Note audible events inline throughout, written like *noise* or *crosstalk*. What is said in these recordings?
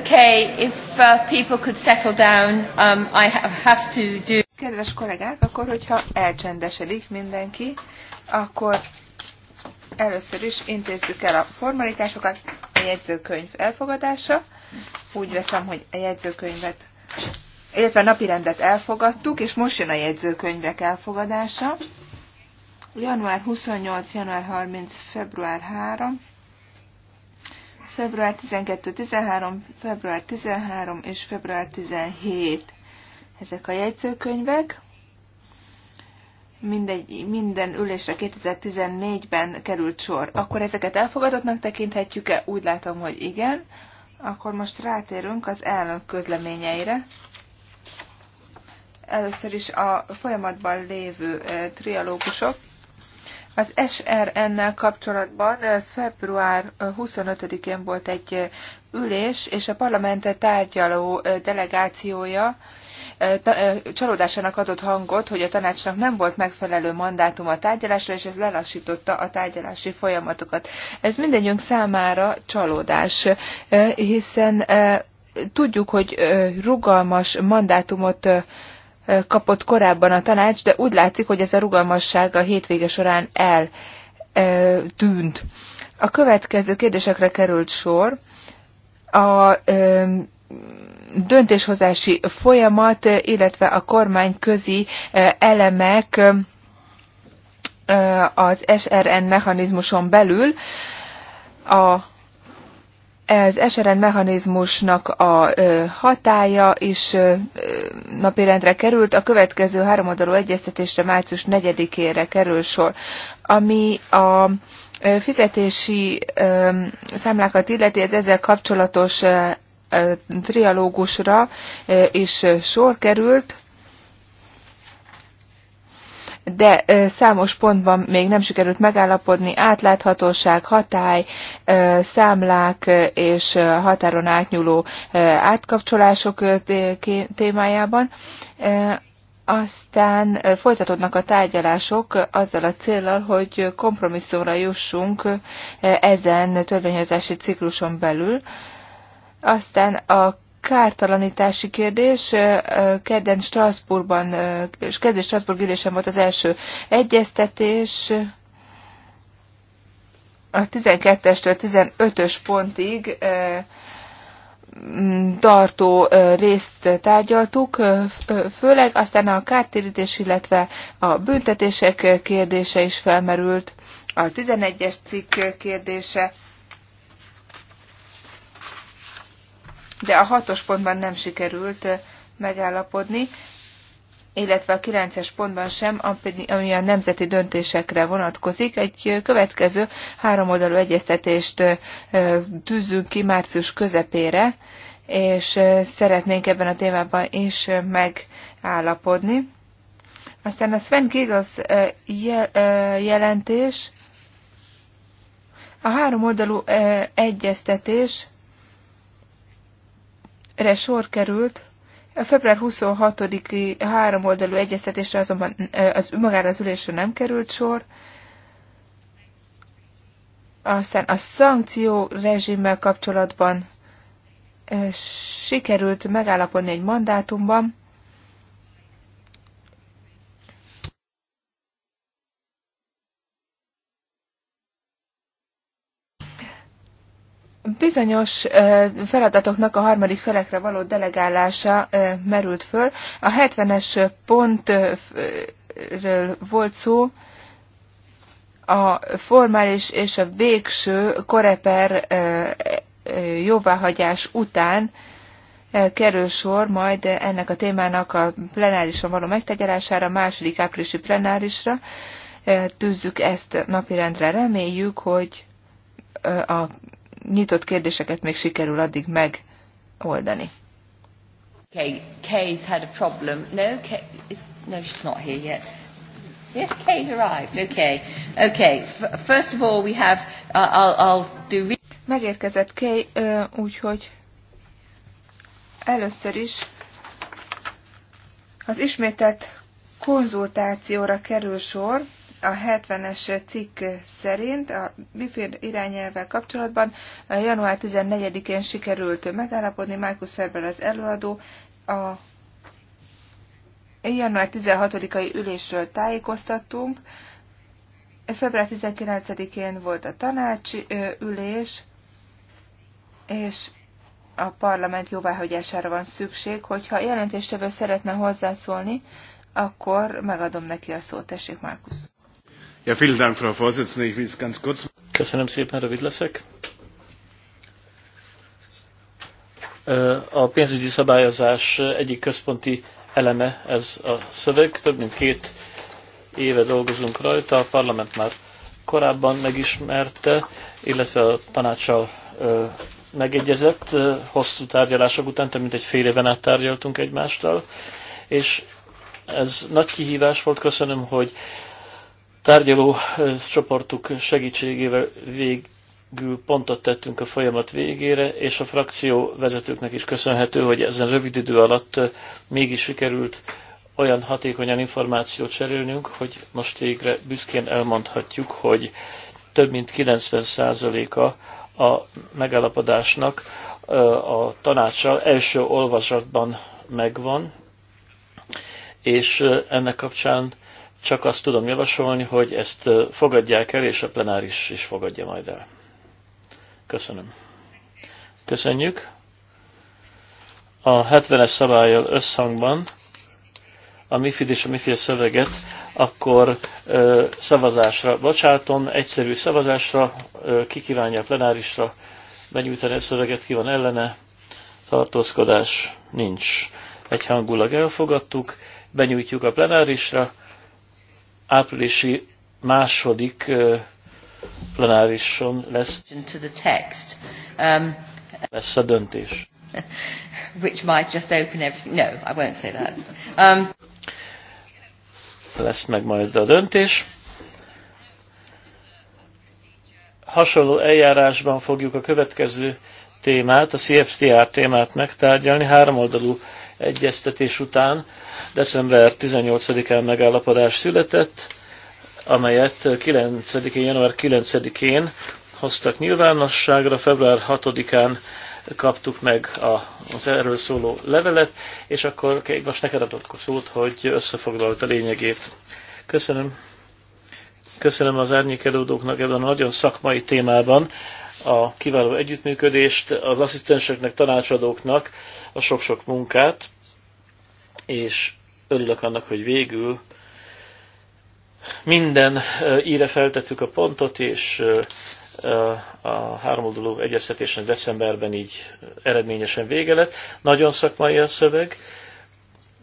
Okay, if uh, people could settle down, um, I have to do... Kedves kollégák, akkor hogyha elcsendesedik mindenki, akkor először is intézzük el a formalitásokat, a jegyzőkönyv elfogadása. Úgy veszem, hogy a jegyzőkönyvet, illetve a napirendet elfogadtuk, és most jön a jegyzőkönyvek elfogadása. Január 28, január 30, február 3, február 12-13, február 13 és február 17. Ezek a jegyzőkönyvek. Mindegy, minden ülésre 2014-ben került sor. Akkor ezeket elfogadottnak tekinthetjük-e? Úgy látom, hogy igen. Akkor most rátérünk az elnök közleményeire. Először is a folyamatban lévő eh, trialógusok. Az SRN-nel kapcsolatban eh, február 25-én eh, volt egy eh, ülés, és a parlament tárgyaló delegációja csalódásának adott hangot, hogy a tanácsnak nem volt megfelelő mandátum a tárgyalásra, és ez lelassította a tárgyalási folyamatokat. Ez mindegyünk számára csalódás, hiszen tudjuk, hogy rugalmas mandátumot kapott korábban a tanács, de úgy látszik, hogy ez a rugalmasság a hétvége során eltűnt. A következő kérdésekre került sor. A döntéshozási folyamat, illetve a kormányközi elemek az SRN mechanizmuson belül a ez SRN mechanizmusnak a hatája is napirendre került, a következő háromoldalú egyeztetésre március 4-ére kerül sor, ami a fizetési számlákat illeti, ez ezzel kapcsolatos trialógusra is sor került de számos pontban még nem sikerült megállapodni, átláthatóság, hatály, számlák és határon átnyúló átkapcsolások témájában. Aztán folytatódnak a tárgyalások azzal a célral, hogy kompromisszumra jussunk ezen törvényezési cikluson belül. Aztán a kártalanítási kérdés. Kedden Strasbourgban, és kedden Strasbourg ülésen volt az első egyeztetés. A 12-estől 15-ös pontig mm, tartó részt tárgyaltuk, főleg aztán a kártérítés, illetve a büntetések kérdése is felmerült, a 11-es cikk kérdése, de a hatos pontban nem sikerült megállapodni, illetve a kilences pontban sem, ami a nemzeti döntésekre vonatkozik. Egy következő háromoldalú egyeztetést tűzünk ki március közepére, és szeretnénk ebben a témában is megállapodni. Aztán a Sven Giggles jelentés, a három oldalú egyeztetés re sor került. A február 26-i háromoldalú egyeztetésre azonban az, magára az ülésre nem került sor. Aztán a szankció rezsimmel kapcsolatban sikerült megállapodni egy mandátumban, Bizonyos feladatoknak a harmadik felekre való delegálása merült föl. A 70-es pontról volt szó, a formális és a végső koreper jóváhagyás után kerül sor majd ennek a témának a plenárison való megtegyelására, második áprilisi plenárisra. Tűzzük ezt napirendre, reméljük, hogy a nyitott kérdéseket még sikerül addig megoldani. Kay, Kay's had a problem. No, Kay, is, no, she's not here yet. Yes, Kay's arrived. Okay, okay. F first of all, we have. Uh, I'll, I'll do. Megérkezett Kay, uh, úgyhogy először is az ismételt konzultációra kerül sor a 70-es cikk szerint a MIFIR irányelvvel kapcsolatban január 14-én sikerült megállapodni, Márkus Ferber az előadó, a január 16-ai ülésről tájékoztattunk, február 19-én volt a tanácsi ülés, és a parlament jóváhagyására van szükség, hogyha jelentéstevő szeretne hozzászólni, akkor megadom neki a szót. Tessék, Márkusz. Köszönöm szépen, rövid leszek. A pénzügyi szabályozás egyik központi eleme ez a szöveg. Több mint két éve dolgozunk rajta, a parlament már korábban megismerte, illetve a tanácssal megegyezett. Hosszú tárgyalások után, több mint egy fél éven át tárgyaltunk egymástól. és ez nagy kihívás volt, köszönöm, hogy tárgyaló eh, csoportuk segítségével végül pontot tettünk a folyamat végére, és a frakció vezetőknek is köszönhető, hogy ezen rövid idő alatt eh, mégis sikerült olyan hatékonyan információt cserélnünk, hogy most végre büszkén elmondhatjuk, hogy több mint 90%-a a megállapodásnak eh, a tanácssal első olvasatban megvan, és ennek kapcsán csak azt tudom javasolni, hogy ezt fogadják el, és a plenáris is fogadja majd el. Köszönöm. Köszönjük. A 70-es szabályjal összhangban a MIFID és a MIFID szöveget akkor ö, szavazásra bocsátom, egyszerű szavazásra, ö, ki kívánja a plenárisra benyújtani a szöveget, ki van ellene, tartózkodás nincs. Egyhangulag elfogadtuk, benyújtjuk a plenárisra, áprilisi második plenárison lesz, um, lesz a döntés. *laughs* Which might just open everything. No, I won't say that. Um, lesz meg majd a döntés. Hasonló eljárásban fogjuk a következő témát, a CFTR témát megtárgyalni, háromoldalú egyeztetés után december 18-án megállapodás született, amelyet 9 január 9-én hoztak nyilvánosságra, február 6-án kaptuk meg a, az erről szóló levelet, és akkor most neked adott szót, hogy összefoglalt a lényegét. Köszönöm. Köszönöm az árnyékelődóknak ebben a nagyon szakmai témában a kiváló együttműködést, az asszisztenseknek, tanácsadóknak a sok-sok munkát és örülök annak, hogy végül minden íre feltettük a pontot, és a háromoldalú egyeztetésnek decemberben így eredményesen vége lett. Nagyon szakmai a szöveg,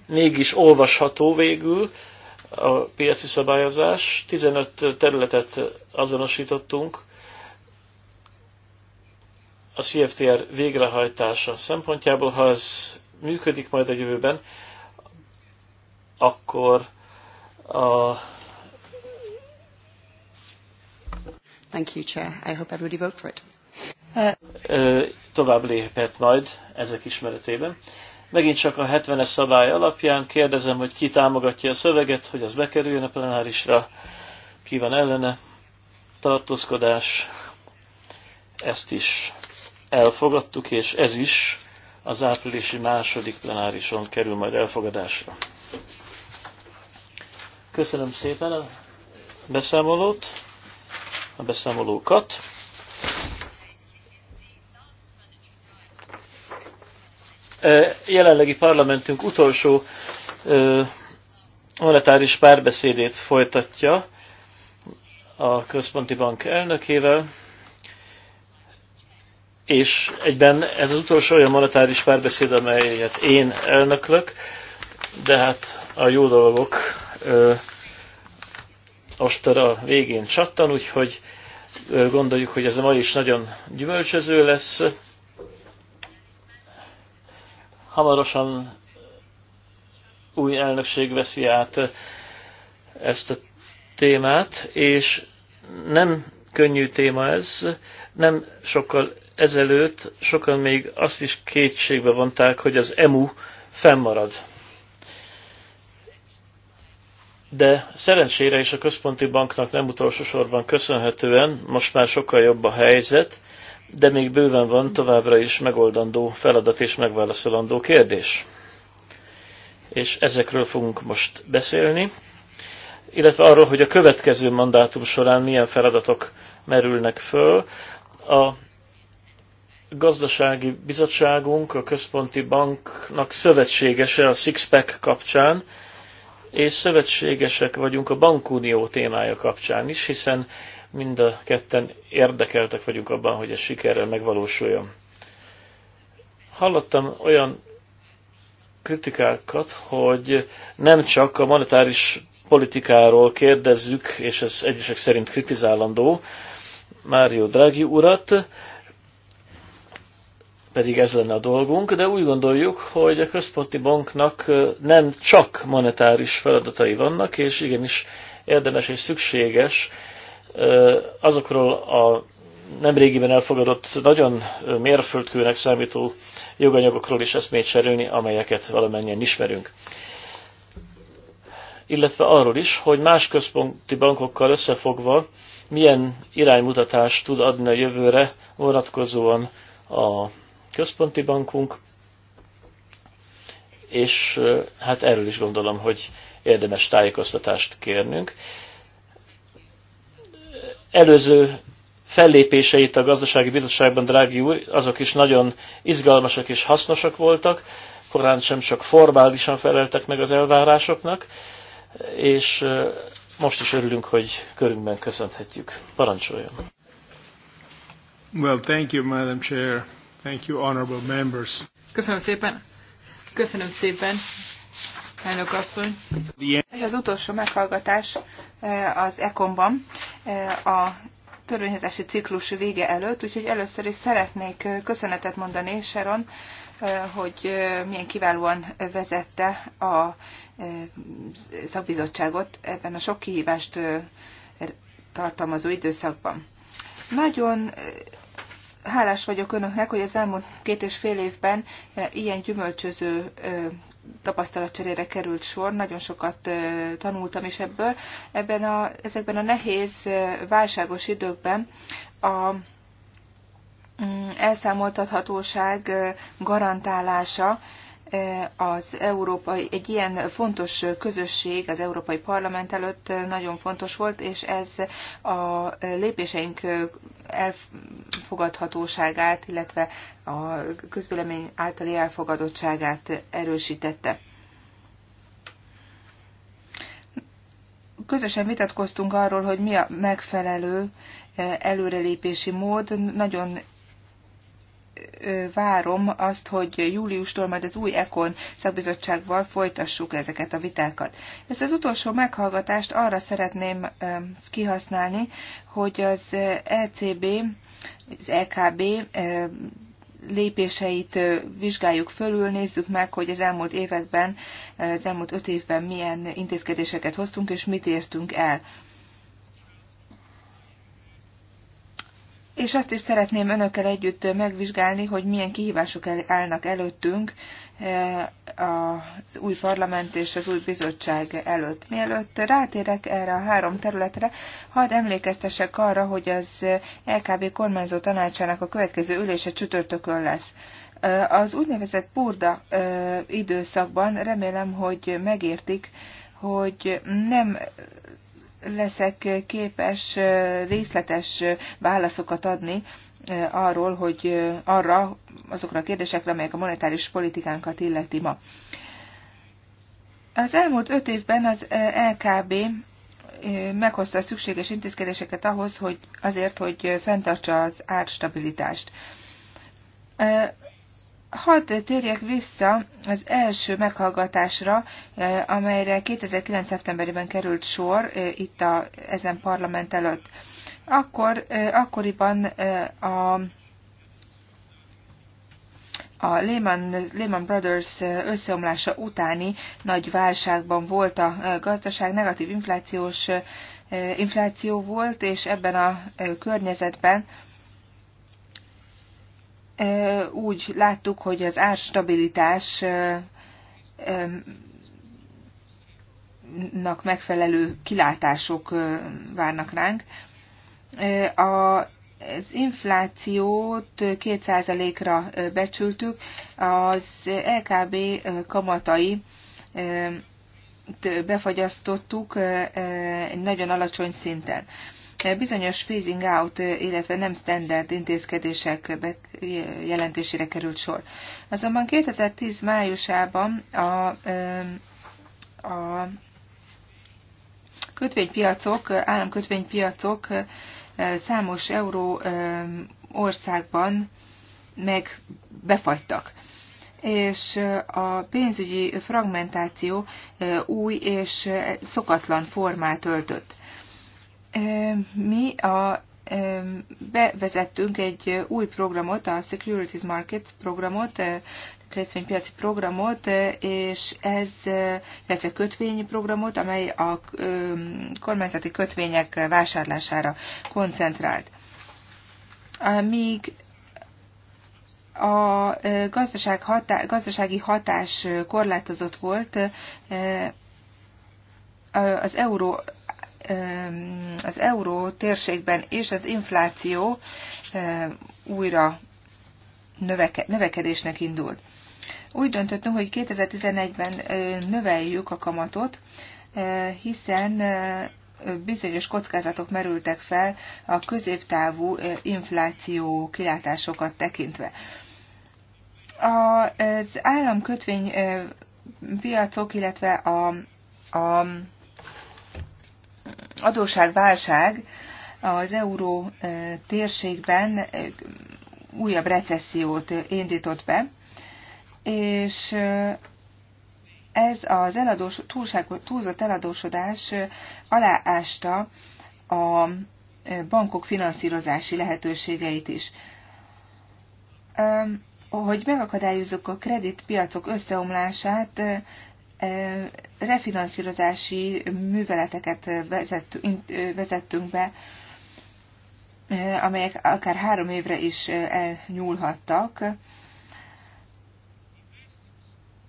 mégis olvasható végül a piaci szabályozás. 15 területet azonosítottunk a CFTR végrehajtása szempontjából, ha ez működik majd a jövőben, akkor a Thank you, Chair. I hope everybody vote for it. Uh, tovább léphet majd ezek ismeretében. Megint csak a 70-es szabály alapján kérdezem, hogy ki támogatja a szöveget, hogy az bekerüljön a plenárisra, ki van ellene, tartózkodás, ezt is elfogadtuk, és ez is az áprilisi második plenárison kerül majd elfogadásra. Köszönöm szépen a beszámolót, a beszámolókat. Jelenlegi parlamentünk utolsó monetáris párbeszédét folytatja a központi bank elnökével, és egyben ez az utolsó olyan monetáris párbeszéd, amelyet én elnöklök, de hát a jó dolgok a végén csattan, úgyhogy gondoljuk, hogy ez a mai is nagyon gyümölcsöző lesz. Hamarosan új elnökség veszi át ezt a témát, és nem könnyű téma ez, nem sokkal ezelőtt sokan még azt is kétségbe vonták, hogy az EMU fennmarad de szerencsére és a központi banknak nem utolsó sorban köszönhetően most már sokkal jobb a helyzet, de még bőven van továbbra is megoldandó feladat és megválaszolandó kérdés. És ezekről fogunk most beszélni, illetve arról, hogy a következő mandátum során milyen feladatok merülnek föl. A gazdasági bizottságunk, a központi banknak szövetségese a Sixpack kapcsán, és szövetségesek vagyunk a bankunió témája kapcsán is, hiszen mind a ketten érdekeltek vagyunk abban, hogy ez sikerrel megvalósuljon. Hallottam olyan kritikákat, hogy nem csak a monetáris politikáról kérdezzük, és ez egyesek szerint kritizálandó, Mário Draghi urat, pedig ez lenne a dolgunk, de úgy gondoljuk, hogy a központi banknak nem csak monetáris feladatai vannak, és igenis érdemes és szükséges azokról a nemrégiben elfogadott, nagyon mérföldkőnek számító joganyagokról is eszmét cserélni, amelyeket valamennyien ismerünk. Illetve arról is, hogy más központi bankokkal összefogva milyen iránymutatást tud adni a jövőre vonatkozóan a központi bankunk, és hát erről is gondolom, hogy érdemes tájékoztatást kérnünk. Előző fellépéseit a gazdasági bizottságban, drági úr, azok is nagyon izgalmasak és hasznosak voltak, korán sem csak formálisan feleltek meg az elvárásoknak, és most is örülünk, hogy körünkben köszönhetjük. Parancsoljon! Well, thank you, Madam Chair. Thank you, honorable members. Köszönöm szépen. Köszönöm szépen, elnök asszony. Ez az utolsó meghallgatás eh, az ECOM-ban eh, a törvényhezési ciklus vége előtt, úgyhogy először is szeretnék eh, köszönetet mondani Sharon, hogy milyen kiválóan vezette a szakbizottságot ebben a sok kihívást tartalmazó időszakban. Nagyon hálás vagyok önöknek, hogy az elmúlt két és fél évben eh, ilyen gyümölcsöző eh, tapasztalatcserére került sor, nagyon sokat eh, tanultam is ebből. Ebben a, ezekben a nehéz, válságos időkben a mm, elszámoltathatóság garantálása az európai, egy ilyen fontos közösség az Európai Parlament előtt nagyon fontos volt, és ez a lépéseink elfogadhatóságát, illetve a közvélemény általi elfogadottságát erősítette. Közösen vitatkoztunk arról, hogy mi a megfelelő előrelépési mód. Nagyon várom azt, hogy júliustól majd az új EKON szakbizottságval folytassuk ezeket a vitákat. Ezt az utolsó meghallgatást arra szeretném kihasználni, hogy az ECB, az EKB lépéseit vizsgáljuk fölül, nézzük meg, hogy az elmúlt években, az elmúlt öt évben milyen intézkedéseket hoztunk, és mit értünk el. és azt is szeretném önökkel együtt megvizsgálni, hogy milyen kihívások állnak előttünk eh, az új parlament és az új bizottság előtt. Mielőtt rátérek erre a három területre, hadd emlékeztessek arra, hogy az LKB kormányzó tanácsának a következő ülése csütörtökön lesz. Eh, az úgynevezett purda eh, időszakban remélem, hogy megértik, hogy nem leszek képes részletes válaszokat adni arról, hogy arra, azokra a kérdésekre, amelyek a monetáris politikánkat illeti ma. Az elmúlt öt évben az LKB meghozta a szükséges intézkedéseket ahhoz, hogy azért, hogy fenntartsa az árstabilitást. Hadd térjek vissza az első meghallgatásra, eh, amelyre 2009. szeptemberében került sor eh, itt a, ezen parlament előtt. Akkor, eh, akkoriban a, a Lehman, Lehman Brothers összeomlása utáni nagy válságban volt a gazdaság, negatív inflációs infláció volt, és ebben a környezetben úgy láttuk, hogy az árstabilitás megfelelő kilátások várnak ránk. A az inflációt 2%-ra becsültük, az LKB kamatai befagyasztottuk egy nagyon alacsony szinten bizonyos phasing out, illetve nem standard intézkedések jelentésére került sor. Azonban 2010 májusában a, a kötvénypiacok, államkötvénypiacok számos euró országban meg befagytak és a pénzügyi fragmentáció új és szokatlan formát öltött. Mi a bevezettünk egy új programot, a Securities Markets programot, részvénypiaci programot, és ez, illetve kötvényi programot, amely a kormányzati kötvények vásárlására koncentrált. Míg a gazdaság hatá, gazdasági hatás korlátozott volt, az euró az euró térségben is az infláció újra növekedésnek indult. Úgy döntöttünk, hogy 2011-ben növeljük a kamatot, hiszen bizonyos kockázatok merültek fel a középtávú infláció kilátásokat tekintve. Az államkötvény piacok, illetve a, a adósságválság az euró térségben újabb recessziót indított be, és ez az eladós, túlság, túlzott eladósodás aláásta a bankok finanszírozási lehetőségeit is. Hogy megakadályozzuk a kreditpiacok összeomlását, refinanszírozási műveleteket vezettünk be, amelyek akár három évre is elnyúlhattak.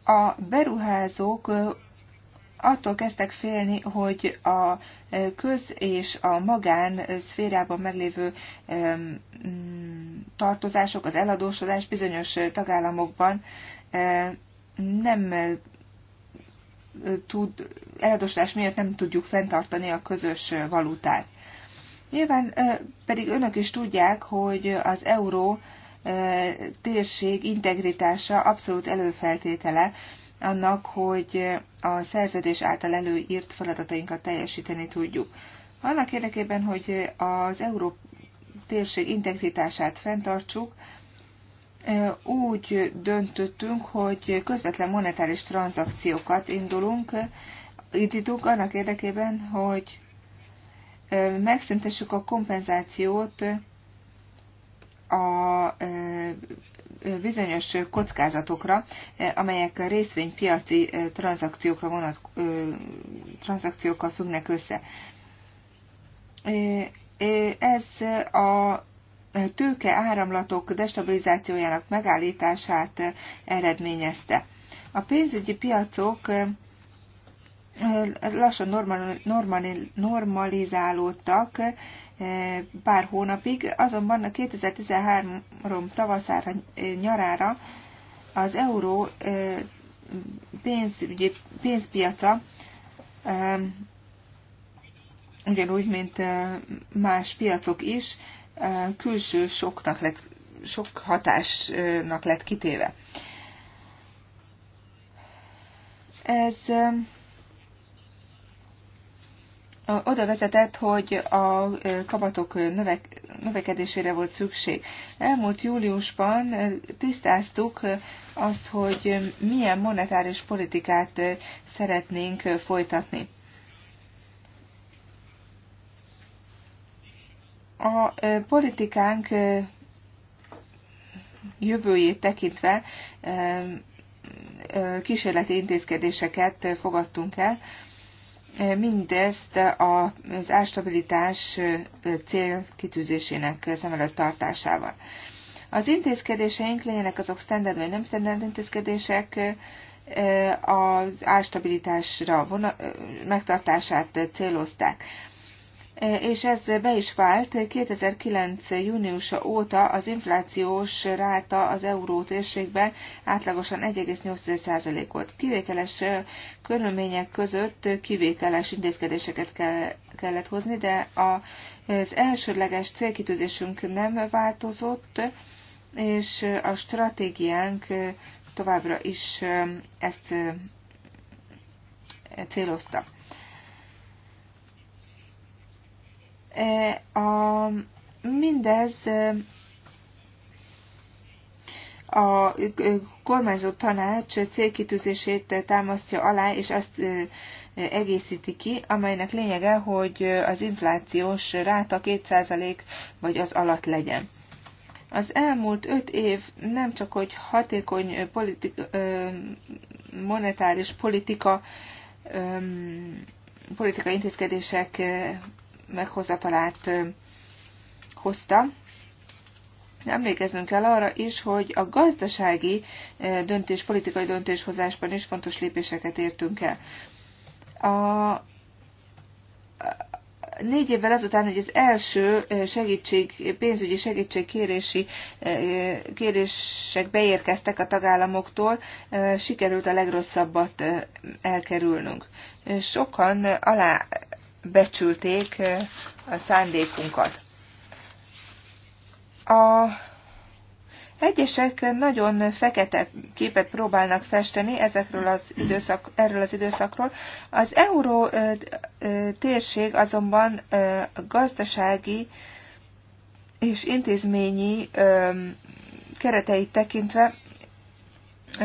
A beruházók attól kezdtek félni, hogy a köz és a magán szférában meglévő tartozások, az eladósodás bizonyos tagállamokban nem tud, eladoslás miatt nem tudjuk fenntartani a közös valutát. Nyilván pedig önök is tudják, hogy az euró térség integritása abszolút előfeltétele annak, hogy a szerződés által előírt feladatainkat teljesíteni tudjuk. Annak érdekében, hogy az euró térség integritását fenntartsuk, úgy döntöttünk, hogy közvetlen monetáris tranzakciókat indulunk, indítunk annak érdekében, hogy megszüntessük a kompenzációt a bizonyos kockázatokra, amelyek részvénypiaci tranzakciókra vonat, tranzakciókkal függnek össze. Ez a tőke áramlatok destabilizációjának megállítását eh, eredményezte. A pénzügyi piacok eh, eh, lassan normalizálódtak pár hónapig, azonban a 2013 tavaszára, nyarára az euró pénzügyi, pénzpiaca ugyanúgy, mint más piacok is, külső soknak lett, sok hatásnak lett kitéve. Ez oda vezetett, hogy a kamatok növekedésére volt szükség. Elmúlt júliusban tisztáztuk azt, hogy milyen monetáris politikát szeretnénk folytatni. A politikánk jövőjét tekintve kísérleti intézkedéseket fogadtunk el. Mindezt az árstabilitás cél kitűzésének szem előtt tartásával. Az intézkedéseink legyenek azok standard vagy nem standard intézkedések, az árstabilitásra megtartását célozták és ez be is vált. 2009. júniusa óta az inflációs ráta az euró térségben átlagosan 1,8% volt. Kivételes körülmények között kivételes intézkedéseket kellett hozni, de az elsődleges célkitűzésünk nem változott, és a stratégiánk továbbra is ezt célozta. E, a, mindez e, a kormányzó tanács célkitűzését támasztja alá, és azt e, egészíti ki, amelynek lényege, hogy az inflációs ráta 2% vagy az alatt legyen. Az elmúlt öt év nem csak hogy hatékony politik, monetáris politika, politikai intézkedések meghozatalát hozta. Emlékeznünk kell arra is, hogy a gazdasági döntés, politikai döntéshozásban is fontos lépéseket értünk el. A, négy évvel azután, hogy az első segítség, pénzügyi segítségkérési kérések beérkeztek a tagállamoktól, sikerült a legrosszabbat elkerülnünk. Sokan alá becsülték a szándékunkat. A Egyesek nagyon fekete képet próbálnak festeni ezekről az időszak, erről az időszakról. Az euró térség azonban gazdasági és intézményi kereteit tekintve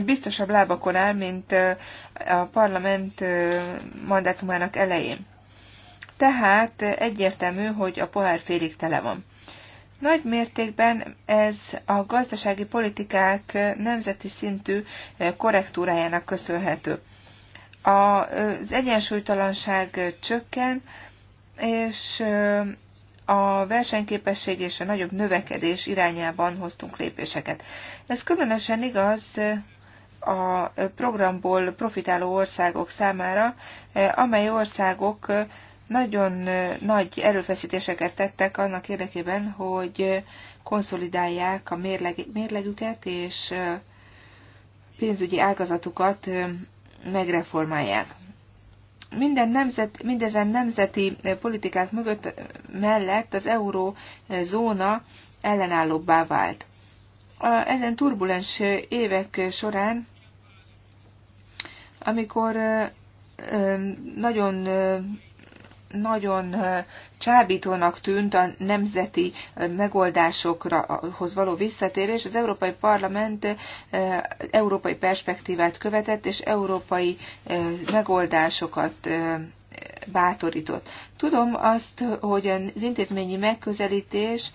biztosabb lábakon áll, mint a parlament mandátumának elején tehát egyértelmű, hogy a pohár félig tele van. Nagy mértékben ez a gazdasági politikák nemzeti szintű korrektúrájának köszönhető. Az egyensúlytalanság csökken, és a versenyképesség és a nagyobb növekedés irányában hoztunk lépéseket. Ez különösen igaz a programból profitáló országok számára, amely országok nagyon nagy erőfeszítéseket tettek annak érdekében, hogy konszolidálják a mérleg, mérlegüket és pénzügyi ágazatukat megreformálják. Minden nemzet, mindezen nemzeti politikák mögött mellett az eurózóna ellenállóbbá vált. Ezen turbulens évek során, amikor nagyon nagyon csábítónak tűnt a nemzeti megoldásokhoz való visszatérés. Az Európai Parlament európai perspektívát követett, és európai megoldásokat bátorított. Tudom azt, hogy az intézményi megközelítés,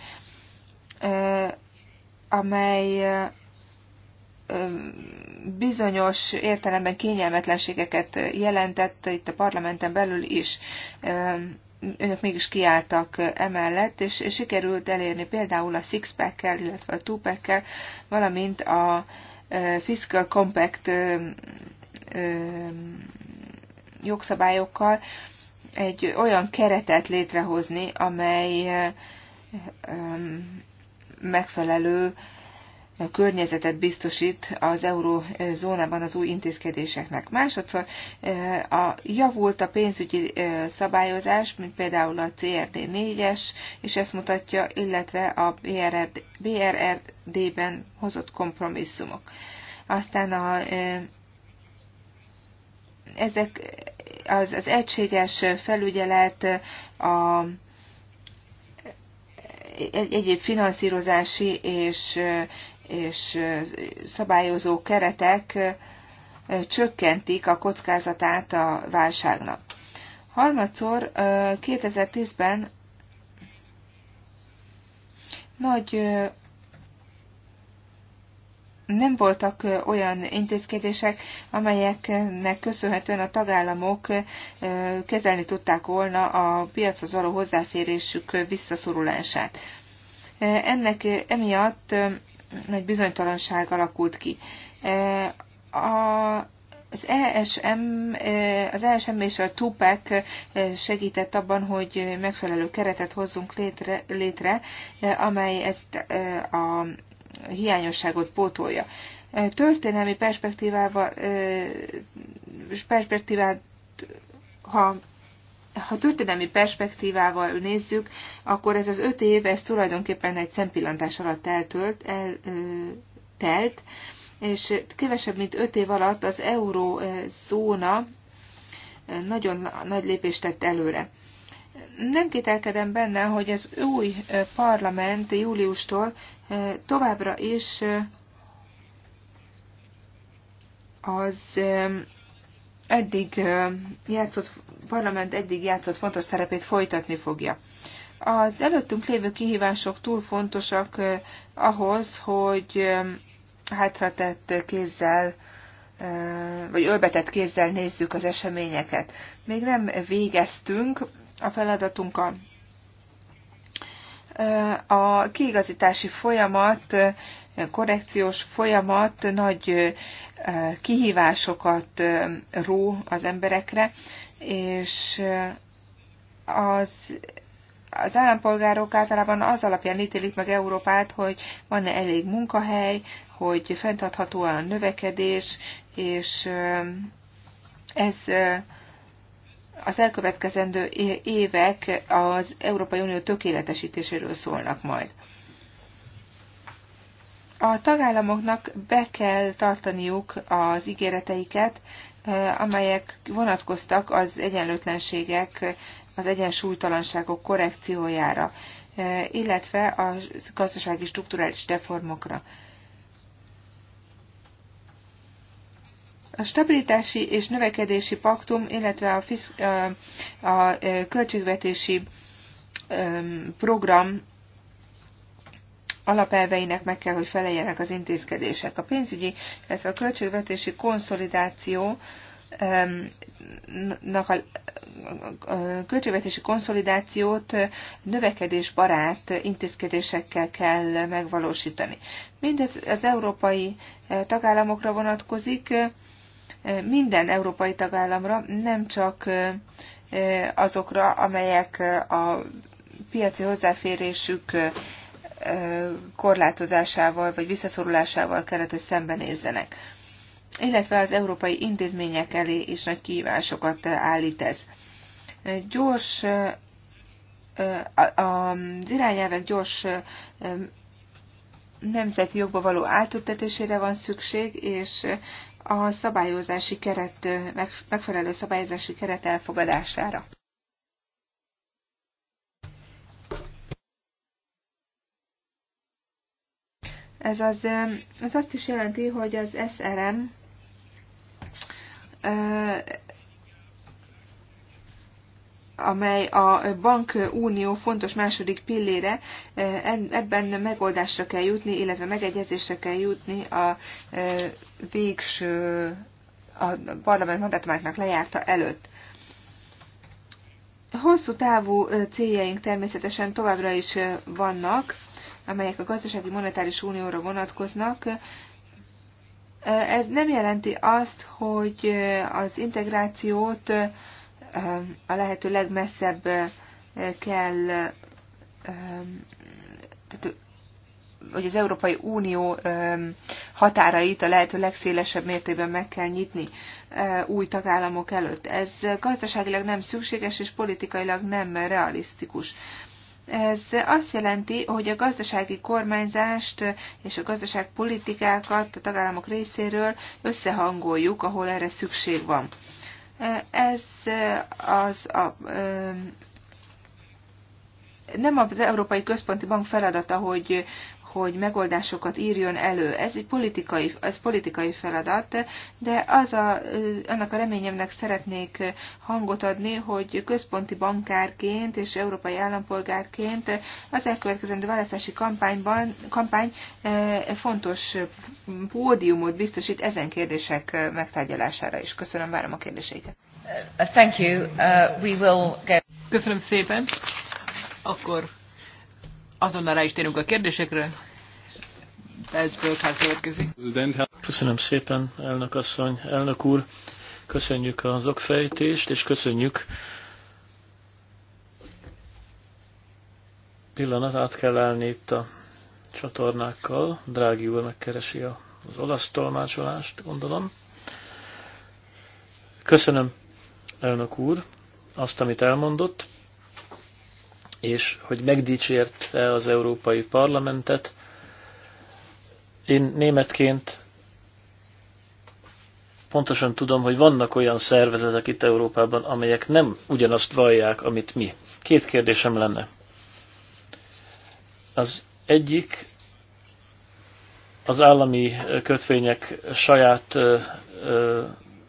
amely bizonyos értelemben kényelmetlenségeket jelentett itt a parlamenten belül is. Önök mégis kiálltak emellett, és sikerült elérni például a six-pack-kel, illetve a two-pack-kel, valamint a fiscal compact jogszabályokkal egy olyan keretet létrehozni, amely megfelelő környezetet biztosít az eurózónában az új intézkedéseknek. Másodszor eh, a javult a pénzügyi eh, szabályozás, mint például a CRD 4-es, és ezt mutatja, illetve a BRRD, ben hozott kompromisszumok. Aztán a, eh, ezek az, az egységes felügyelet, a egyéb finanszírozási és és szabályozó keretek csökkentik a kockázatát a válságnak. Harmadszor 2010-ben nagy nem voltak olyan intézkedések, amelyeknek köszönhetően a tagállamok kezelni tudták volna a piachoz való hozzáférésük visszaszorulását. Ennek emiatt nagy bizonytalanság alakult ki. E, a, az ESM, e, az ESM és a TUPEC e, segített abban, hogy megfelelő keretet hozzunk létre, létre amely ezt a hiányosságot pótolja. Történelmi perspektívával, perspektívát ha ha történelmi perspektívával nézzük, akkor ez az öt év, ez tulajdonképpen egy szempillantás alatt eltölt, el, telt, és kevesebb, mint öt év alatt az eurózóna nagyon nagy lépést tett előre. Nem kételkedem benne, hogy az új parlament júliustól továbbra is az eddig játszott, parlament eddig játszott fontos szerepét folytatni fogja. Az előttünk lévő kihívások túl fontosak ahhoz, hogy hátratett kézzel vagy ölbetett kézzel nézzük az eseményeket. Még nem végeztünk a feladatunkkal. A kiigazítási folyamat korrekciós folyamat nagy kihívásokat ró az emberekre, és az az állampolgárok általában az alapján ítélik meg Európát, hogy van-e elég munkahely, hogy fenntartható a növekedés, és ez az elkövetkezendő évek az Európai Unió tökéletesítéséről szólnak majd. A tagállamoknak be kell tartaniuk az ígéreteiket, amelyek vonatkoztak az egyenlőtlenségek, az egyensúlytalanságok korrekciójára, illetve a gazdasági strukturális reformokra. A stabilitási és növekedési paktum, illetve a, fisz, a, a költségvetési program alapelveinek meg kell, hogy feleljenek az intézkedések. A pénzügyi, illetve a költségvetési konszolidáció a költségvetési konszolidációt növekedésbarát intézkedésekkel kell megvalósítani. Mindez az európai eh, tagállamokra vonatkozik, eh, minden európai tagállamra, nem csak eh, azokra, amelyek a piaci hozzáférésük korlátozásával vagy visszaszorulásával kellett, hogy szembenézzenek. Illetve az európai intézmények elé is nagy kívásokat állít ez. Gyors, az irányelvek gyors nemzeti jogba való átültetésére van szükség, és a szabályozási keret, megfelelő szabályozási keret elfogadására. Ez, az, az azt is jelenti, hogy az SRM amely a bankunió fontos második pillére, ebben megoldásra kell jutni, illetve megegyezésre kell jutni a végső, a parlament mandátumáknak lejárta előtt. Hosszú távú céljaink természetesen továbbra is vannak, amelyek a gazdasági monetáris unióra vonatkoznak, ez nem jelenti azt, hogy az integrációt a lehető legmesszebb kell, tehát, hogy az Európai Unió határait a lehető legszélesebb mértékben meg kell nyitni új tagállamok előtt. Ez gazdaságilag nem szükséges, és politikailag nem realisztikus. Ez azt jelenti, hogy a gazdasági kormányzást és a gazdaságpolitikákat a tagállamok részéről összehangoljuk, ahol erre szükség van. Ez az a, nem az Európai Központi Bank feladata, hogy, hogy megoldásokat írjon elő. Ez egy politikai, ez politikai feladat, de az a, annak a reményemnek szeretnék hangot adni, hogy központi bankárként és európai állampolgárként az elkövetkezendő választási kampányban, kampány eh, fontos pódiumot biztosít ezen kérdések megtárgyalására is. Köszönöm, várom a kérdéseiket. Thank you. Uh, we will go. Köszönöm szépen. Akkor azonnal rá is térünk a kérdésekre. Ez Bölkhár következik. Köszönöm szépen, elnök asszony, elnök úr. Köszönjük az okfejtést, és köszönjük pillanat át kell állni itt a csatornákkal. Drági úr megkeresi az olasz tolmácsolást, gondolom. Köszönöm, elnök úr, azt, amit elmondott és hogy megdicsérte az Európai Parlamentet. Én németként pontosan tudom, hogy vannak olyan szervezetek itt Európában, amelyek nem ugyanazt vallják, amit mi. Két kérdésem lenne. Az egyik az állami kötvények saját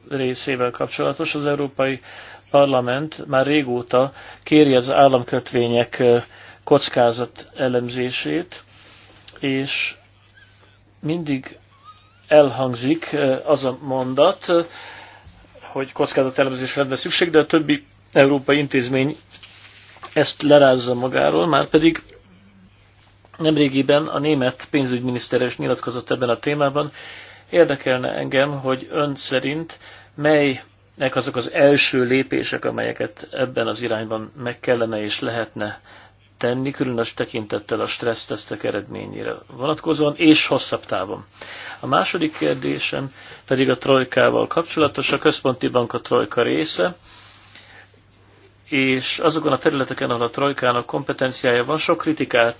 részével kapcsolatos. Az Európai Parlament már régóta kéri az államkötvények kockázat elemzését, és mindig elhangzik az a mondat, hogy elemzésre lenne szükség, de a többi európai intézmény ezt lerázza magáról, már pedig nemrégiben a német pénzügyminiszter is nyilatkozott ebben a témában, Érdekelne engem, hogy ön szerint melynek azok az első lépések, amelyeket ebben az irányban meg kellene és lehetne tenni, különös tekintettel a stressztesztek eredményére vonatkozóan, és hosszabb távon. A második kérdésem pedig a trojkával kapcsolatos, a központi bank a trojka része, és azokon a területeken, ahol a trojkának kompetenciája van, sok kritikát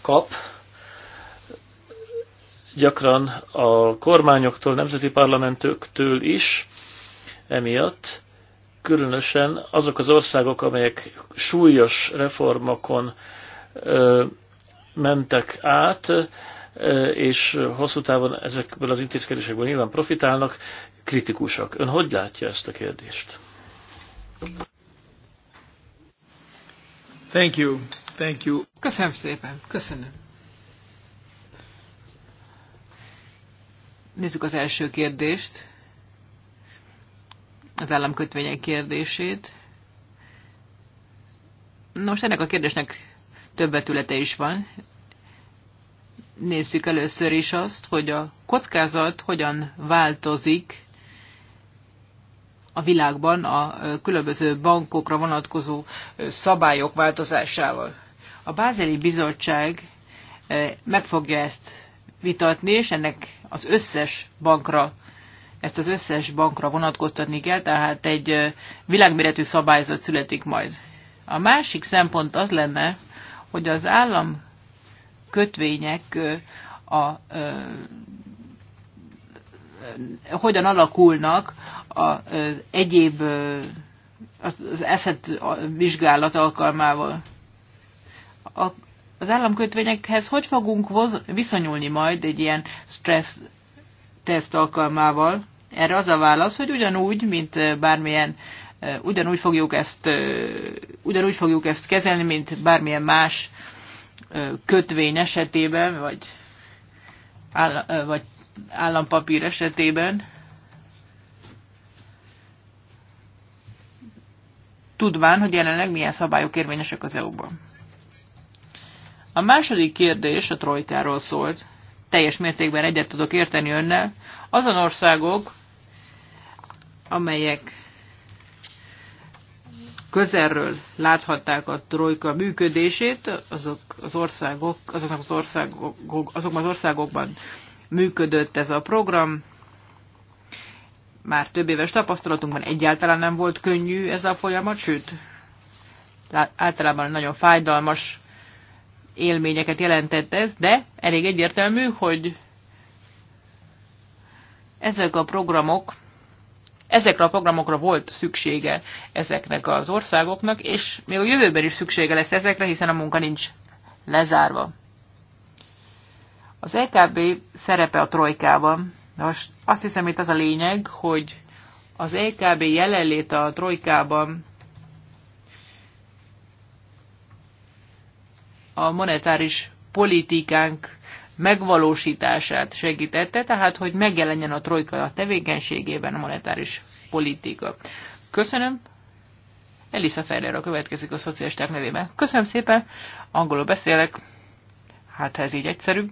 kap, gyakran a kormányoktól, nemzeti parlamentöktől is, emiatt különösen azok az országok, amelyek súlyos reformokon ö, mentek át, ö, és hosszú távon ezekből az intézkedésekből nyilván profitálnak, kritikusak. Ön hogy látja ezt a kérdést? Thank you. Thank you. Köszönöm szépen. Köszönöm. Nézzük az első kérdést, az államkötvények kérdését. Nos, ennek a kérdésnek több betülete is van. Nézzük először is azt, hogy a kockázat hogyan változik a világban a különböző bankokra vonatkozó szabályok változásával. A Bázeli Bizottság meg fogja ezt vitatni, és ennek az összes bankra, ezt az összes bankra vonatkoztatni kell, tehát egy világméretű szabályzat születik majd. A másik szempont az lenne, hogy az állam kötvények a, a, a, hogyan alakulnak az egyéb az, az eszet vizsgálat alkalmával. A, az államkötvényekhez hogy fogunk viszonyulni majd egy ilyen stressz teszt alkalmával? Erre az a válasz, hogy ugyanúgy, mint bármilyen ugyanúgy fogjuk ezt, ugyanúgy fogjuk ezt kezelni, mint bármilyen más kötvény esetében, vagy, áll, vagy állampapír esetében. Tudván, hogy jelenleg milyen szabályok érvényesek az EU-ban. A második kérdés a trojkáról szólt. Teljes mértékben egyet tudok érteni önnel. Azon országok, amelyek közelről láthatták a trojka működését, azok az országok, azoknak az országok, azokban az országokban működött ez a program. Már több éves tapasztalatunkban egyáltalán nem volt könnyű ez a folyamat, sőt, általában nagyon fájdalmas élményeket jelentett ez, de elég egyértelmű, hogy ezek a programok, ezekre a programokra volt szüksége ezeknek az országoknak, és még a jövőben is szüksége lesz ezekre, hiszen a munka nincs lezárva. Az EKB szerepe a trojkában. Most azt hiszem itt az a lényeg, hogy az EKB jelenléte a trojkában a monetáris politikánk megvalósítását segítette, tehát hogy megjelenjen a trojka a tevékenységében a monetáris politika. Köszönöm. Elisa Ferrer a következik a szociálisták nevében. Köszönöm szépen, angolul beszélek, hát ha ez így egyszerű.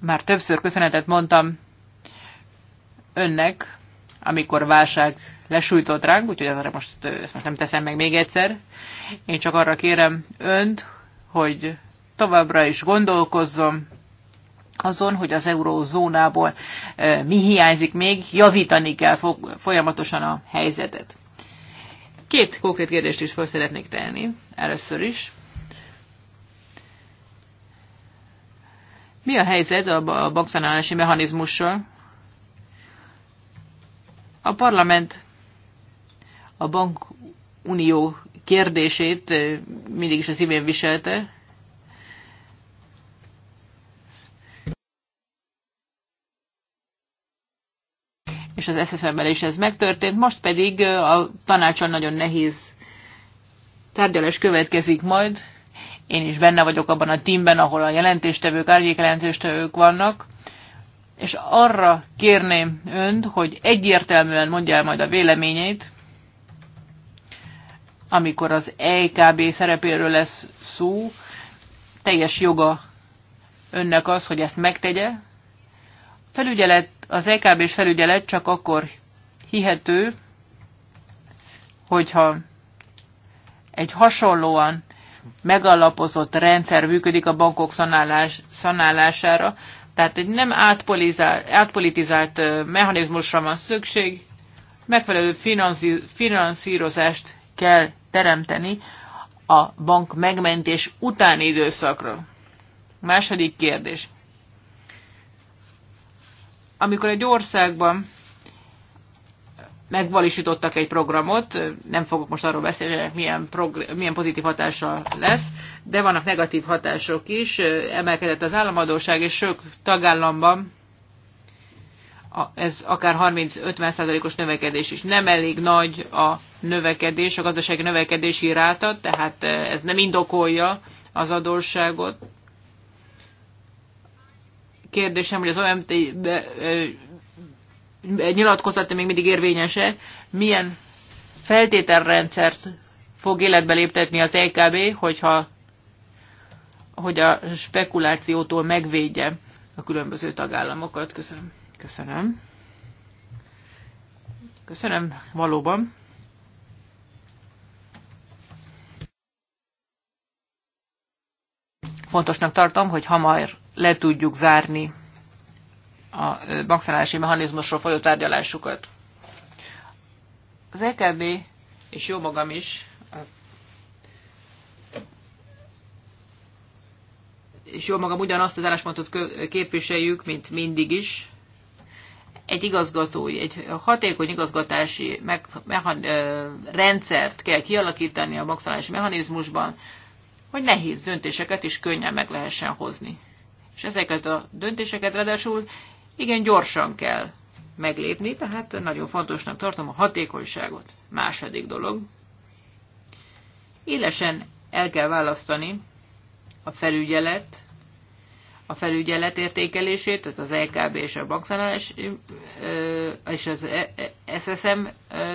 Már többször köszönetet mondtam önnek amikor válság lesújtott ránk, úgyhogy ezt most, ezt most nem teszem meg még egyszer. Én csak arra kérem önt, hogy továbbra is gondolkozzon azon, hogy az eurózónából mi hiányzik még, javítani kell folyamatosan a helyzetet. Két konkrét kérdést is fel szeretnék tenni. Először is. Mi a helyzet a bankszanálási mechanizmussal? A parlament a bankunió kérdését mindig is a szívén viselte. És az SSM-ben is ez megtörtént. Most pedig a tanácson nagyon nehéz tárgyalás következik majd. Én is benne vagyok abban a teamben, ahol a jelentéstevők, árnyék jelentéstevők vannak és arra kérném önt, hogy egyértelműen mondja el majd a véleményét, amikor az EKB szerepéről lesz szó, teljes joga önnek az, hogy ezt megtegye. Felügyelet, az EKB-s felügyelet csak akkor hihető, hogyha egy hasonlóan megalapozott rendszer működik a bankok szanálás, szanálására, tehát egy nem átpolitizált, mechanizmusra van szükség, megfelelő finanszírozást kell teremteni a bank megmentés utáni időszakra. Második kérdés. Amikor egy országban megvalósítottak egy programot, nem fogok most arról beszélni, milyen, milyen pozitív hatása lesz, de vannak negatív hatások is, emelkedett az államadóság, és sok tagállamban ez akár 30-50%-os növekedés is. Nem elég nagy a növekedés, a gazdasági növekedési ráta, tehát e, ez nem indokolja az adósságot. Kérdésem, hogy az OMT nyilatkozat, még mindig érvényese, milyen feltételrendszert fog életbe léptetni az EKB, hogyha hogy a spekulációtól megvédje a különböző tagállamokat. Köszönöm. Köszönöm. Köszönöm, valóban. Fontosnak tartom, hogy hamar le tudjuk zárni a bankszállási mechanizmusról folyó tárgyalásukat. Az EKB, és jó magam is, és jó magam ugyanazt az álláspontot képviseljük, mint mindig is, egy igazgatói, egy hatékony igazgatási meg, mechan, ö, rendszert kell kialakítani a maximális mechanizmusban, hogy nehéz döntéseket is könnyen meg lehessen hozni. És ezeket a döntéseket ráadásul igen gyorsan kell meglépni, tehát nagyon fontosnak tartom a hatékonyságot. Második dolog. Élesen el kell választani a felügyelet, a felügyelet értékelését, tehát az LKB és a bankszanálás és az e-, e-, SSM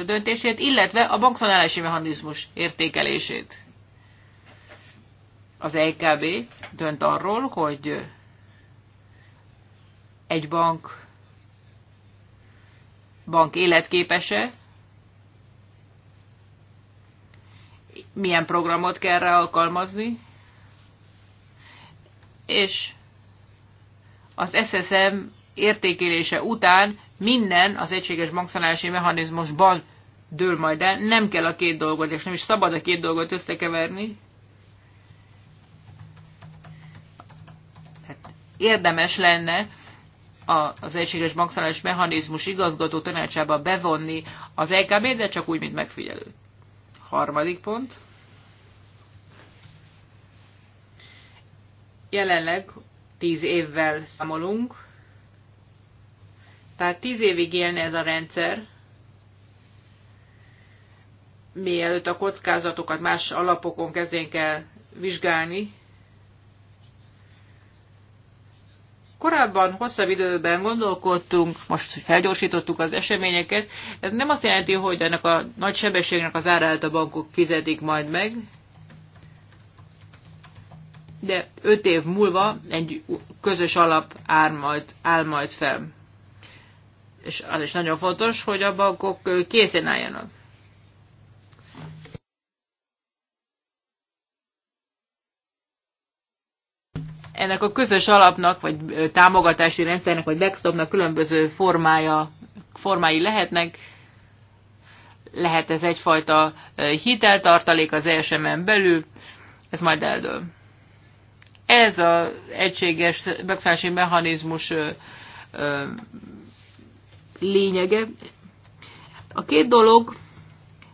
döntését, illetve a bankszanálási mechanizmus értékelését. Az LKB dönt arról, hogy egy bank, bank életképese, milyen programot kell rá alkalmazni, és az SSM értékelése után minden az egységes bankszanálási mechanizmusban dől majd el. Nem kell a két dolgot, és nem is szabad a két dolgot összekeverni. Hát érdemes lenne az egységes bankszállás mechanizmus igazgató tanácsába bevonni az LKB, de csak úgy, mint megfigyelő. Harmadik pont. Jelenleg tíz évvel számolunk, tehát tíz évig élne ez a rendszer, mielőtt a kockázatokat más alapokon kezdénk el vizsgálni, korábban hosszabb időben gondolkodtunk, most felgyorsítottuk az eseményeket, ez nem azt jelenti, hogy ennek a nagy sebességnek az árát a bankok fizetik majd meg, de öt év múlva egy közös alap áll majd, áll majd fel. És az is nagyon fontos, hogy a bankok készen álljanak. ennek a közös alapnak, vagy támogatási rendszernek, vagy backstopnak különböző formája, formái lehetnek. Lehet ez egyfajta hiteltartalék az ESM-en belül, ez majd eldől. Ez az egységes megszállási mechanizmus lényege. A két dolog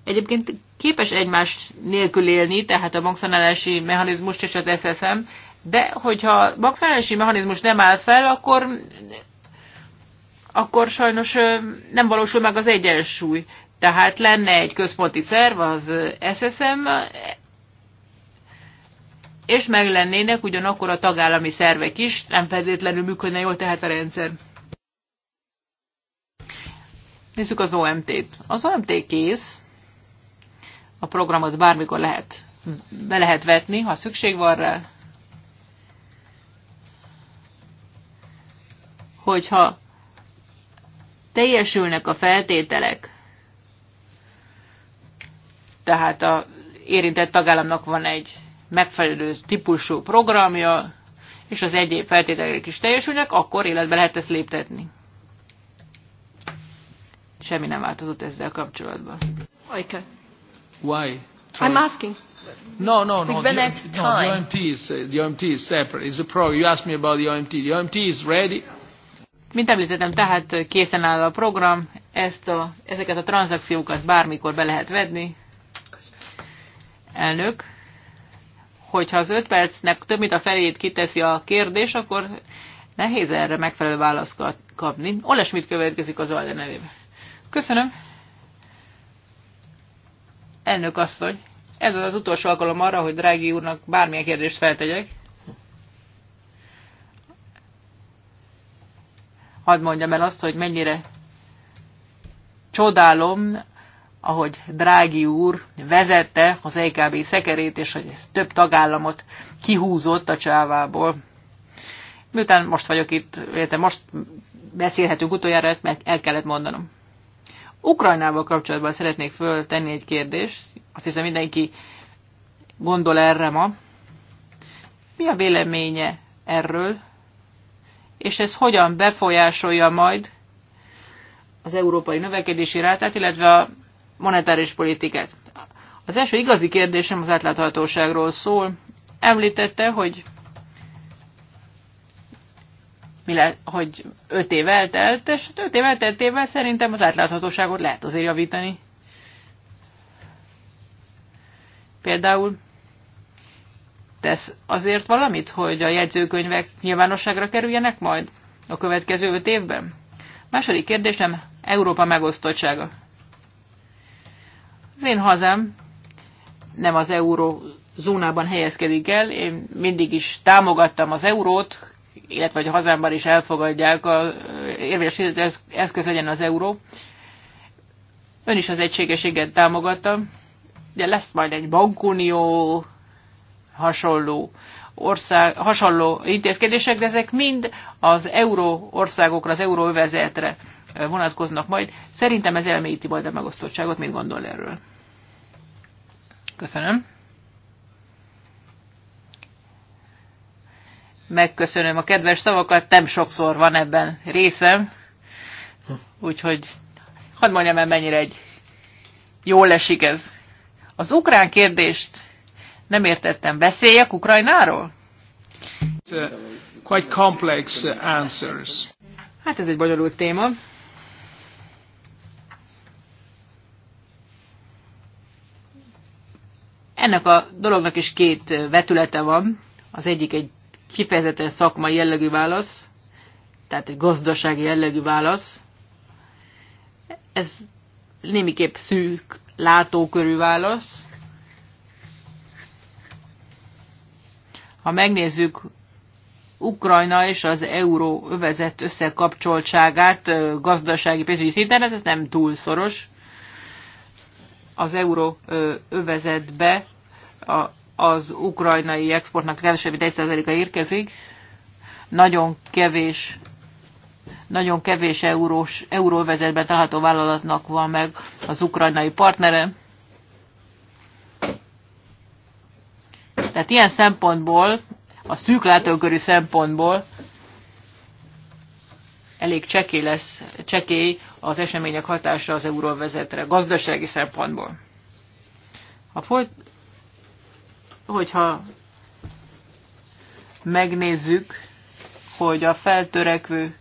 egyébként képes egymás nélkül élni, tehát a bankszállási mechanizmus és az SSM, de hogyha maximális mechanizmus nem áll fel, akkor, akkor sajnos nem valósul meg az egyensúly. Tehát lenne egy központi szerv, az SSM, és meg lennének ugyanakkor a tagállami szervek is, nem feltétlenül működne jól tehát a rendszer. Nézzük az OMT-t. Az OMT kész, a programot bármikor lehet, be lehet vetni, ha szükség van rá, hogyha teljesülnek a feltételek, tehát a érintett tagállamnak van egy megfelelő típusú programja, és az egyéb feltételek is teljesülnek, akkor életbe lehet ezt léptetni. Semmi nem változott ezzel kapcsolatban. Ajka. Why? Try. I'm asking. No, no, no. The, time. No, the OMT is, the OMT is separate. It's a program. You asked me about the OMT. The OMT is ready. Mint említettem, tehát készen áll a program, ezt a, ezeket a tranzakciókat bármikor be lehet vedni. Elnök, hogyha az öt percnek több mint a felét kiteszi a kérdés, akkor nehéz erre megfelelő választ kapni. Olesmit következik az Alde nevében. Köszönöm. Elnök asszony, ez az utolsó alkalom arra, hogy Drági úrnak bármilyen kérdést feltegyek. hadd mondjam el azt, hogy mennyire csodálom, ahogy Drági úr vezette az EKB szekerét, és hogy több tagállamot kihúzott a csávából. Miután most vagyok itt, illetve most beszélhetünk utoljára, ezt meg el kellett mondanom. Ukrajnával kapcsolatban szeretnék föltenni egy kérdést, azt hiszem mindenki gondol erre ma. Mi a véleménye erről? és ez hogyan befolyásolja majd az európai növekedési rátát, illetve a monetáris politikát. Az első igazi kérdésem az átláthatóságról szól. Említette, hogy mi le, hogy öt év eltelt, és öt év elteltével szerintem az átláthatóságot lehet azért javítani. Például tesz azért valamit, hogy a jegyzőkönyvek nyilvánosságra kerüljenek majd a következő öt évben? Második kérdésem, Európa megosztottsága. Az én hazám nem az euró zónában helyezkedik el, én mindig is támogattam az eurót, illetve hogy a hazámban is elfogadják, a érvényes eszköz legyen az euró. Ön is az egységességet támogatta, de lesz majd egy bankunió, hasonló ország, hasonló intézkedések, de ezek mind az euró országokra, az euróövezetre eh, vonatkoznak majd. Szerintem ez elmélyíti majd a megosztottságot, mit gondol erről. Köszönöm. Megköszönöm a kedves szavakat, nem sokszor van ebben részem, úgyhogy hadd mondjam el, mennyire egy jól esik ez. Az ukrán kérdést nem értettem. Beszéljek Ukrajnáról? Uh, quite complex uh, answers. Hát ez egy bonyolult téma. Ennek a dolognak is két uh, vetülete van. Az egyik egy kifejezetten szakmai jellegű válasz, tehát egy gazdasági jellegű válasz. Ez némiképp szűk, látókörű válasz. Ha megnézzük Ukrajna és az euró övezet összekapcsoltságát gazdasági pénzügyi szinten, hát ez nem túl szoros. Az euró övezetbe az ukrajnai exportnak kevesebb, mint 1%-a érkezik. Nagyon kevés nagyon kevés eurós, euróvezetben található vállalatnak van meg az ukrajnai partnere. Tehát ilyen szempontból, a szűk látókörű szempontból elég csekély lesz, csekély az események hatása az euróvezetre, gazdasági szempontból. Ha folyt, hogyha megnézzük, hogy a feltörekvő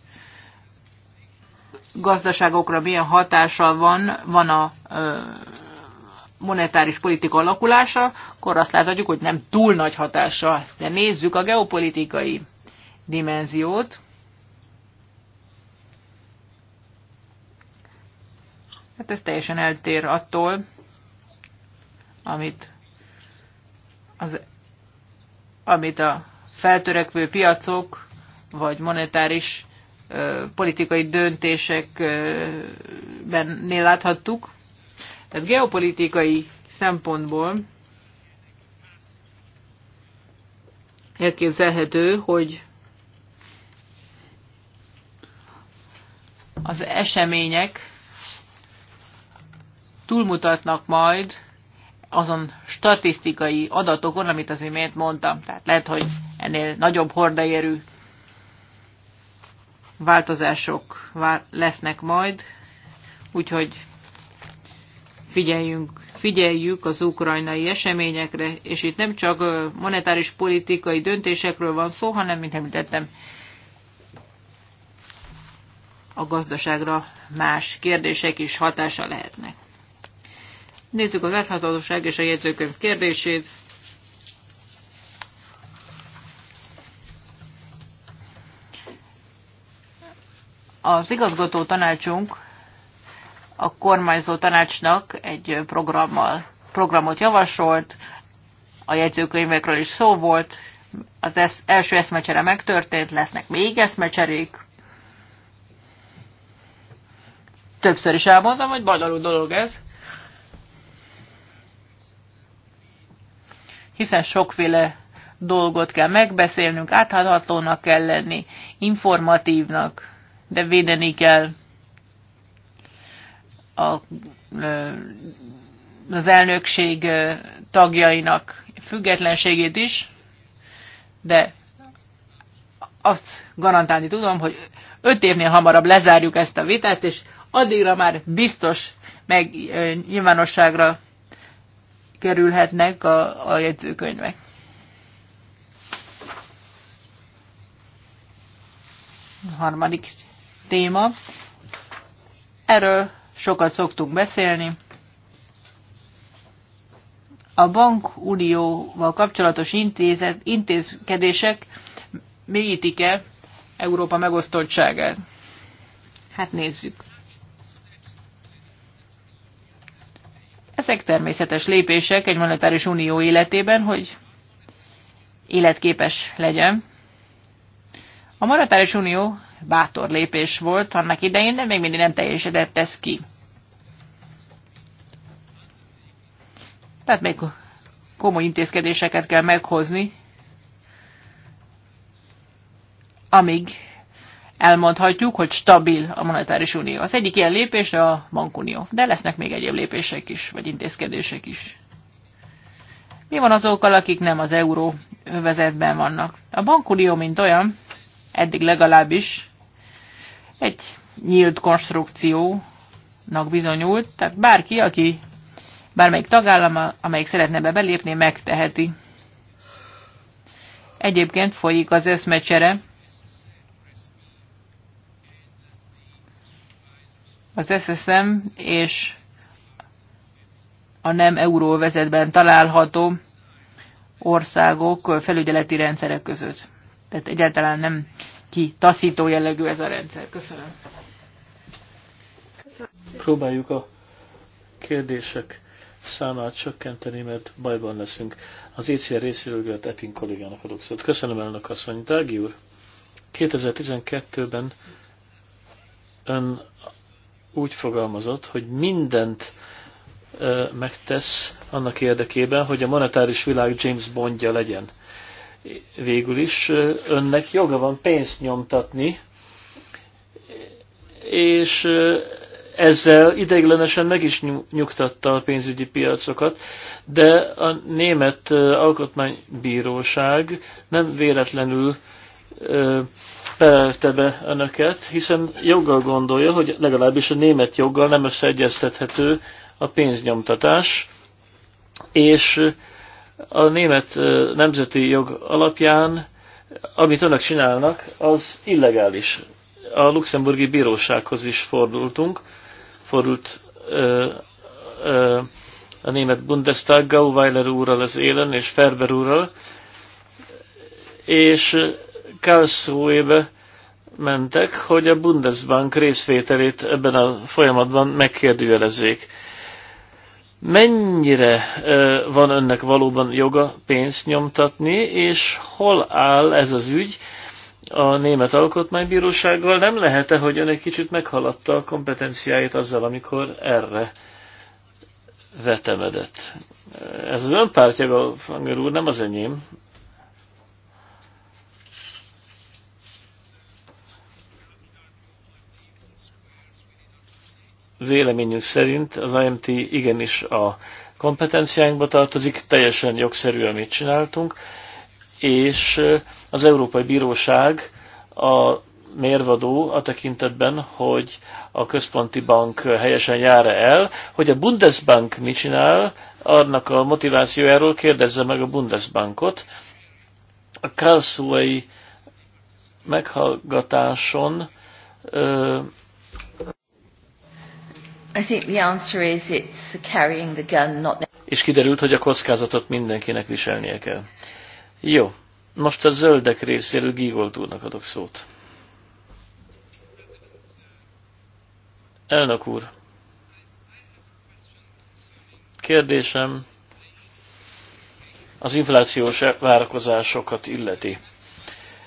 gazdaságokra milyen hatással van, van a monetáris politika alakulása, akkor azt láthatjuk, hogy nem túl nagy hatása. De nézzük a geopolitikai dimenziót. Hát ez teljesen eltér attól, amit, az, amit a feltörekvő piacok vagy monetáris ö, politikai döntésekben láthattuk. Tehát geopolitikai szempontból elképzelhető, hogy az események túlmutatnak majd azon statisztikai adatokon, amit az imént mondtam. Tehát lehet, hogy ennél nagyobb hordaérű változások lesznek majd, úgyhogy figyeljünk, figyeljük az ukrajnai eseményekre, és itt nem csak monetáris politikai döntésekről van szó, hanem, mint említettem, a gazdaságra más kérdések is hatása lehetnek. Nézzük az átláthatóság és a jegyzőkönyv kérdését. Az igazgató tanácsunk a kormányzó tanácsnak egy programmal, programot javasolt, a jegyzőkönyvekről is szó volt, az esz, első eszmecsere megtörtént, lesznek még eszmecserék. Többször is elmondtam, hogy bajdalú dolog ez. Hiszen sokféle dolgot kell megbeszélnünk, áthallhatónak kell lenni, informatívnak, de védeni kell a, az elnökség tagjainak függetlenségét is, de azt garantálni tudom, hogy öt évnél hamarabb lezárjuk ezt a vitát, és addigra már biztos meg nyilvánosságra kerülhetnek a, a jegyzőkönyvek. A harmadik téma. Erről sokat szoktunk beszélni. A bankunióval kapcsolatos intézet, intézkedések mélyítik el Európa megosztottságát. Hát nézzük. Ezek természetes lépések egy monetáris unió életében, hogy életképes legyen. A monetáris unió bátor lépés volt annak idején, de még mindig nem teljesedett ez ki. Tehát még komoly intézkedéseket kell meghozni, amíg elmondhatjuk, hogy stabil a monetáris unió. Az egyik ilyen lépés a bankunió, de lesznek még egyéb lépések is, vagy intézkedések is. Mi van azokkal, akik nem az euró övezetben vannak? A bankunió, mint olyan, eddig legalábbis egy nyílt konstrukciónak bizonyult, tehát bárki, aki Bármelyik tagállam, amelyik szeretne be belépni, megteheti. Egyébként folyik az eszmecsere. Az SSM és a nem euróvezetben található országok felügyeleti rendszerek között. Tehát egyáltalán nem ki taszító jellegű ez a rendszer. Köszönöm. Köszönöm. Próbáljuk a kérdések számát csökkenteni, mert bajban leszünk. Az ECR részéről Gölt Epping kollégának adok szót. Köszönöm elnök asszony. Dági úr, 2012-ben ön úgy fogalmazott, hogy mindent ö, megtesz annak érdekében, hogy a monetáris világ James Bondja legyen. Végül is önnek joga van pénzt nyomtatni, és ezzel ideiglenesen meg is nyugtatta a pénzügyi piacokat, de a német alkotmánybíróság nem véletlenül perelte be önöket, hiszen joggal gondolja, hogy legalábbis a német joggal nem összeegyeztethető a pénznyomtatás, és a német nemzeti jog alapján, amit önök csinálnak, az illegális. A luxemburgi bírósághoz is fordultunk, fordult ö, ö, a német Bundestag Gauweiler úrral az élen, és Ferber úrral, és Karlsruhebe mentek, hogy a Bundesbank részvételét ebben a folyamatban megkérdőjelezzék. Mennyire van önnek valóban joga pénzt nyomtatni, és hol áll ez az ügy, a Német Alkotmánybírósággal. Nem lehet-e, hogy ön egy kicsit meghaladta a kompetenciáit azzal, amikor erre vetemedett? Ez az ön pártja, Fanger úr, nem az enyém. Véleményünk szerint az IMT igenis a kompetenciánkba tartozik, teljesen jogszerű, amit csináltunk és az Európai Bíróság a mérvadó a tekintetben, hogy a központi bank helyesen jár -e el, hogy a Bundesbank mit csinál, annak a motivációjáról kérdezze meg a Bundesbankot. A Karlsruhei meghallgatáson ö, I think the answer is it's carrying the gun, not... és kiderült, hogy a kockázatot mindenkinek viselnie kell. Jó, most a zöldek részéről Gígolt úrnak adok szót. Elnök úr, kérdésem az inflációs várakozásokat illeti.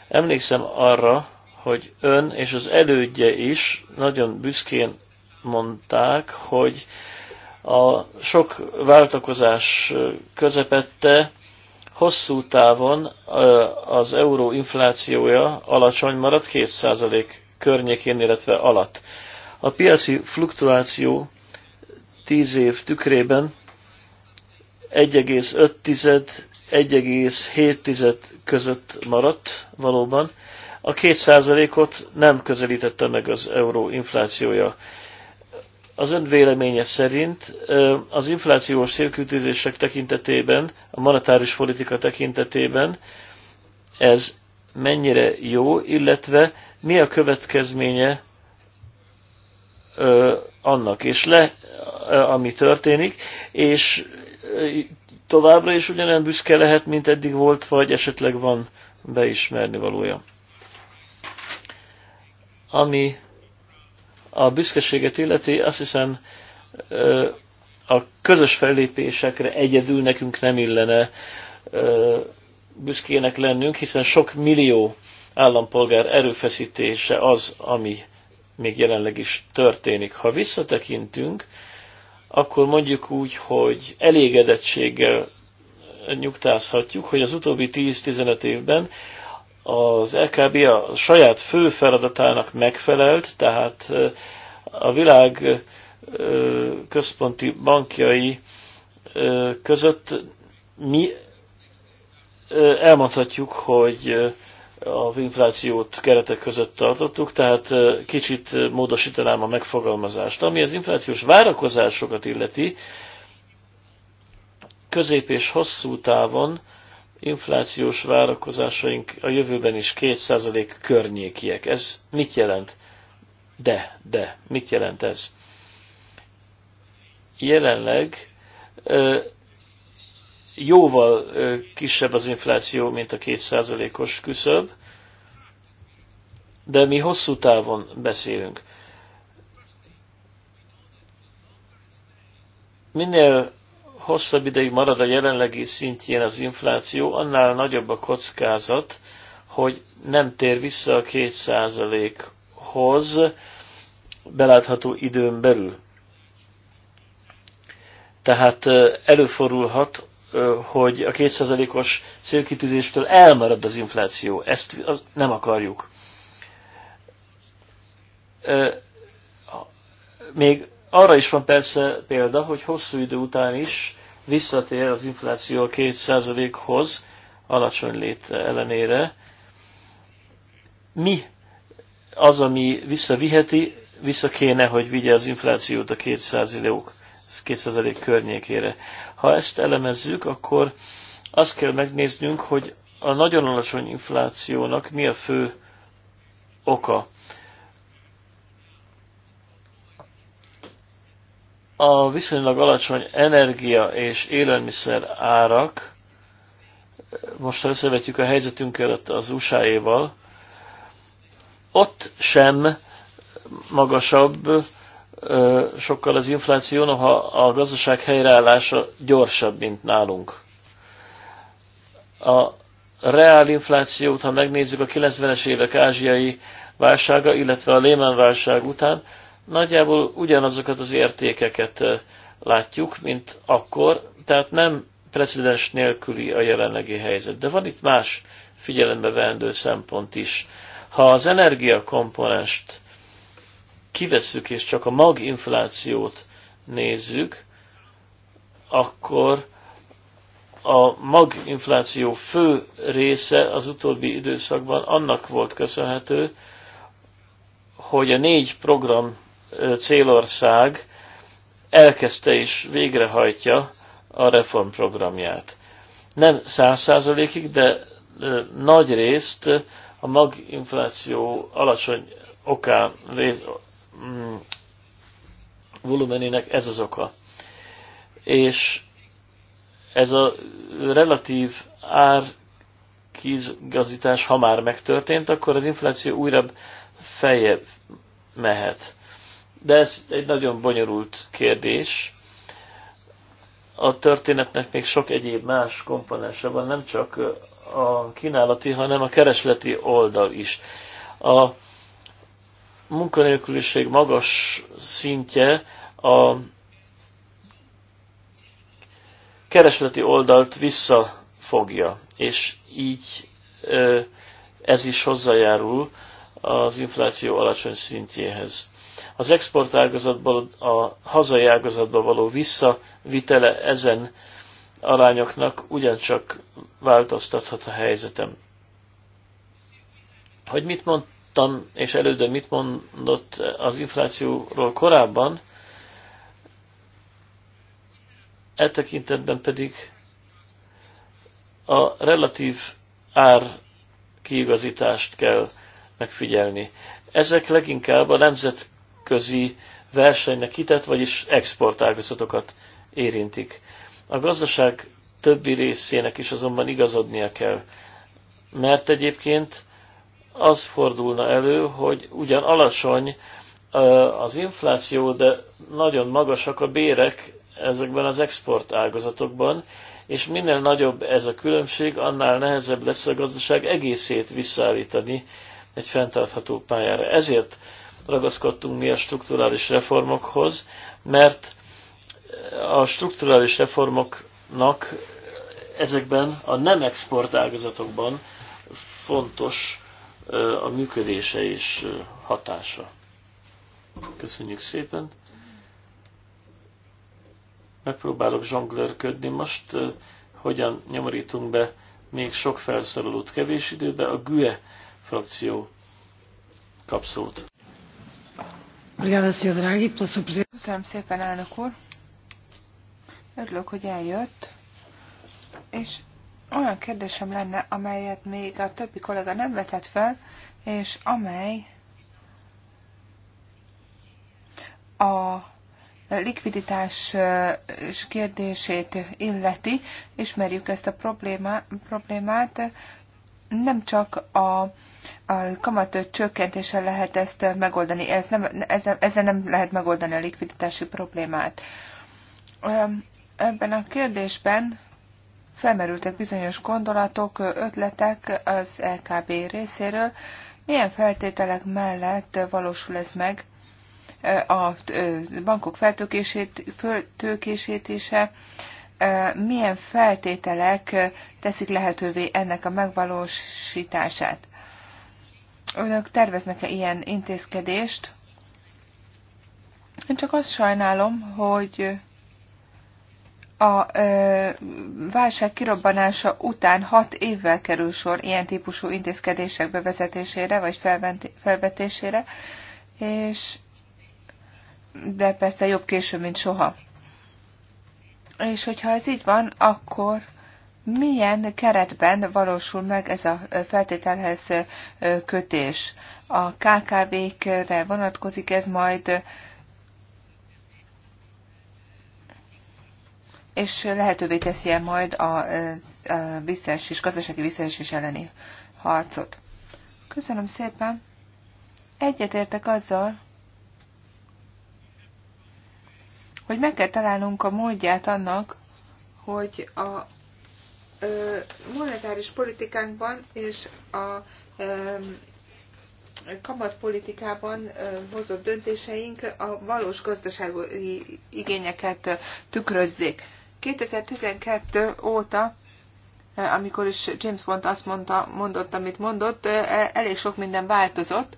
Emlékszem arra, hogy ön és az elődje is nagyon büszkén mondták, hogy a sok váltakozás közepette hosszú távon az euró inflációja alacsony marad 2% környékén, illetve alatt. A piaci fluktuáció 10 év tükrében 1,5-1,7 között maradt valóban. A 2%-ot nem közelítette meg az euró inflációja az ön véleménye szerint az inflációs szélkültézések tekintetében, a monetáris politika tekintetében ez mennyire jó, illetve mi a következménye annak, és le, ami történik, és továbbra is ugyanilyen büszke lehet, mint eddig volt, vagy esetleg van beismerni valója. Ami a büszkeséget illeti, azt hiszem, a közös fellépésekre egyedül nekünk nem illene büszkének lennünk, hiszen sok millió állampolgár erőfeszítése az, ami még jelenleg is történik. Ha visszatekintünk, akkor mondjuk úgy, hogy elégedettséggel nyugtázhatjuk, hogy az utóbbi 10-15 évben az LKB a saját fő feladatának megfelelt, tehát a világ központi bankjai között mi elmondhatjuk, hogy a inflációt keretek között tartottuk, tehát kicsit módosítanám a megfogalmazást. Ami az inflációs várakozásokat illeti, közép és hosszú távon inflációs várakozásaink a jövőben is 2% környékiek. Ez mit jelent? De, de, mit jelent ez? Jelenleg jóval kisebb az infláció, mint a 2%-os küszöb, de mi hosszú távon beszélünk. Minél hosszabb ideig marad a jelenlegi szintjén az infláció, annál nagyobb a kockázat, hogy nem tér vissza a 2%-hoz belátható időn belül. Tehát előfordulhat, hogy a 2%-os célkitűzéstől elmarad az infláció. Ezt nem akarjuk. Még arra is van persze példa, hogy hosszú idő után is visszatér az infláció a 2%-hoz alacsony lét ellenére. Mi az, ami visszaviheti, vissza kéne, hogy vigye az inflációt a 2%-ok. környékére. Ha ezt elemezzük, akkor azt kell megnéznünk, hogy a nagyon alacsony inflációnak mi a fő oka. a viszonylag alacsony energia és élelmiszer árak, most összevetjük a helyzetünket az USA-éval, ott sem magasabb sokkal az infláció, noha a gazdaság helyreállása gyorsabb, mint nálunk. A reál inflációt, ha megnézzük a 90-es évek ázsiai válsága, illetve a Lehman válság után, nagyjából ugyanazokat az értékeket látjuk, mint akkor, tehát nem precedens nélküli a jelenlegi helyzet. De van itt más figyelembe vendő szempont is. Ha az energiakomponest kivesszük és csak a maginflációt nézzük, akkor a maginfláció fő része az utóbbi időszakban annak volt köszönhető, hogy a négy program célország elkezdte és végrehajtja a reformprogramját. Nem száz százalékig, de nagy részt a maginfláció alacsony okán rész, mm, volumenének ez az oka. És ez a relatív ár kizgazítás, ha már megtörtént, akkor az infláció újra feljebb mehet de ez egy nagyon bonyolult kérdés. A történetnek még sok egyéb más komponense van, nem csak a kínálati, hanem a keresleti oldal is. A munkanélküliség magas szintje a keresleti oldalt visszafogja, és így ez is hozzájárul az infláció alacsony szintjéhez. Az exportágazatból a hazai ágazatba való visszavitele ezen arányoknak ugyancsak változtathat a helyzetem. Hogy mit mondtam, és elődön mit mondott az inflációról korábban, e tekintetben pedig a relatív ár kiigazítást kell megfigyelni. Ezek leginkább a nemzet nemzetközi versenynek kitett, vagyis exportágazatokat érintik. A gazdaság többi részének is azonban igazodnia kell, mert egyébként az fordulna elő, hogy ugyan alacsony az infláció, de nagyon magasak a bérek ezekben az exportágazatokban, és minél nagyobb ez a különbség, annál nehezebb lesz a gazdaság egészét visszaállítani egy fenntartható pályára. Ezért ragaszkodtunk mi a strukturális reformokhoz, mert a strukturális reformoknak ezekben a nem export ágazatokban fontos a működése és hatása. Köszönjük szépen! Megpróbálok zsonglőrködni most, hogyan nyomorítunk be még sok felszólalót kevés időbe. A GUE frakció kapszót. Köszönöm szépen, elnök úr. Örülök, hogy eljött. És olyan kérdésem lenne, amelyet még a többi kollega nem vetett fel, és amely a likviditás kérdését illeti. Ismerjük ezt a problémát, nem csak a, a kamat csökkentéssel lehet ezt megoldani, ez nem, ezzel, ezzel nem lehet megoldani a likviditási problémát. Ebben a kérdésben felmerültek bizonyos gondolatok, ötletek az LKB részéről. Milyen feltételek mellett valósul ez meg? A bankok feltőkését, feltőkésítése, milyen feltételek teszik lehetővé ennek a megvalósítását. Önök terveznek-e ilyen intézkedést? Én csak azt sajnálom, hogy a ö, válság kirobbanása után hat évvel kerül sor ilyen típusú intézkedések bevezetésére vagy felvetésére, és de persze jobb késő, mint soha. És hogyha ez így van, akkor milyen keretben valósul meg ez a feltételhez kötés? A KKV-kre vonatkozik ez majd, és lehetővé teszi -e majd a, a visszaesés, gazdasági visszaesés elleni harcot. Köszönöm szépen. Egyetértek azzal, hogy meg kell találnunk a módját annak, hogy a monetáris politikánkban és a kamatpolitikában hozott döntéseink a valós gazdasági igényeket tükrözzék. 2012 óta, amikor is James Bond azt mondta, mondott, amit mondott, e, elég sok minden változott,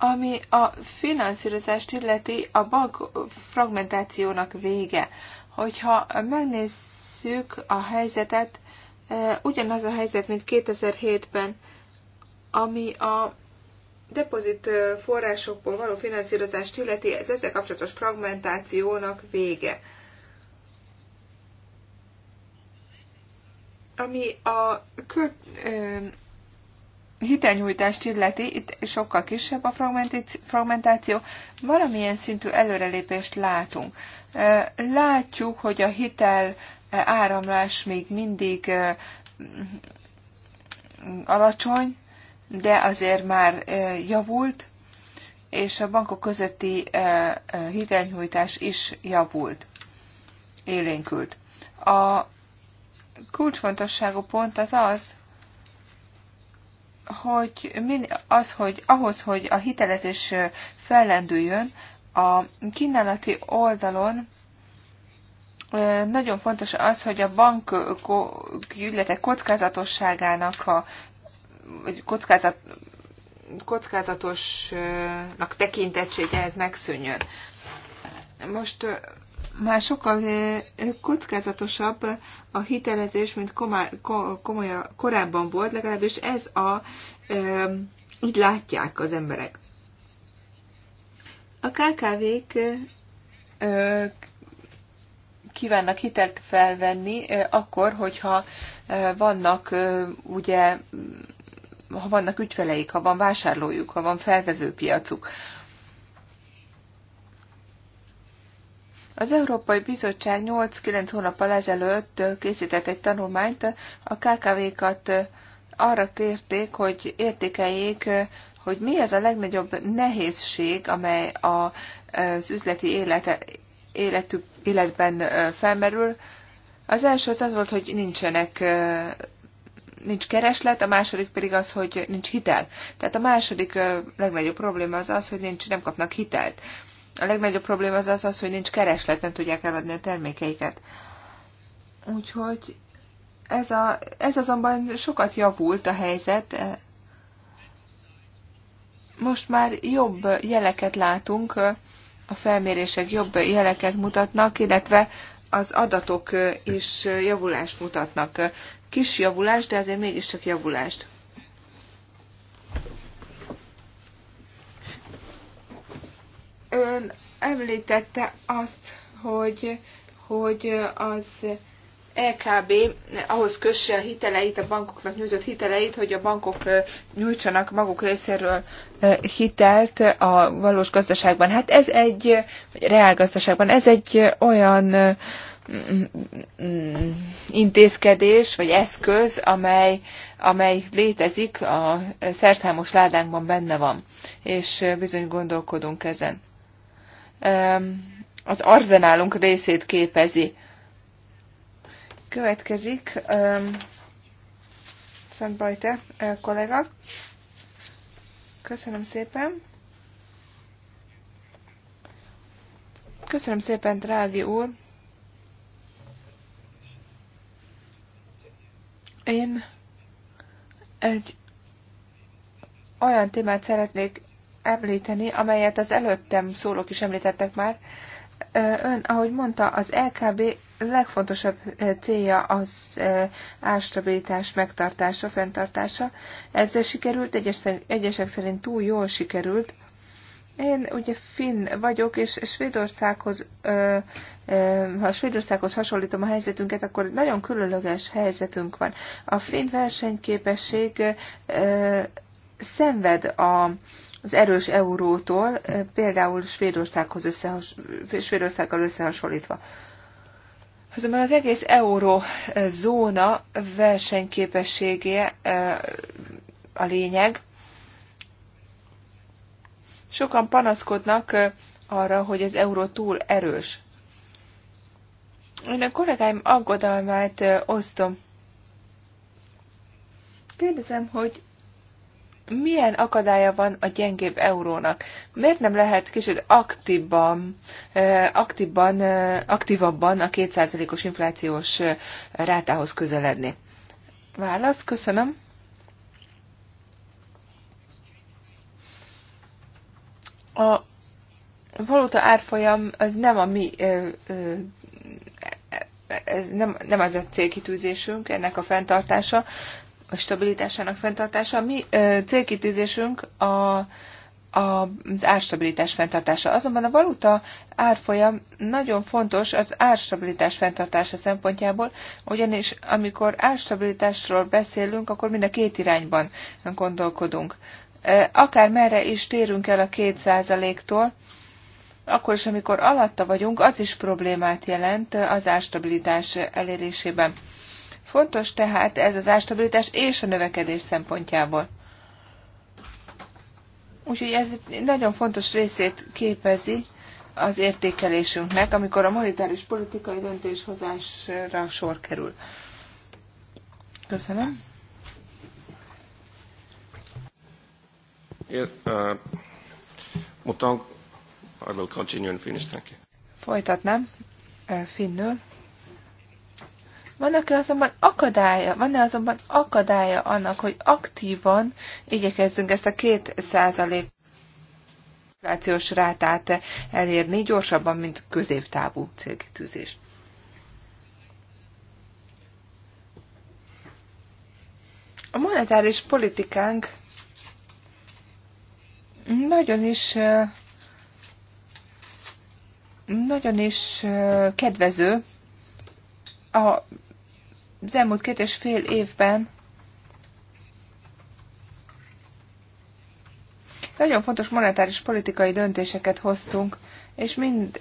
ami a finanszírozást illeti, a bank fragmentációnak vége. Hogyha megnézzük a helyzetet, e, ugyanaz a helyzet, mint 2007-ben, ami a depozit e, forrásokból való finanszírozást illeti, ez ezzel kapcsolatos fragmentációnak vége. Ami a e, hitelnyújtást illeti, itt sokkal kisebb a fragmentáció, valamilyen szintű előrelépést látunk. Látjuk, hogy a hitel áramlás még mindig alacsony, de azért már javult, és a bankok közötti hitelnyújtás is javult, élénkült. A kulcsfontosságú pont az az, hogy az, hogy ahhoz, hogy a hitelezés fellendüljön, a kínálati oldalon nagyon fontos az, hogy a bank ügyletek kockázatosságának a vagy kockázat, kockázatosnak tekintettsége ez megszűnjön. Most már sokkal kockázatosabb a hitelezés, mint komá, komolyan, korábban volt, legalábbis ez a, így látják az emberek. A KKV-k kívánnak hitelt felvenni akkor, hogyha vannak ugye ha vannak ügyfeleik, ha van vásárlójuk, ha van felvevő piacuk. Az Európai Bizottság 8-9 hónappal ezelőtt készített egy tanulmányt, a KKV-kat arra kérték, hogy értékeljék, hogy mi az a legnagyobb nehézség, amely az üzleti élete, életük, életben felmerül. Az első az az volt, hogy nincsenek nincs kereslet, a második pedig az, hogy nincs hitel. Tehát a második legnagyobb probléma az az, hogy nincs, nem kapnak hitelt. A legnagyobb probléma az az, az hogy nincs kereslet, nem tudják eladni a termékeiket. Úgyhogy ez, a, ez azonban sokat javult a helyzet. Most már jobb jeleket látunk, a felmérések jobb jeleket mutatnak, illetve az adatok is javulást mutatnak. Kis javulást, de azért mégiscsak javulást. Ön említette azt, hogy, hogy az LKB e ahhoz kösse a hiteleit, a bankoknak nyújtott hiteleit, hogy a bankok nyújtsanak maguk részéről hitelt a valós gazdaságban. Hát ez egy, vagy reál gazdaságban, ez egy olyan mm, intézkedés, vagy eszköz, amely, amely létezik, a szerszámos ládánkban benne van, és bizony gondolkodunk ezen az arzenálunk részét képezi. Következik Szent Bajte kollega. Köszönöm szépen. Köszönöm szépen, drági úr. Én egy olyan témát szeretnék említeni, amelyet az előttem szólók is említettek már. Ön, ahogy mondta, az LKB legfontosabb célja az ástabilitás megtartása, fenntartása. Ezzel sikerült, egyesek szerint túl jól sikerült. Én ugye finn vagyok, és Svédországhoz, ha Svédországhoz hasonlítom a helyzetünket, akkor nagyon különleges helyzetünk van. A finn versenyképesség szenved a az erős eurótól, például Svédországhoz összehas, Svédországgal összehasonlítva. Azonban az egész eurózóna versenyképessége a lényeg. Sokan panaszkodnak arra, hogy az euró túl erős. Én a kollégáim aggodalmát osztom. Kérdezem, hogy milyen akadálya van a gyengébb eurónak? Miért nem lehet kicsit aktívban, aktívban, aktívabban a kétszázalékos inflációs rátához közeledni? Válasz, köszönöm. A valuta árfolyam az nem a mi ez nem, nem az a célkitűzésünk, ennek a fenntartása stabilitásának fenntartása. A ö, célkitűzésünk a az árstabilitás fenntartása. Azonban a valuta árfolyam nagyon fontos az árstabilitás fenntartása szempontjából, ugyanis amikor árstabilitásról beszélünk, akkor mind a két irányban gondolkodunk. Akár merre is térünk el a két százaléktól, akkor is, amikor alatta vagyunk, az is problémát jelent az árstabilitás elérésében. Fontos tehát ez az árstabilitás és a növekedés szempontjából. Úgyhogy ez nagyon fontos részét képezi az értékelésünknek, amikor a monetáris politikai döntéshozásra sor kerül. Köszönöm. Yes, uh, I will continue thank you. Folytatnám uh, finnül. Vannak-e azonban akadálya, van-e azonban akadálya annak, hogy aktívan igyekezzünk ezt a két százalék inflációs rátát elérni gyorsabban, mint középtávú célkitűzés? A monetáris politikánk nagyon is nagyon is kedvező a az elmúlt két és fél évben nagyon fontos monetáris politikai döntéseket hoztunk, és mind,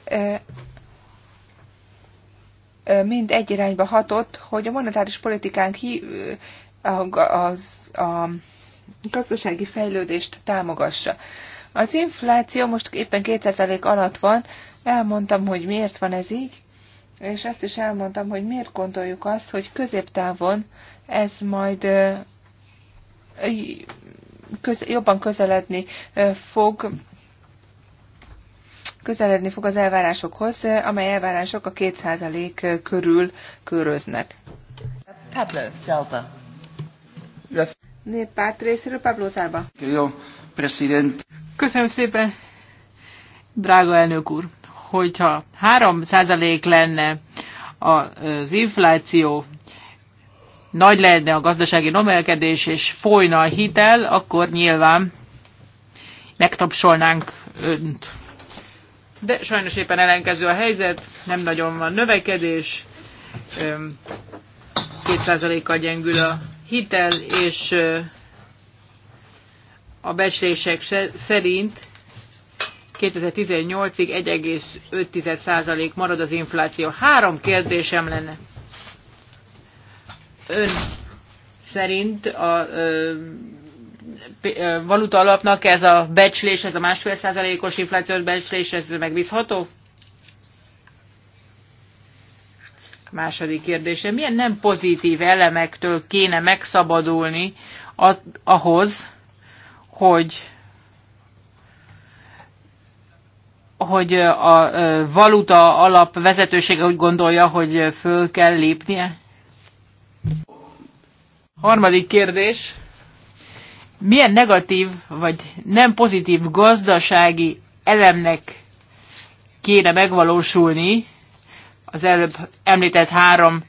mind egy irányba hatott, hogy a monetáris politikánk az, a gazdasági fejlődést támogassa. Az infláció most éppen 2% alatt van, elmondtam, hogy miért van ez így és azt is elmondtam, hogy miért gondoljuk azt, hogy középtávon ez majd köz, jobban közeledni fog közeledni fog az elvárásokhoz, amely elvárások a 2% körül köröznek. Pablo Zalba. Néppárt részéről Pablo Zalba. president. Köszönöm szépen, drága elnök úr hogyha 3% lenne az infláció, nagy lenne a gazdasági nomelkedés, és folyna a hitel, akkor nyilván megtapsolnánk önt. De sajnos éppen ellenkező a helyzet, nem nagyon van növekedés, 2%-kal gyengül a hitel, és a becslések szerint 2018-ig 1,5% marad az infláció. Három kérdésem lenne. Ön szerint a ö, valuta alapnak ez a becslés, ez a másfél százalékos inflációs becslés, ez megbízható? Második kérdése. Milyen nem pozitív elemektől kéne megszabadulni ahhoz, hogy hogy a valuta alap vezetősége úgy gondolja, hogy föl kell lépnie? Harmadik kérdés. Milyen negatív vagy nem pozitív gazdasági elemnek kéne megvalósulni az előbb említett három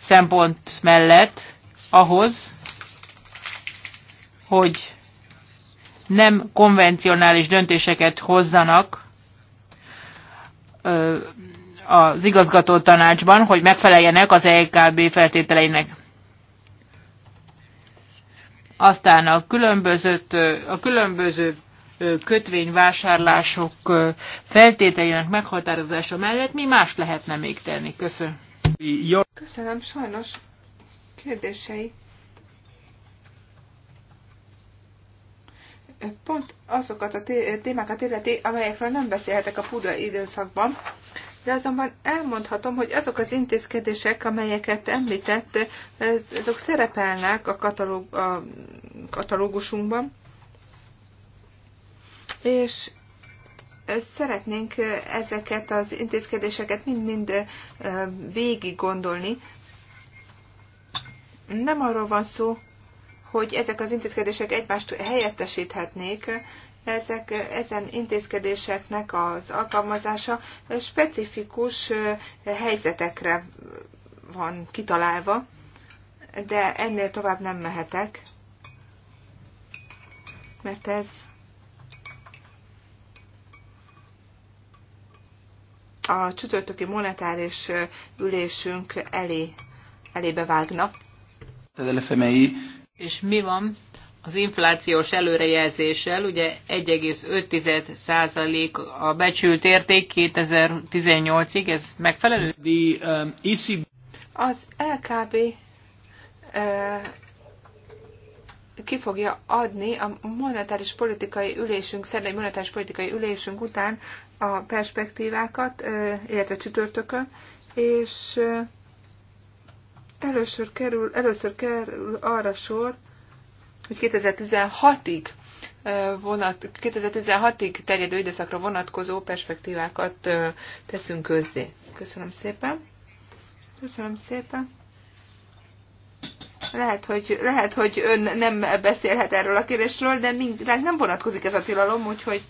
szempont mellett ahhoz, hogy nem konvencionális döntéseket hozzanak az igazgató tanácsban, hogy megfeleljenek az EKB feltételeinek. Aztán a különböző, a különböző kötvényvásárlások feltételeinek meghatározása mellett mi más lehetne még tenni? Köszönöm. Köszönöm, sajnos kérdései pont azokat a témákat illeti, amelyekről nem beszélhetek a pudra időszakban, de azonban elmondhatom, hogy azok az intézkedések, amelyeket említett, azok szerepelnek a, katalóg, a katalógusunkban, és szeretnénk ezeket az intézkedéseket mind-mind végig gondolni. Nem arról van szó, hogy ezek az intézkedések egymást helyettesíthetnék, ezek, ezen intézkedéseknek az alkalmazása specifikus helyzetekre van kitalálva, de ennél tovább nem mehetek, mert ez a csütörtöki monetáris ülésünk elé, elébe vágna és mi van az inflációs előrejelzéssel, ugye 1,5% a becsült érték 2018-ig, ez megfelelő? The, um, ECB... Az LKB uh, ki fogja adni a monetáris politikai ülésünk, szerdai monetáris politikai ülésünk után a perspektívákat, illetve csütörtökön, és Először kerül, először kerül arra sor, hogy 2016-ig vonat, 2016-ig terjedő időszakra vonatkozó perspektívákat teszünk közzé. Köszönöm szépen. Köszönöm szépen. Lehet, hogy, lehet, hogy ön nem beszélhet erről a kérdésről, de mind, nem vonatkozik ez a tilalom, úgyhogy,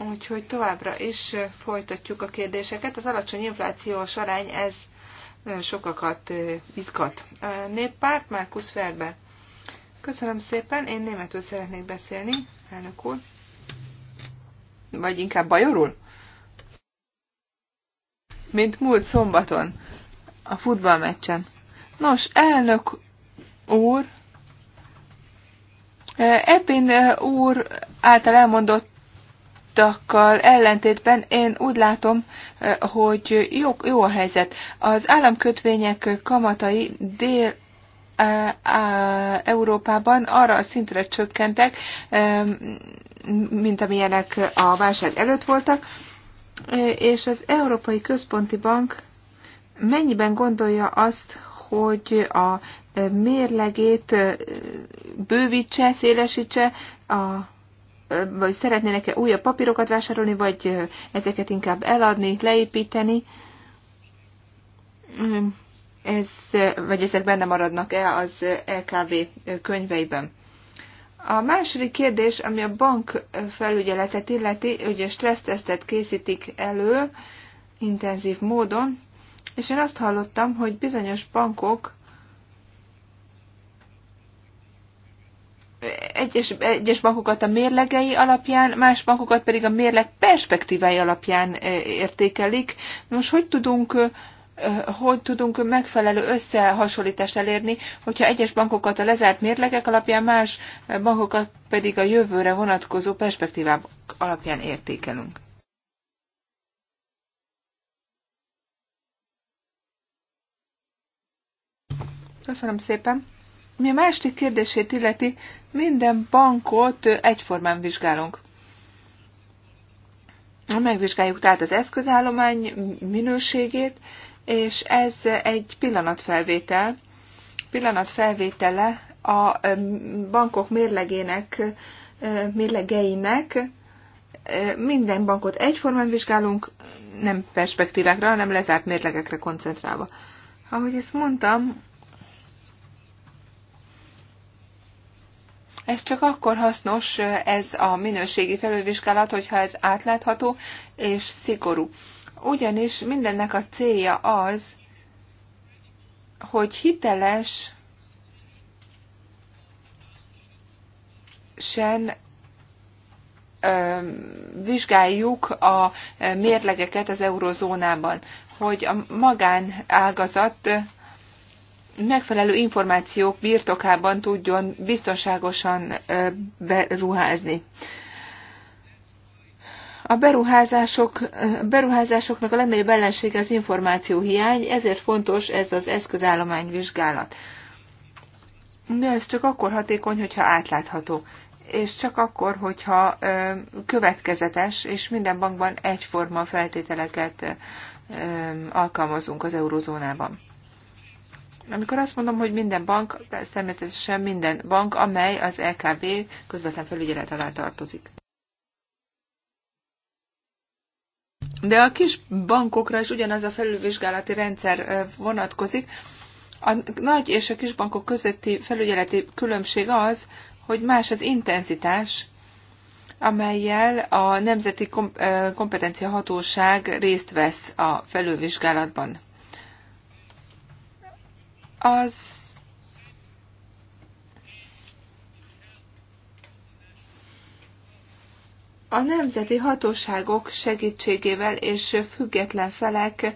úgyhogy továbbra is folytatjuk a kérdéseket. Az alacsony inflációs arány ez nagyon sokakat izgat. Néppárt, Márkusz Ferbe. Köszönöm szépen, én németül szeretnék beszélni, elnök úr. Vagy inkább bajorul? Mint múlt szombaton, a futballmeccsen. Nos, elnök úr, Eppin úr által elmondott mondottakkal ellentétben én úgy látom, eh, hogy jó, jó a helyzet. Az államkötvények kamatai dél eh, Európában arra a szintre csökkentek, mint amilyenek a válság előtt voltak, eh, és az Európai Központi Bank mennyiben gondolja azt, hogy a mérlegét bővítse, szélesítse a vagy szeretnének-e újabb papírokat vásárolni, vagy ezeket inkább eladni, leépíteni. Ez, vagy ezek benne maradnak-e az LKV könyveiben. A második kérdés, ami a bank felügyeletet illeti, ugye stressztesztet készítik elő intenzív módon, és én azt hallottam, hogy bizonyos bankok egyes, egyes bankokat a mérlegei alapján, más bankokat pedig a mérleg perspektívái alapján értékelik. Most hogy tudunk hogy tudunk megfelelő összehasonlítást elérni, hogyha egyes bankokat a lezárt mérlegek alapján, más bankokat pedig a jövőre vonatkozó perspektívák alapján értékelünk. Köszönöm szépen! Mi a másik kérdését illeti, minden bankot egyformán vizsgálunk. Megvizsgáljuk tehát az eszközállomány minőségét, és ez egy pillanatfelvétel. Pillanatfelvétele a bankok mérlegének, mérlegeinek. Minden bankot egyformán vizsgálunk, nem perspektívákra, hanem lezárt mérlegekre koncentrálva. Ahogy ezt mondtam, Ez csak akkor hasznos, ez a minőségi felülvizsgálat, hogyha ez átlátható és szigorú. Ugyanis mindennek a célja az, hogy hiteles sen vizsgáljuk a mérlegeket az eurozónában, hogy a magánágazat megfelelő információk birtokában tudjon biztonságosan beruházni. A beruházások, beruházásoknak a legnagyobb ellensége az információ hiány, ezért fontos ez az eszközállomány vizsgálat. De ez csak akkor hatékony, hogyha átlátható, és csak akkor, hogyha következetes, és minden bankban egyforma feltételeket alkalmazunk az eurozónában. Amikor azt mondom, hogy minden bank, ez természetesen minden bank, amely az LKB közvetlen felügyelet alá tartozik. De a kis bankokra is ugyanaz a felülvizsgálati rendszer vonatkozik. A nagy és a kis bankok közötti felügyeleti különbség az, hogy más az intenzitás, amelyel a Nemzeti Kompetencia Hatóság részt vesz a felülvizsgálatban az a nemzeti hatóságok segítségével és független felek,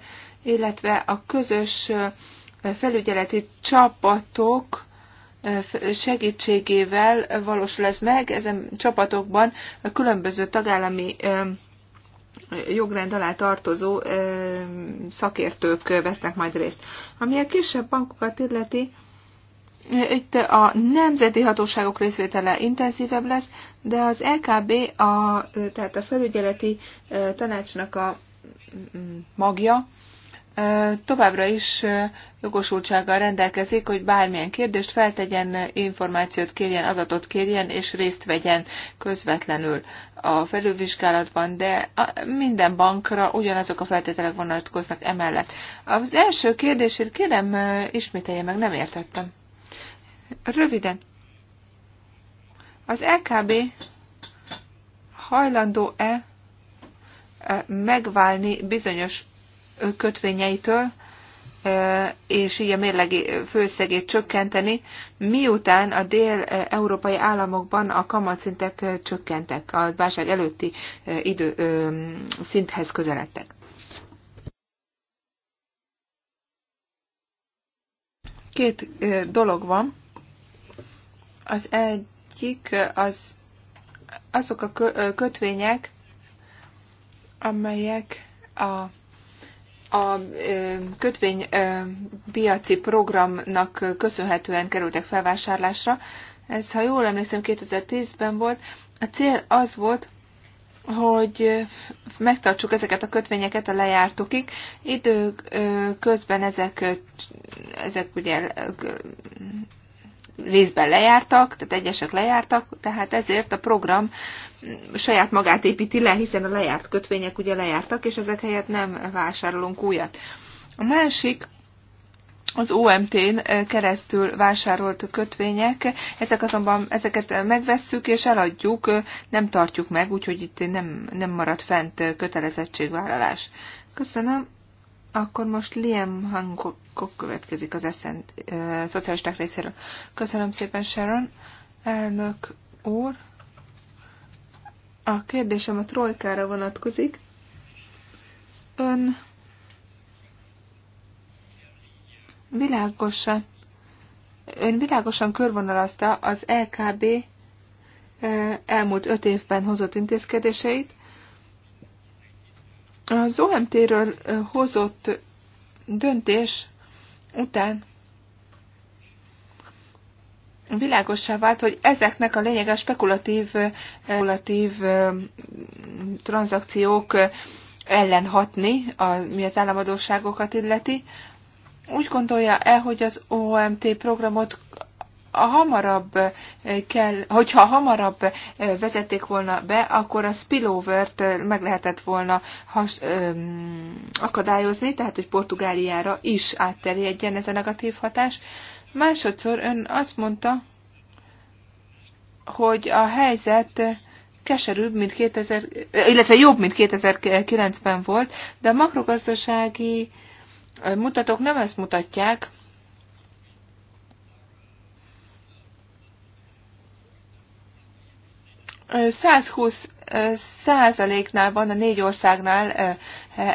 illetve a közös felügyeleti csapatok segítségével valósul ez meg. Ezen csapatokban a különböző tagállami jogrend alá tartozó szakértők vesznek majd részt. Ami a kisebb bankokat illeti, itt a nemzeti hatóságok részvétele intenzívebb lesz, de az LKB, a, tehát a felügyeleti tanácsnak a mm, mm, magja, továbbra is jogosultsággal rendelkezik, hogy bármilyen kérdést feltegyen, információt kérjen, adatot kérjen, és részt vegyen közvetlenül a felülvizsgálatban, de minden bankra ugyanazok a feltételek vonatkoznak emellett. Az első kérdését kérem ismételje meg, nem értettem. Röviden. Az LKB hajlandó-e megválni bizonyos kötvényeitől, és így a mérlegi főszegét csökkenteni, miután a dél-európai államokban a kamatszintek csökkentek, a válság előtti idő, ö, szinthez közeledtek. Két dolog van. Az egyik az azok a kötvények, amelyek a a kötvénypiaci programnak köszönhetően kerültek felvásárlásra. Ez, ha jól emlékszem, 2010-ben volt. A cél az volt, hogy megtartsuk ezeket a kötvényeket a lejártokig. Idő közben ezek, ezek ugye részben lejártak, tehát egyesek lejártak, tehát ezért a program saját magát építi le, hiszen a lejárt kötvények ugye lejártak, és ezek helyett nem vásárolunk újat. A másik az OMT-n keresztül vásárolt kötvények, ezek azonban ezeket megvesszük és eladjuk, nem tartjuk meg, úgyhogy itt nem, nem marad fent kötelezettségvállalás. Köszönöm. Akkor most Liam Hancock következik az eszent, szocialisták részéről. Köszönöm szépen, Sharon. Elnök úr. A kérdésem a trojkára vonatkozik. Ön világosan, ön világosan körvonalazta az LKB eh, elmúlt öt évben hozott intézkedéseit. Az OMT-ről eh, hozott döntés után világossá vált, hogy ezeknek a lényeges spekulatív, spekulatív tranzakciók ellen hatni, mi az államadóságokat illeti. Úgy gondolja el, hogy az OMT programot a hamarabb kell, hogyha hamarabb vezették volna be, akkor a spillover-t meg lehetett volna has, öm, akadályozni, tehát hogy Portugáliára is átterjedjen ez a negatív hatás. Másodszor ön azt mondta, hogy a helyzet keserűbb, mint 2000, illetve jobb, mint 2009-ben volt, de a makrogazdasági mutatók nem ezt mutatják. ...120 százaléknál van, a négy országnál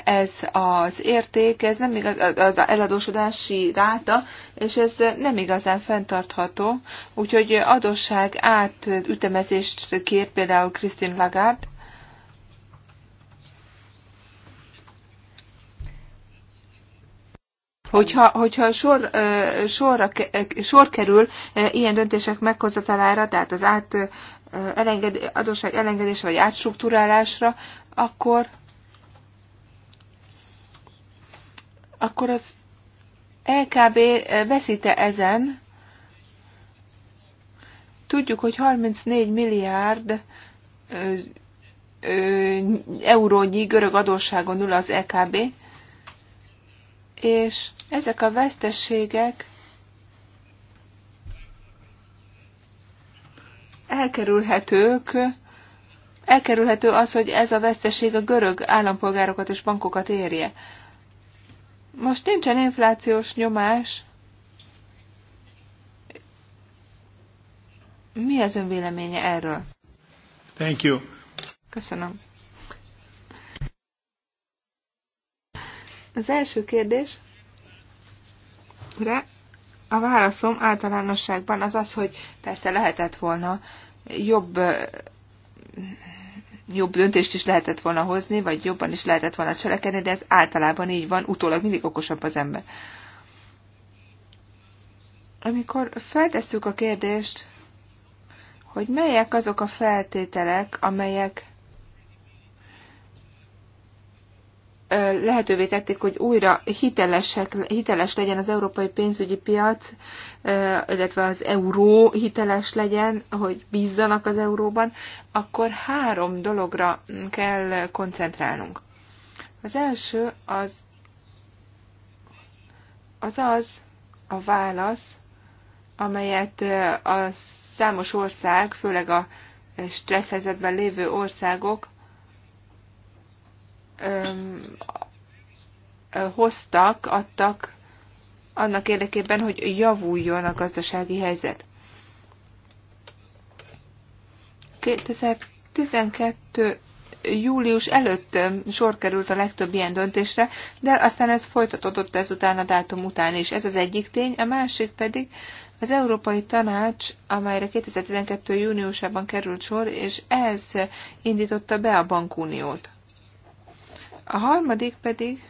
ez az érték, ez nem igaz, az eladósodási ráta, és ez nem igazán fenntartható. Úgyhogy adósság átütemezést kér például Christine Lagarde, Hogyha, hogyha sor, sorra, sor kerül ilyen döntések meghozatalára, tehát az át, elenged, adósság elengedése vagy átstruktúrálásra, akkor, akkor az LKB veszíte ezen. Tudjuk, hogy 34 milliárd eurónyi görög adósságon ül az LKB, és ezek a vesztességek elkerülhetők, elkerülhető az, hogy ez a veszteség a görög állampolgárokat és bankokat érje. Most nincsen inflációs nyomás. Mi az ön véleménye erről? Thank you. Köszönöm. Az első kérdés Ura. A válaszom általánosságban az az, hogy persze lehetett volna jobb, jobb döntést is lehetett volna hozni, vagy jobban is lehetett volna cselekedni, de ez általában így van, utólag mindig okosabb az ember. Amikor feltesszük a kérdést, hogy melyek azok a feltételek, amelyek lehetővé tették, hogy újra hitelesek, hiteles legyen az európai pénzügyi piac, illetve az euró hiteles legyen, hogy bízzanak az euróban, akkor három dologra kell koncentrálnunk. Az első az az, az a válasz, amelyet a számos ország, főleg a stressz lévő országok hoztak, adtak annak érdekében, hogy javuljon a gazdasági helyzet. 2012 július előtt sor került a legtöbb ilyen döntésre, de aztán ez folytatódott ezután a dátum után is. Ez az egyik tény, a másik pedig az Európai Tanács, amelyre 2012. júniusában került sor, és ez indította be a bankuniót. A harmadik pedig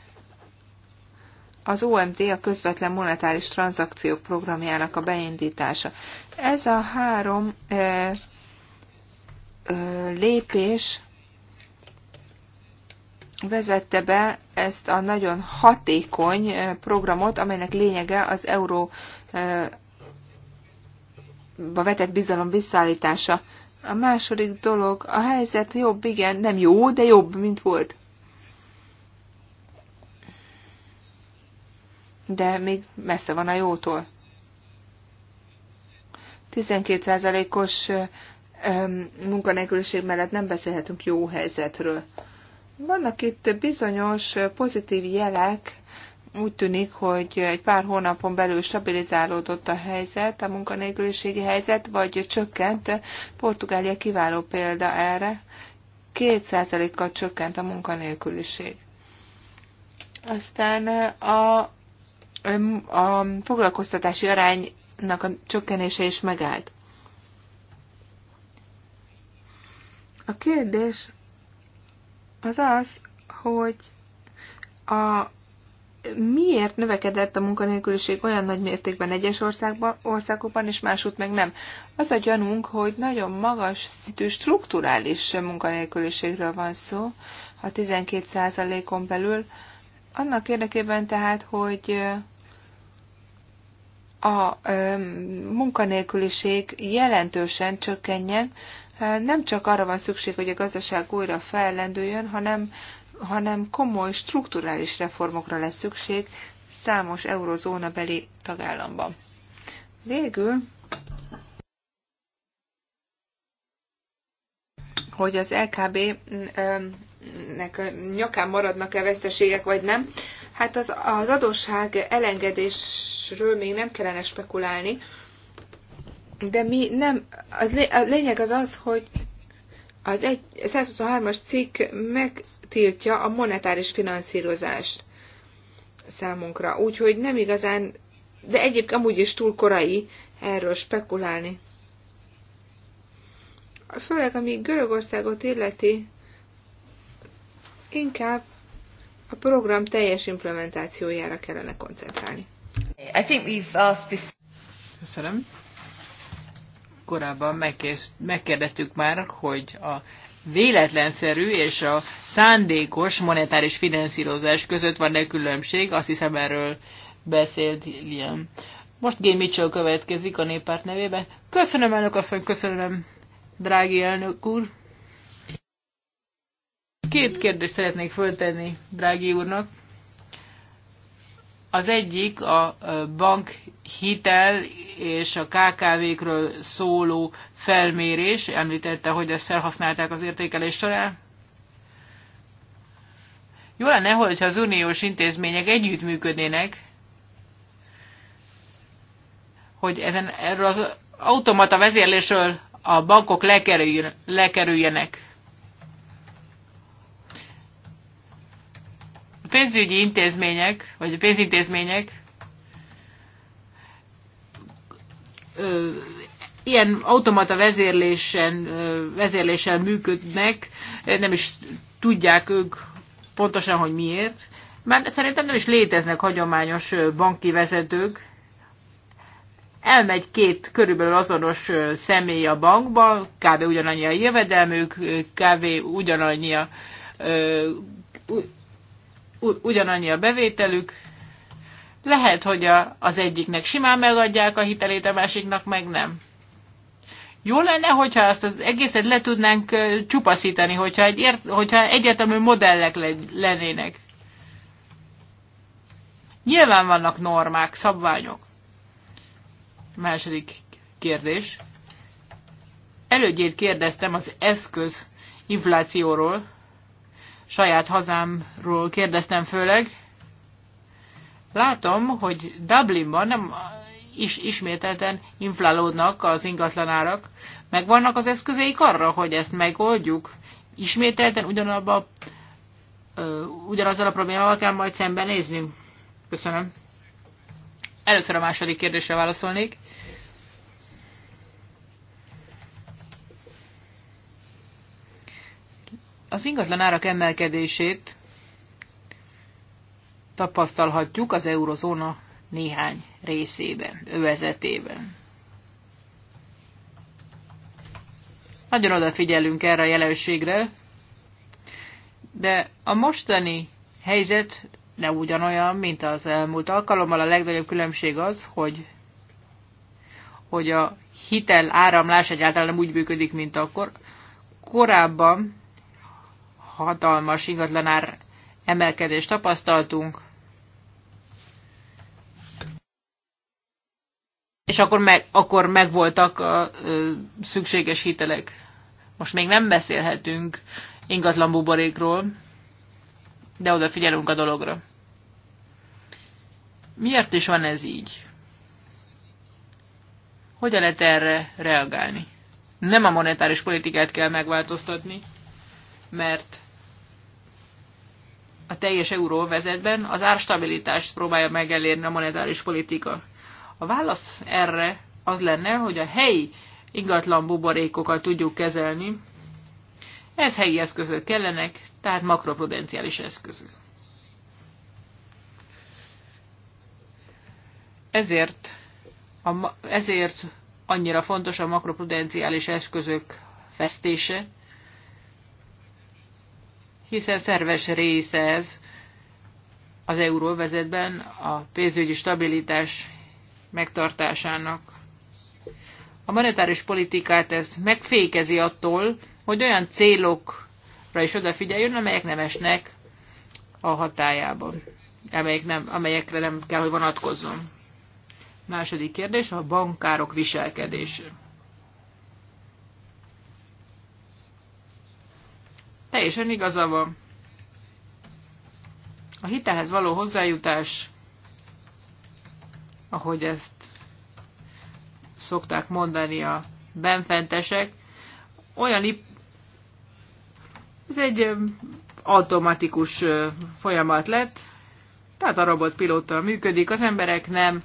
az OMT, a közvetlen monetáris tranzakciók programjának a beindítása. Ez a három e, lépés vezette be ezt a nagyon hatékony programot, amelynek lényege az euróba vetett bizalom visszaállítása. A második dolog, a helyzet jobb, igen, nem jó, de jobb, mint volt. de még messze van a jótól. 12%-os munkanélküliség mellett nem beszélhetünk jó helyzetről. Vannak itt bizonyos pozitív jelek, úgy tűnik, hogy egy pár hónapon belül stabilizálódott a helyzet, a munkanélküliségi helyzet, vagy csökkent. Portugália kiváló példa erre. 2%-kal csökkent a munkanélküliség. Aztán a a foglalkoztatási aránynak a csökkenése is megállt. A kérdés az az, hogy a miért növekedett a munkanélküliség olyan nagy mértékben egyes országban, országokban, és másút meg nem. Az a gyanunk, hogy nagyon magas szintű strukturális munkanélküliségről van szó, a 12%-on belül, annak érdekében tehát, hogy a munkanélküliség jelentősen csökkenjen. Nem csak arra van szükség, hogy a gazdaság újra fellendüljön, hanem, hanem komoly strukturális reformokra lesz szükség számos eurozóna beli tagállamban. Végül, hogy az LKB-nek nyakán maradnak-e veszteségek, vagy nem, Hát az, az adósság elengedésről még nem kellene spekulálni, de mi nem, az, a lényeg az az, hogy az 123-as cikk megtiltja a monetáris finanszírozást számunkra, úgyhogy nem igazán, de egyébként amúgy is túl korai erről spekulálni. Főleg, ami Görögországot illeti, inkább a program teljes implementációjára kellene koncentrálni. I think we've asked before. Köszönöm. Korábban megkérdeztük már, hogy a véletlenszerű és a szándékos monetáris finanszírozás között van-e különbség, azt hiszem erről beszélt Liam. Most G. Mitchell következik a néppárt nevébe. Köszönöm, elnök asszony, köszönöm, drági elnök úr. Két kérdést szeretnék föltenni Drági úrnak. Az egyik a bank hitel és a KKV-kről szóló felmérés. Említette, hogy ezt felhasználták az értékelés során. Jó lenne, hogyha az uniós intézmények együttműködnének, hogy ezen, erről az automata vezérlésről a bankok lekerüljön, lekerüljenek. A pénzügyi intézmények, vagy a pénzintézmények ö, ilyen automata vezérlésen, ö, vezérléssel működnek, nem is tudják ők pontosan, hogy miért. Már szerintem nem is léteznek hagyományos banki vezetők. Elmegy két körülbelül azonos személy a bankba, kb. ugyanannyi a jövedelmük, kb. ugyanannyi a, ugyanannyi a bevételük, lehet, hogy a, az egyiknek simán megadják a hitelét, a másiknak meg nem. Jó lenne, hogyha azt az egészet le tudnánk csupaszítani, hogyha, egy ért, hogyha egyetemű modellek lennének. Nyilván vannak normák, szabványok. Második kérdés. Elődjét kérdeztem az eszköz inflációról, saját hazámról kérdeztem főleg. Látom, hogy Dublinban nem is ismételten inflálódnak az ingatlanárak. Megvannak az eszközeik arra, hogy ezt megoldjuk? Ismételten ugyanabba, ugyanazzal a problémával kell majd szembenéznünk? Köszönöm. Először a második kérdésre válaszolnék. Az ingatlan árak emelkedését tapasztalhatjuk az eurozóna néhány részében, övezetében. Nagyon odafigyelünk erre a jelenségre, de a mostani helyzet nem ugyanolyan, mint az elmúlt alkalommal. A legnagyobb különbség az, hogy, hogy a hitel áramlás egyáltalán nem úgy működik, mint akkor. Korábban hatalmas ingatlanár emelkedést tapasztaltunk, és akkor, meg, akkor megvoltak a ö, szükséges hitelek. Most még nem beszélhetünk ingatlan buborékról, de odafigyelünk a dologra. Miért is van ez így? Hogyan lehet erre reagálni? Nem a monetáris politikát kell megváltoztatni, mert a teljes euróvezetben az árstabilitást próbálja megelérni a monetáris politika. A válasz erre az lenne, hogy a helyi ingatlan buborékokat tudjuk kezelni. Ez helyi eszközök kellenek, tehát makroprudenciális eszközök. Ezért, a, ezért annyira fontos a makroprudenciális eszközök festése hiszen szerves része ez az euróvezetben a pénzügyi stabilitás megtartásának. A monetáris politikát ez megfékezi attól, hogy olyan célokra is odafigyeljön, amelyek nem esnek a hatájában, amelyek nem, amelyekre nem kell, hogy vonatkozzon. Második kérdés a bankárok viselkedése. Teljesen igaza van. A hitelhez való hozzájutás, ahogy ezt szokták mondani a benfentesek, olyan ez egy automatikus folyamat lett, tehát a robotpilóta működik, az emberek nem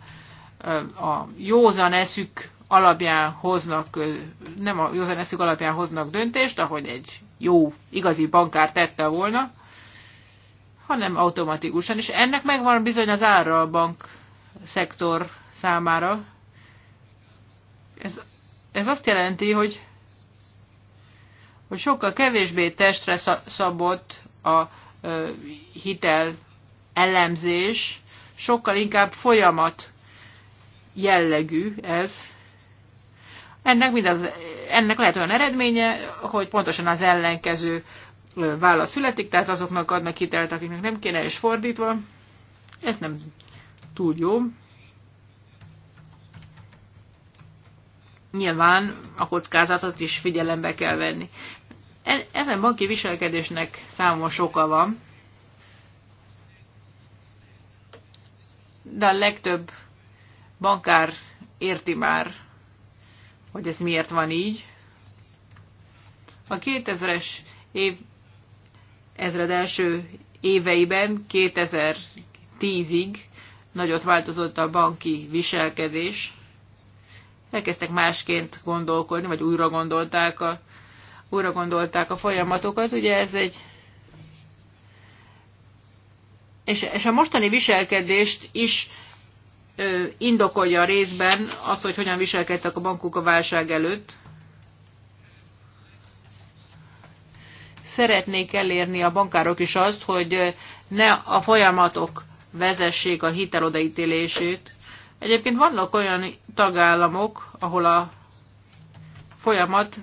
a józan eszük alapján hoznak, nem a józan eszük alapján hoznak döntést, ahogy egy jó, igazi bankár tette volna, hanem automatikusan. És ennek megvan bizony az ára a bank szektor számára. Ez, ez azt jelenti, hogy, hogy sokkal kevésbé testre szabott a ö, hitel elemzés, sokkal inkább folyamat jellegű ez, ennek, mind az, ennek lehet olyan eredménye, hogy pontosan az ellenkező válasz születik, tehát azoknak adnak hitelt, akiknek nem kéne, és fordítva. Ez nem túl jó. Nyilván a kockázatot is figyelembe kell venni. E, ezen banki viselkedésnek számos oka van, de a legtöbb bankár érti már hogy ez miért van így. A 2000-es év ezred első éveiben, 2010-ig nagyot változott a banki viselkedés. Elkezdtek másként gondolkodni, vagy újra gondolták a, újra gondolták a folyamatokat. Ugye ez egy és, és a mostani viselkedést is indokolja a részben az, hogy hogyan viselkedtek a bankok a válság előtt. Szeretnék elérni a bankárok is azt, hogy ne a folyamatok vezessék a hitel odaítélését. Egyébként vannak olyan tagállamok, ahol a folyamat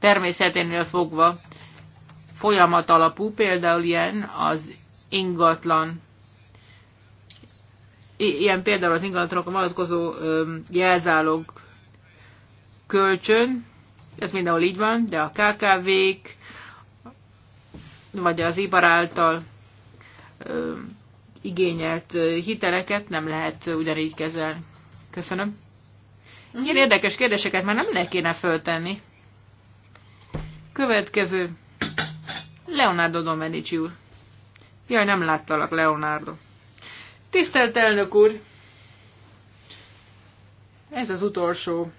természeténél fogva folyamat alapú, például ilyen az ingatlan ilyen például az ingatlanokra vonatkozó jelzálog kölcsön, ez mindenhol így van, de a KKV-k, vagy az IBAR által ö, igényelt hiteleket nem lehet ugyanígy kezelni. Köszönöm. Mhm. Ilyen érdekes kérdéseket már nem lehet kéne föltenni. Következő. Leonardo Domenici úr. Jaj, nem láttalak, Leonardo. Tisztelt elnök úr! Ez az utolsó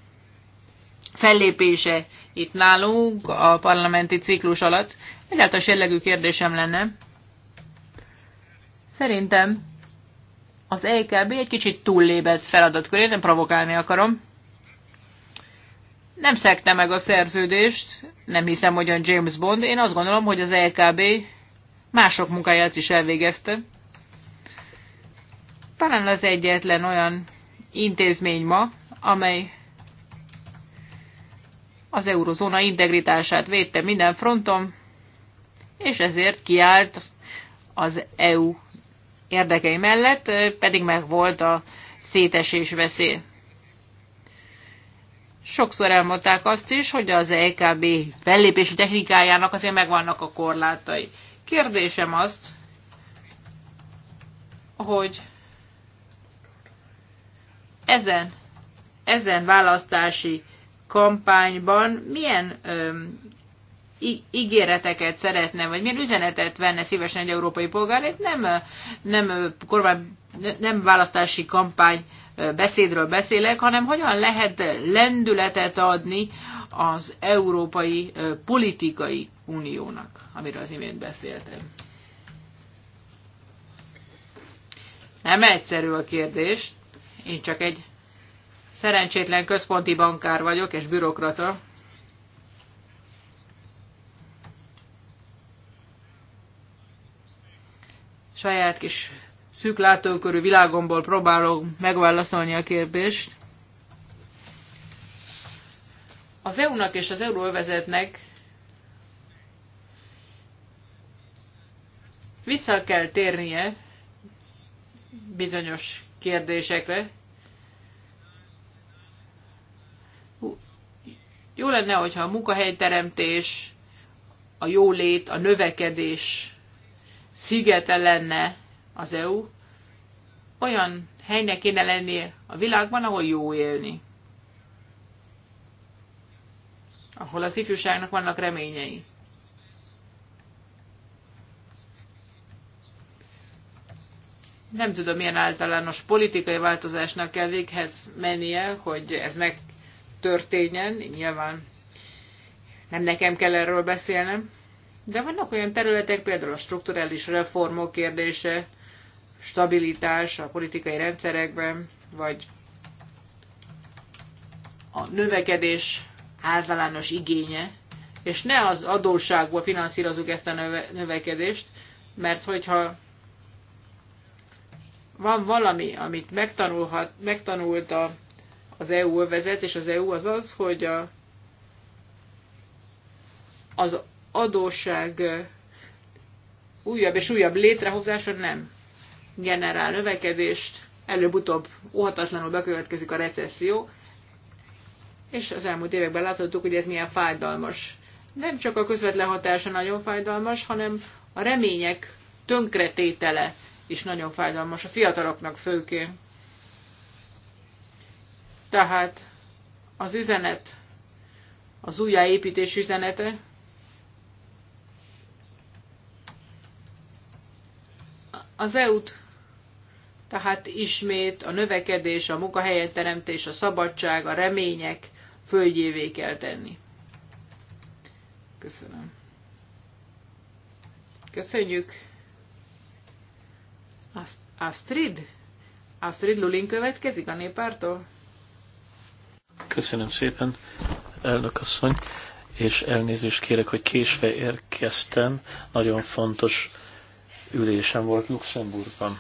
fellépése itt nálunk a parlamenti ciklus alatt. Egyáltalán jellegű kérdésem lenne. Szerintem az EKB egy kicsit túllébett feladatköré, nem provokálni akarom. Nem szekte meg a szerződést, nem hiszem, hogy olyan James Bond. Én azt gondolom, hogy az EKB mások munkáját is elvégezte talán az egyetlen olyan intézmény ma, amely az eurozóna integritását védte minden fronton, és ezért kiállt az EU érdekei mellett, pedig meg volt a szétesés veszély. Sokszor elmondták azt is, hogy az EKB fellépési technikájának azért megvannak a korlátai. Kérdésem azt, hogy ezen, ezen választási kampányban milyen öm, ígéreteket szeretne, vagy milyen üzenetet venne szívesen egy európai polgár, itt nem, nem, kormány, nem választási kampány beszédről beszélek, hanem hogyan lehet lendületet adni az európai politikai uniónak, amiről az imént beszéltem. Nem egyszerű a kérdés, én csak egy szerencsétlen központi bankár vagyok, és bürokrata. Saját kis szűk látókörű világomból próbálok megválaszolni a kérdést. Az EU-nak és az euróvezetnek vissza kell térnie bizonyos kérdésekre, Jó lenne, hogyha a munkahelyteremtés, a jólét, a növekedés szigete lenne az EU, olyan helynek kéne lenni a világban, ahol jó élni. Ahol az ifjúságnak vannak reményei. Nem tudom, milyen általános politikai változásnak kell véghez mennie, hogy ez meg történjen, nyilván nem nekem kell erről beszélnem, de vannak olyan területek, például a strukturális reformok kérdése, stabilitás a politikai rendszerekben, vagy a növekedés általános igénye, és ne az adósságból finanszírozunk ezt a növekedést, mert hogyha van valami, amit megtanulhat, megtanult a az EU övezet, és az EU az az, hogy a, az adósság újabb és újabb létrehozása nem generál növekedést, előbb-utóbb óhatatlanul bekövetkezik a recesszió, és az elmúlt években láthattuk, hogy ez milyen fájdalmas. Nem csak a közvetlen hatása nagyon fájdalmas, hanem a remények tönkretétele is nagyon fájdalmas a fiataloknak főként. Tehát az üzenet, az újjáépítés üzenete, az EU-t tehát ismét a növekedés, a teremtés, a szabadság, a remények földjévé kell tenni. Köszönöm. Köszönjük. Astrid? Astrid Lulin következik a néppártól? Köszönöm szépen, elnök asszony, és elnézést kérek, hogy késve érkeztem. Nagyon fontos ülésem volt Luxemburgban.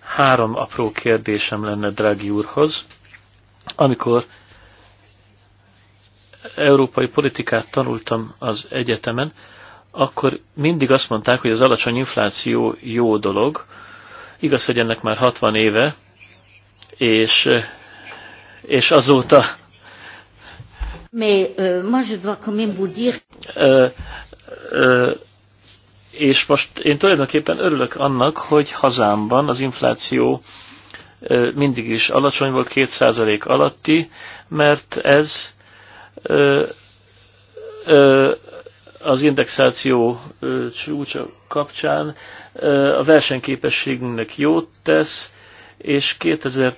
Három apró kérdésem lenne Drági úrhoz. Amikor európai politikát tanultam az egyetemen, akkor mindig azt mondták, hogy az alacsony infláció jó dolog. Igaz, hogy ennek már 60 éve, és és azóta... Mais, euh, moi, je dois quand même vous dire... Euh, euh, és most én tulajdonképpen örülök annak, hogy hazámban az infláció mindig is alacsony volt, 2% alatti, mert ez az indexáció csúcsa kapcsán a versenyképességünknek jót tesz, és 2000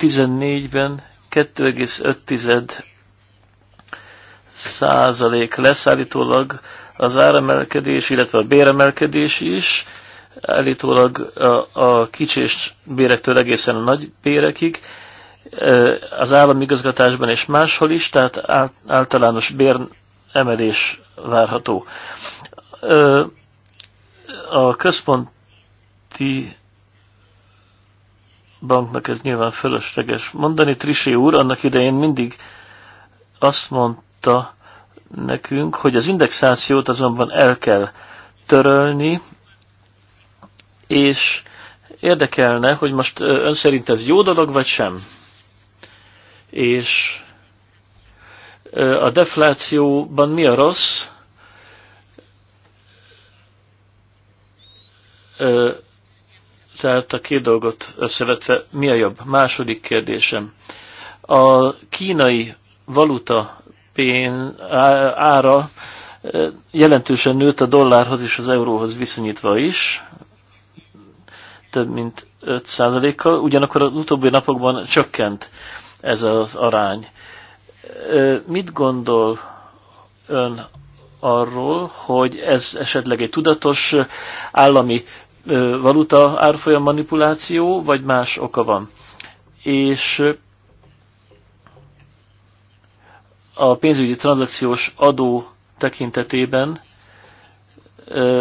14-ben 2,5 százalék lesz állítólag az áremelkedés, illetve a béremelkedés is, állítólag a, a kicsés bérektől egészen a nagy bérekig, az állami igazgatásban és máshol is, tehát általános béremelés várható. A központi banknak ez nyilván fölösleges mondani. Trisé úr annak idején mindig azt mondta nekünk, hogy az indexációt azonban el kell törölni, és érdekelne, hogy most ön szerint ez jó dolog, vagy sem. És a deflációban mi a rossz? Tehát a két dolgot összevetve mi a jobb? Második kérdésem. A kínai valuta pén ára jelentősen nőtt a dollárhoz és az euróhoz viszonyítva is, több mint 5%-kal, ugyanakkor az utóbbi napokban csökkent ez az arány. Mit gondol ön arról, hogy ez esetleg egy tudatos állami valuta árfolyam manipuláció, vagy más oka van. És a pénzügyi tranzakciós adó tekintetében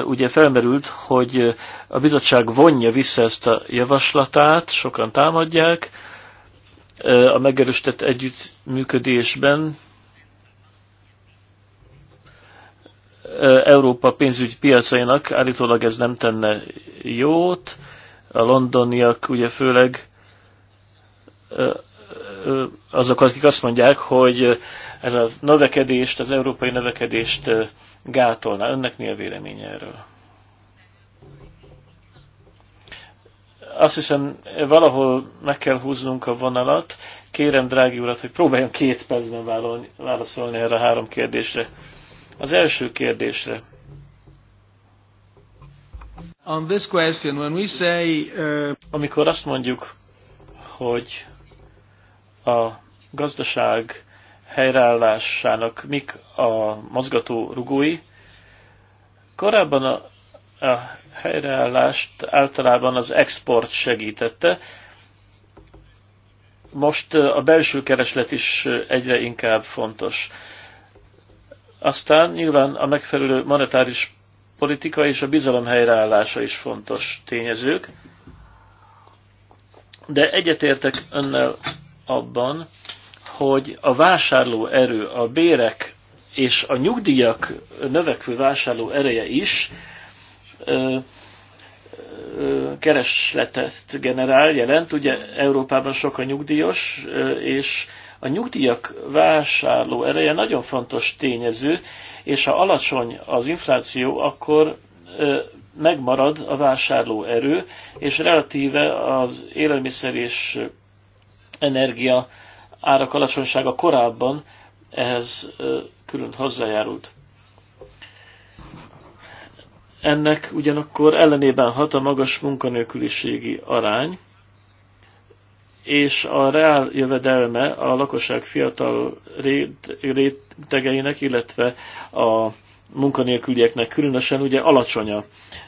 ugye felmerült, hogy a bizottság vonja vissza ezt a javaslatát, sokan támadják, a megerősített együttműködésben Európa pénzügyi piacainak állítólag ez nem tenne jót. A londoniak ugye főleg azok, akik azt mondják, hogy ez a növekedést, az európai növekedést gátolná. Önnek mi a véleménye erről? Azt hiszem, valahol meg kell húznunk a vonalat. Kérem, drági urat, hogy próbáljon két percben válaszolni erre a három kérdésre. Az első kérdésre. On this question, when we say, uh... Amikor azt mondjuk, hogy a gazdaság helyreállásának mik a mozgató rugói, korábban a, a helyreállást általában az export segítette, most uh, a belső kereslet is uh, egyre inkább fontos. Aztán nyilván a megfelelő monetáris politika és a bizalom helyreállása is fontos tényezők, de egyetértek önnel abban, hogy a vásárló erő, a bérek és a nyugdíjak növekvő vásárló ereje is ö, ö, keresletet generál, jelent. Ugye Európában sok a nyugdíjas, ö, és a nyugdíjak vásárló ereje nagyon fontos tényező, és ha alacsony az infláció, akkor megmarad a vásárló erő, és relatíve az élelmiszer és energia árak alacsonysága korábban ehhez külön hozzájárult. Ennek ugyanakkor ellenében hat a magas munkanélküliségi arány, és a reál jövedelme a lakosság fiatal rétegeinek, illetve a munkanélkülieknek különösen ugye alacsony a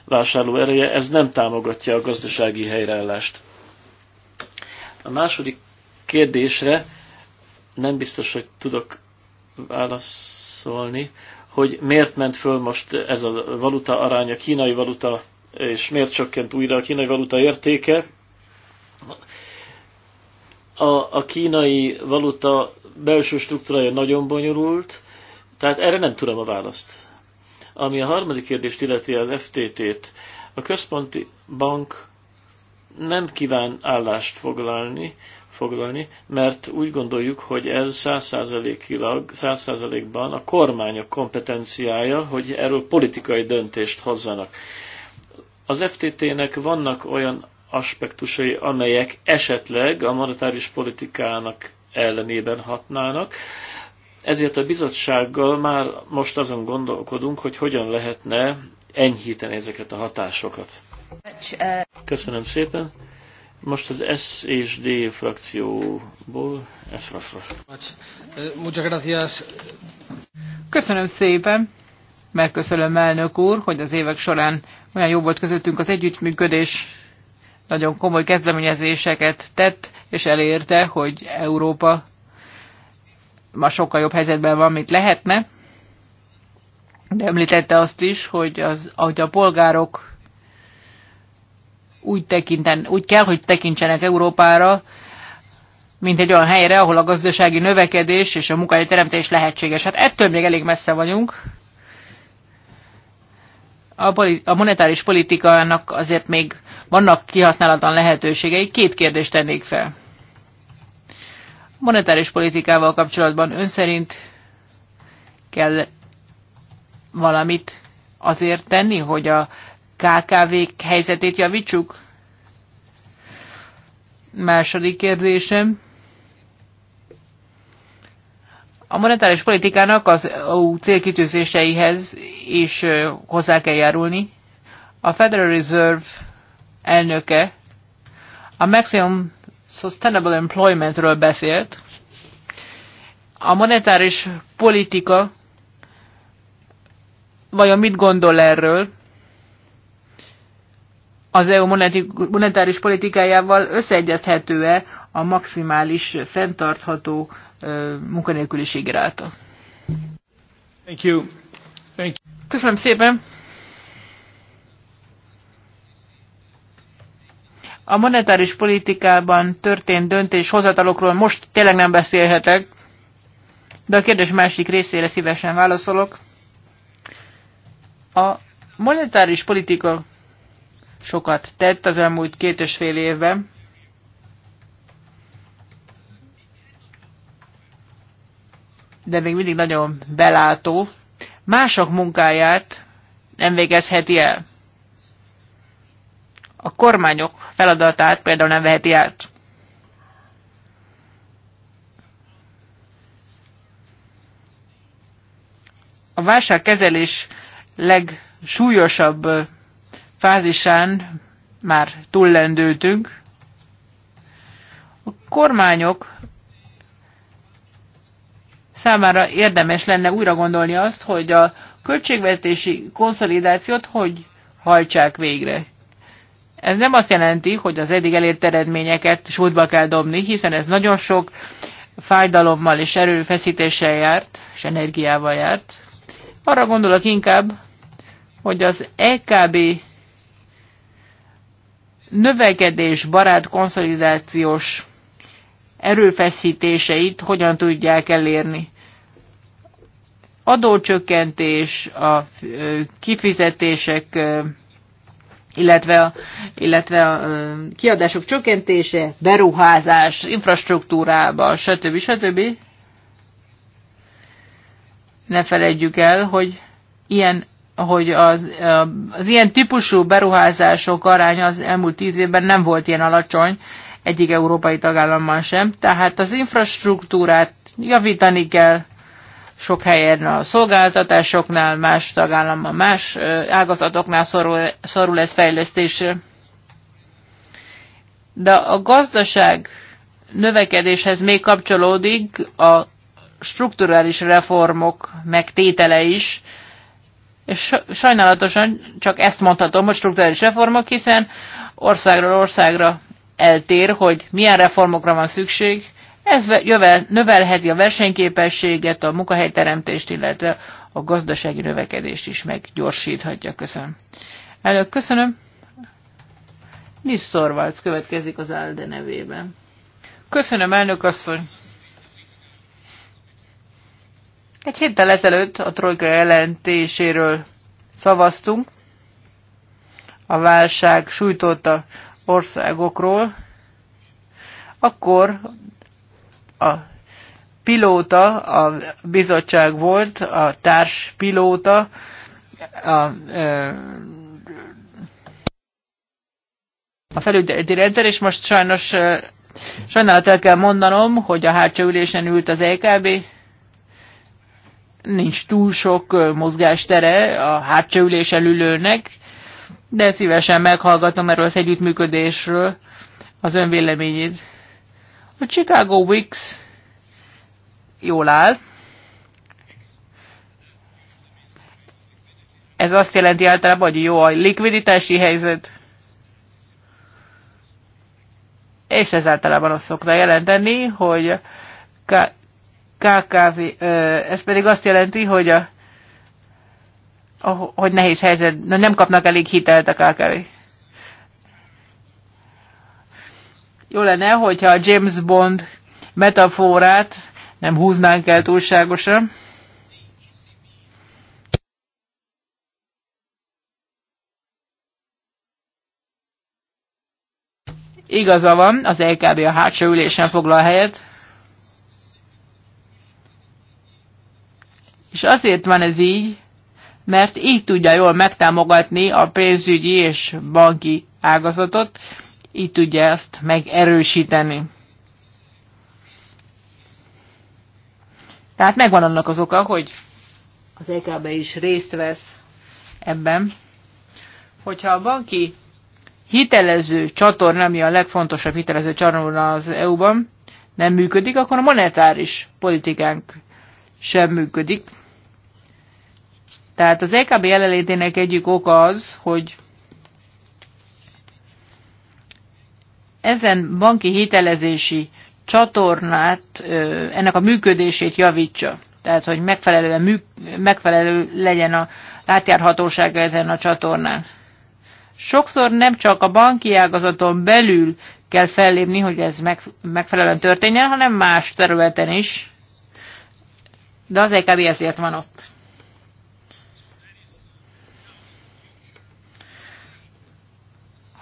vásárló ereje, ez nem támogatja a gazdasági helyreállást. A második kérdésre nem biztos, hogy tudok válaszolni, hogy miért ment föl most ez a valuta aránya, kínai valuta, és miért csökkent újra a kínai valuta értéke. A, a kínai valuta belső struktúrája nagyon bonyolult, tehát erre nem tudom a választ. Ami a harmadik kérdést illeti az FTT-t, a központi bank nem kíván állást foglalni, foglalni mert úgy gondoljuk, hogy ez százszázalékban a kormányok kompetenciája, hogy erről politikai döntést hozzanak. Az FTT-nek vannak olyan aspektusai, amelyek esetleg a monetáris politikának ellenében hatnának. Ezért a bizottsággal már most azon gondolkodunk, hogy hogyan lehetne enyhíteni ezeket a hatásokat. Köszönöm szépen. Most az S és D frakcióból S Köszönöm szépen. Megköszönöm elnök úr, hogy az évek során olyan jó volt közöttünk az együttműködés, nagyon komoly kezdeményezéseket tett, és elérte, hogy Európa ma sokkal jobb helyzetben van, mint lehetne. De említette azt is, hogy, az, hogy a polgárok úgy, tekinten, úgy kell, hogy tekintsenek Európára, mint egy olyan helyre, ahol a gazdasági növekedés és a teremtés lehetséges. Hát ettől még elég messze vagyunk. A, a monetáris politikának azért még vannak kihasználatlan lehetőségei. Két kérdést tennék fel. Monetáris politikával kapcsolatban ön szerint kell valamit azért tenni, hogy a kkv helyzetét javítsuk? Második kérdésem. A monetáris politikának az EU célkitűzéseihez is hozzá kell járulni. A Federal Reserve elnöke a Maximum Sustainable Employmentről beszélt. A monetáris politika vajon mit gondol erről? Az EU monetáris politikájával összeegyezhető-e a maximális fenntartható munkanélküliség ráta? Thank you. Thank you. Köszönöm szépen! A monetáris politikában történt döntéshozatalokról most tényleg nem beszélhetek, de a kérdés másik részére szívesen válaszolok. A monetáris politika sokat tett az elmúlt két és fél évben. de még mindig nagyon belátó, mások munkáját nem végezheti el a kormányok feladatát például nem veheti át. A válságkezelés legsúlyosabb fázisán már túllendültünk. A kormányok számára érdemes lenne újra gondolni azt, hogy a költségvetési konszolidációt hogy hajtsák végre. Ez nem azt jelenti, hogy az eddig elért eredményeket sútba kell dobni, hiszen ez nagyon sok fájdalommal és erőfeszítéssel járt, és energiával járt. Arra gondolok inkább, hogy az EKB növekedés barát konszolidációs erőfeszítéseit hogyan tudják elérni. Adócsökkentés, a kifizetések illetve a, illetve a kiadások csökkentése, beruházás, infrastruktúrába, stb. stb. Ne felejtjük el, hogy ilyen hogy az, az ilyen típusú beruházások aránya az elmúlt tíz évben nem volt ilyen alacsony egyik európai tagállamban sem. Tehát az infrastruktúrát javítani kell, sok helyen a szolgáltatásoknál, más tagállamban, más ágazatoknál szorul, szorul ez fejlesztésre. De a gazdaság növekedéshez még kapcsolódik a strukturális reformok megtétele is, és sajnálatosan csak ezt mondhatom, hogy strukturális reformok, hiszen országról országra eltér, hogy milyen reformokra van szükség, ez jövel, növelheti a versenyképességet, a munkahelyteremtést, illetve a gazdasági növekedést is meggyorsíthatja. Köszönöm. Elnök, köszönöm. Nis Szorvalc következik az ALDE nevében. Köszönöm, elnök asszony. Egy héttel ezelőtt a trojka jelentéséről szavaztunk. A válság sújtotta országokról. Akkor a pilóta a bizottság volt, a társ pilóta, a, a felügyeleti rendszer, és most sajnos sajnálat el kell mondanom, hogy a hátsó ülésen ült az EKB, nincs túl sok mozgástere a hátsó ülésen ülőnek, de szívesen meghallgatom erről az együttműködésről az önvéleményét. A Chicago Wicks jól áll. Ez azt jelenti általában, hogy jó a likviditási helyzet, és ez általában azt szokta jelenteni, hogy KKV, ez pedig azt jelenti, hogy a hogy nehéz helyzet, nem kapnak elég hitelt a kkv Jó lenne, hogyha a James Bond metaforát nem húznánk el túlságosan. Igaza van, az LKB a hátsó ülésen foglal helyet. És azért van ez így, mert így tudja jól megtámogatni a pénzügyi és banki ágazatot, így tudja ezt megerősíteni. Tehát megvan annak az oka, hogy az EKB is részt vesz ebben. Hogyha a banki hitelező csatorna, ami a legfontosabb hitelező csatorna az EU-ban, nem működik, akkor a monetáris politikánk sem működik. Tehát az EKB jelenlétének egyik oka az, hogy ezen banki hitelezési csatornát, ennek a működését javítsa. Tehát, hogy megfelelően mű, megfelelő legyen a átjárhatósága ezen a csatornán. Sokszor nem csak a banki ágazaton belül kell fellépni, hogy ez megfelelően történjen, hanem más területen is. De az EKB ezért van ott.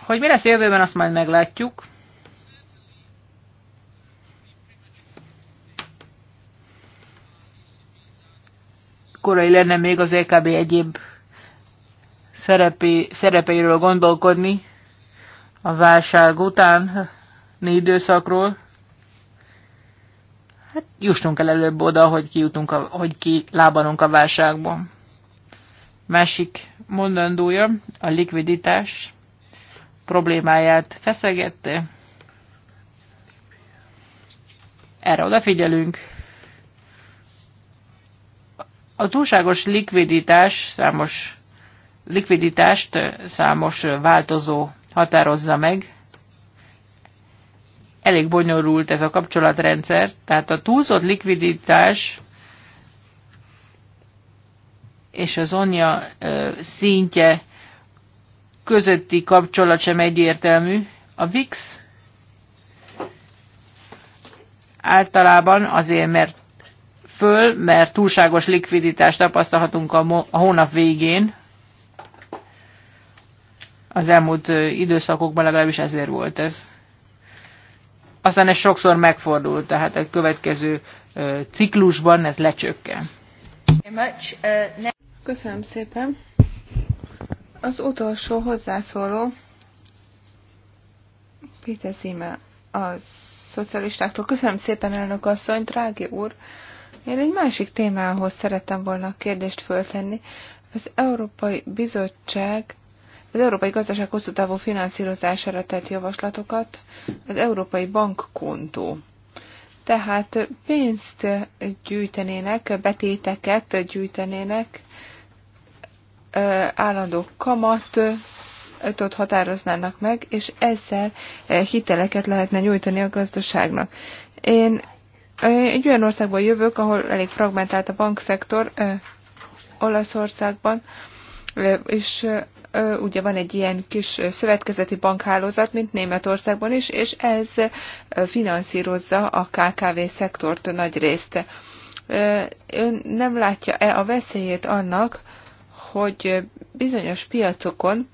Hogy mi lesz jövőben, azt majd meglátjuk. Korai lenne még az EKB egyéb szerepi, szerepeiről gondolkodni a válság utáni időszakról. Hát jussunk el előbb oda, hogy kijutunk, a, hogy ki lábanunk a válságban. Másik mondandója a likviditás problémáját feszegette. Erre odafigyelünk. A túlságos likviditás számos likviditást számos változó határozza meg. Elég bonyolult ez a kapcsolatrendszer, tehát a túlzott likviditás és az onja szintje közötti kapcsolat sem egyértelmű. A VIX általában azért, mert föl, mert túlságos likviditást tapasztalhatunk a, a hónap végén. Az elmúlt időszakokban legalábbis ezért volt ez. Aztán ez sokszor megfordult, tehát a következő ciklusban ez lecsökken. Uh, Köszönöm szépen. Az utolsó hozzászóló, Péter Szíme, a szocialistáktól. Köszönöm szépen, elnök asszony, drági úr. Én egy másik témához szerettem volna a kérdést föltenni. Az Európai Bizottság az Európai Gazdaság hosszú távú finanszírozására tett javaslatokat, az Európai Bankkontó. Tehát pénzt gyűjtenének, betéteket gyűjtenének, állandó kamatot határoznának meg, és ezzel hiteleket lehetne nyújtani a gazdaságnak. Én egy olyan országból jövök, ahol elég fragmentált a bankszektor, Olaszországban, és ugye van egy ilyen kis szövetkezeti bankhálózat, mint Németországban is, és ez finanszírozza a KKV szektort nagy részt. Ön nem látja-e a veszélyét annak, hogy bizonyos piacokon,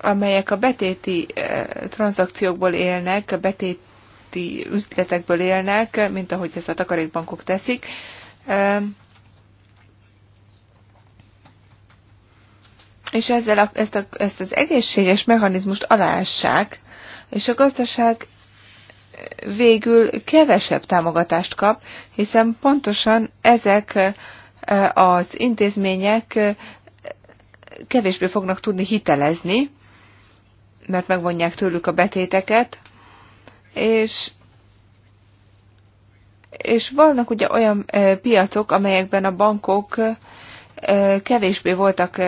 amelyek a betéti eh, tranzakciókból élnek, a betéti üzletekből élnek, mint ahogy ezt a takarékbankok teszik, eh, és ezzel a, ezt, a, ezt az egészséges mechanizmust aláássák, és a gazdaság végül kevesebb támogatást kap, hiszen pontosan ezek az intézmények kevésbé fognak tudni hitelezni, mert megvonják tőlük a betéteket, és és vannak ugye olyan piacok, amelyekben a bankok kevésbé voltak,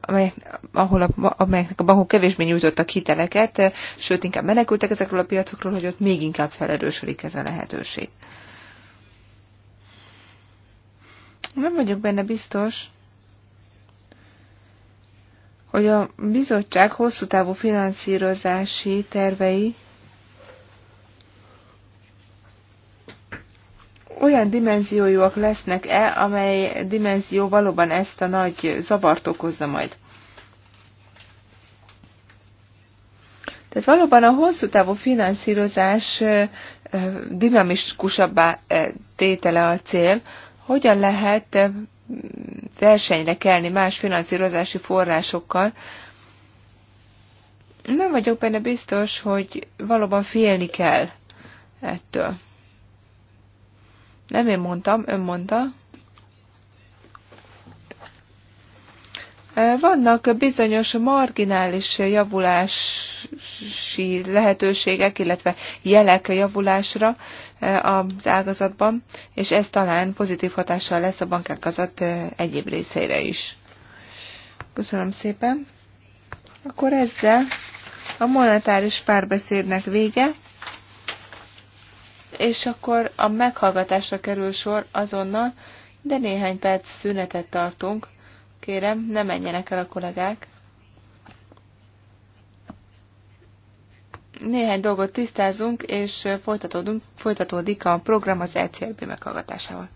amelyek, ahol a, amelyeknek a bankok kevésbé nyújtottak hiteleket, sőt inkább menekültek ezekről a piacokról, hogy ott még inkább felerősödik ez a lehetőség. Nem vagyok benne biztos, hogy a bizottság hosszú távú finanszírozási tervei olyan dimenziójúak lesznek-e, amely dimenzió valóban ezt a nagy zavart okozza majd. Tehát valóban a hosszú távú finanszírozás dinamikusabbá tétele a cél, hogyan lehet eh, versenyre kelni más finanszírozási forrásokkal? Nem vagyok benne biztos, hogy valóban félni kell ettől. Nem én mondtam, ön mondta. Vannak bizonyos marginális javulási lehetőségek, illetve jelek javulásra eh, az ágazatban, és ez talán pozitív hatással lesz a bankákazat eh, egyéb részeire is. Köszönöm szépen. Akkor ezzel a monetáris párbeszédnek vége, és akkor a meghallgatásra kerül sor azonnal, de néhány perc szünetet tartunk Kérem, ne menjenek el a kollégák. Néhány dolgot tisztázunk, és folytatódunk, folytatódik a program az ECRB meghallgatásával.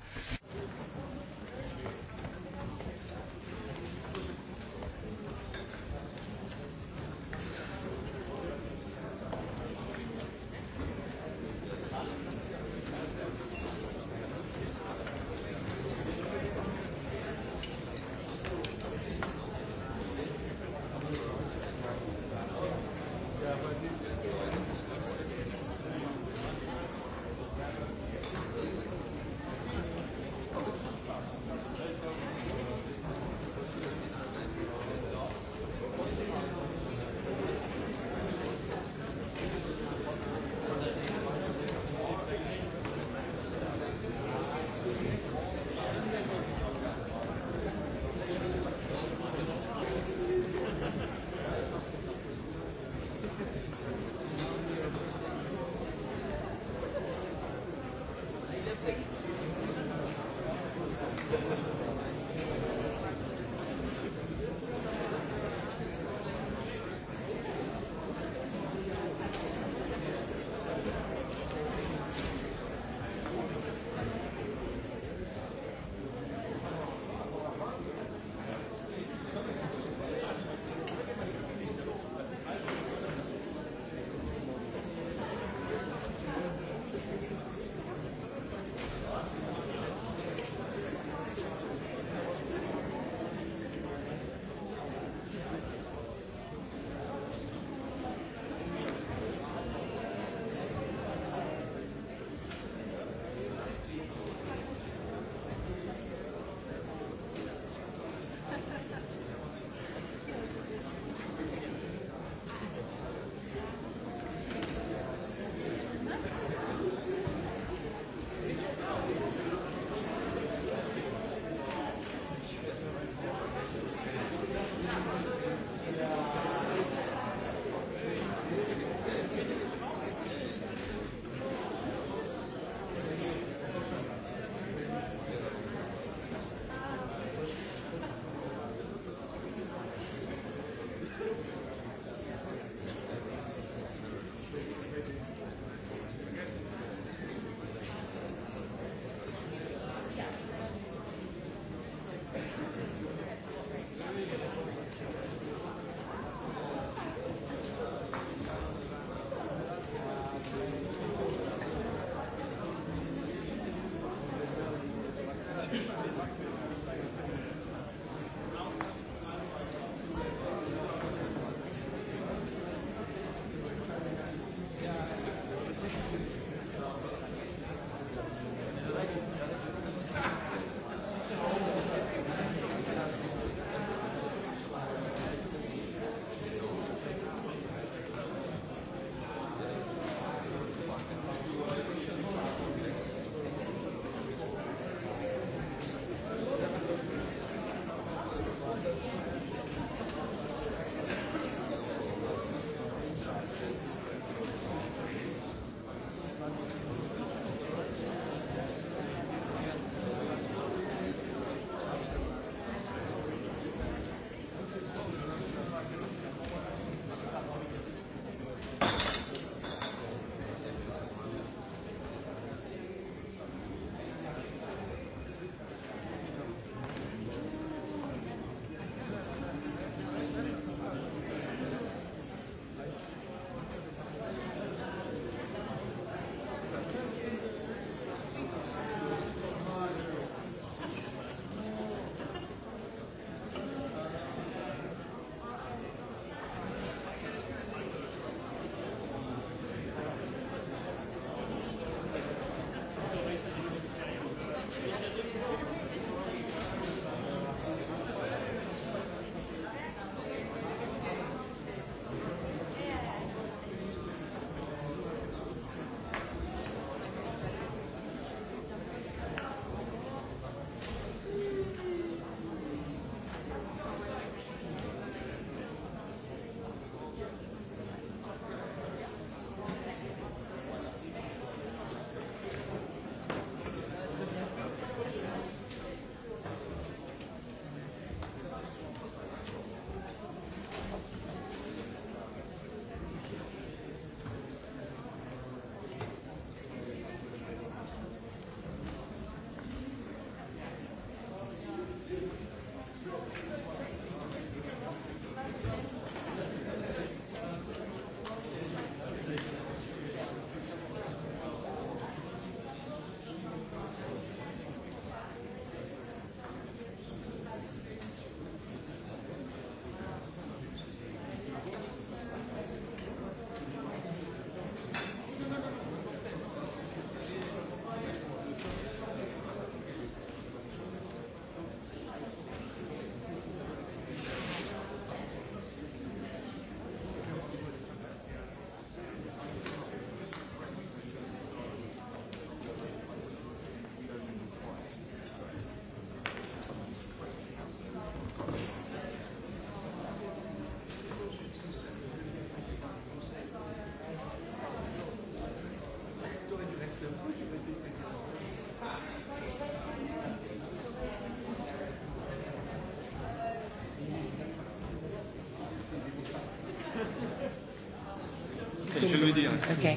Okay.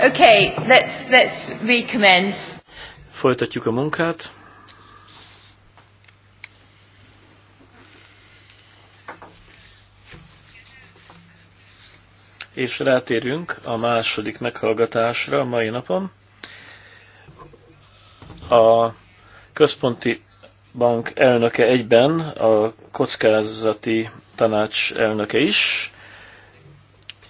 Okay, let's, let's recommence. Folytatjuk a munkát. És rátérünk a második meghallgatásra a mai napon. A központi bank elnöke egyben, a kockázati tanács elnöke is,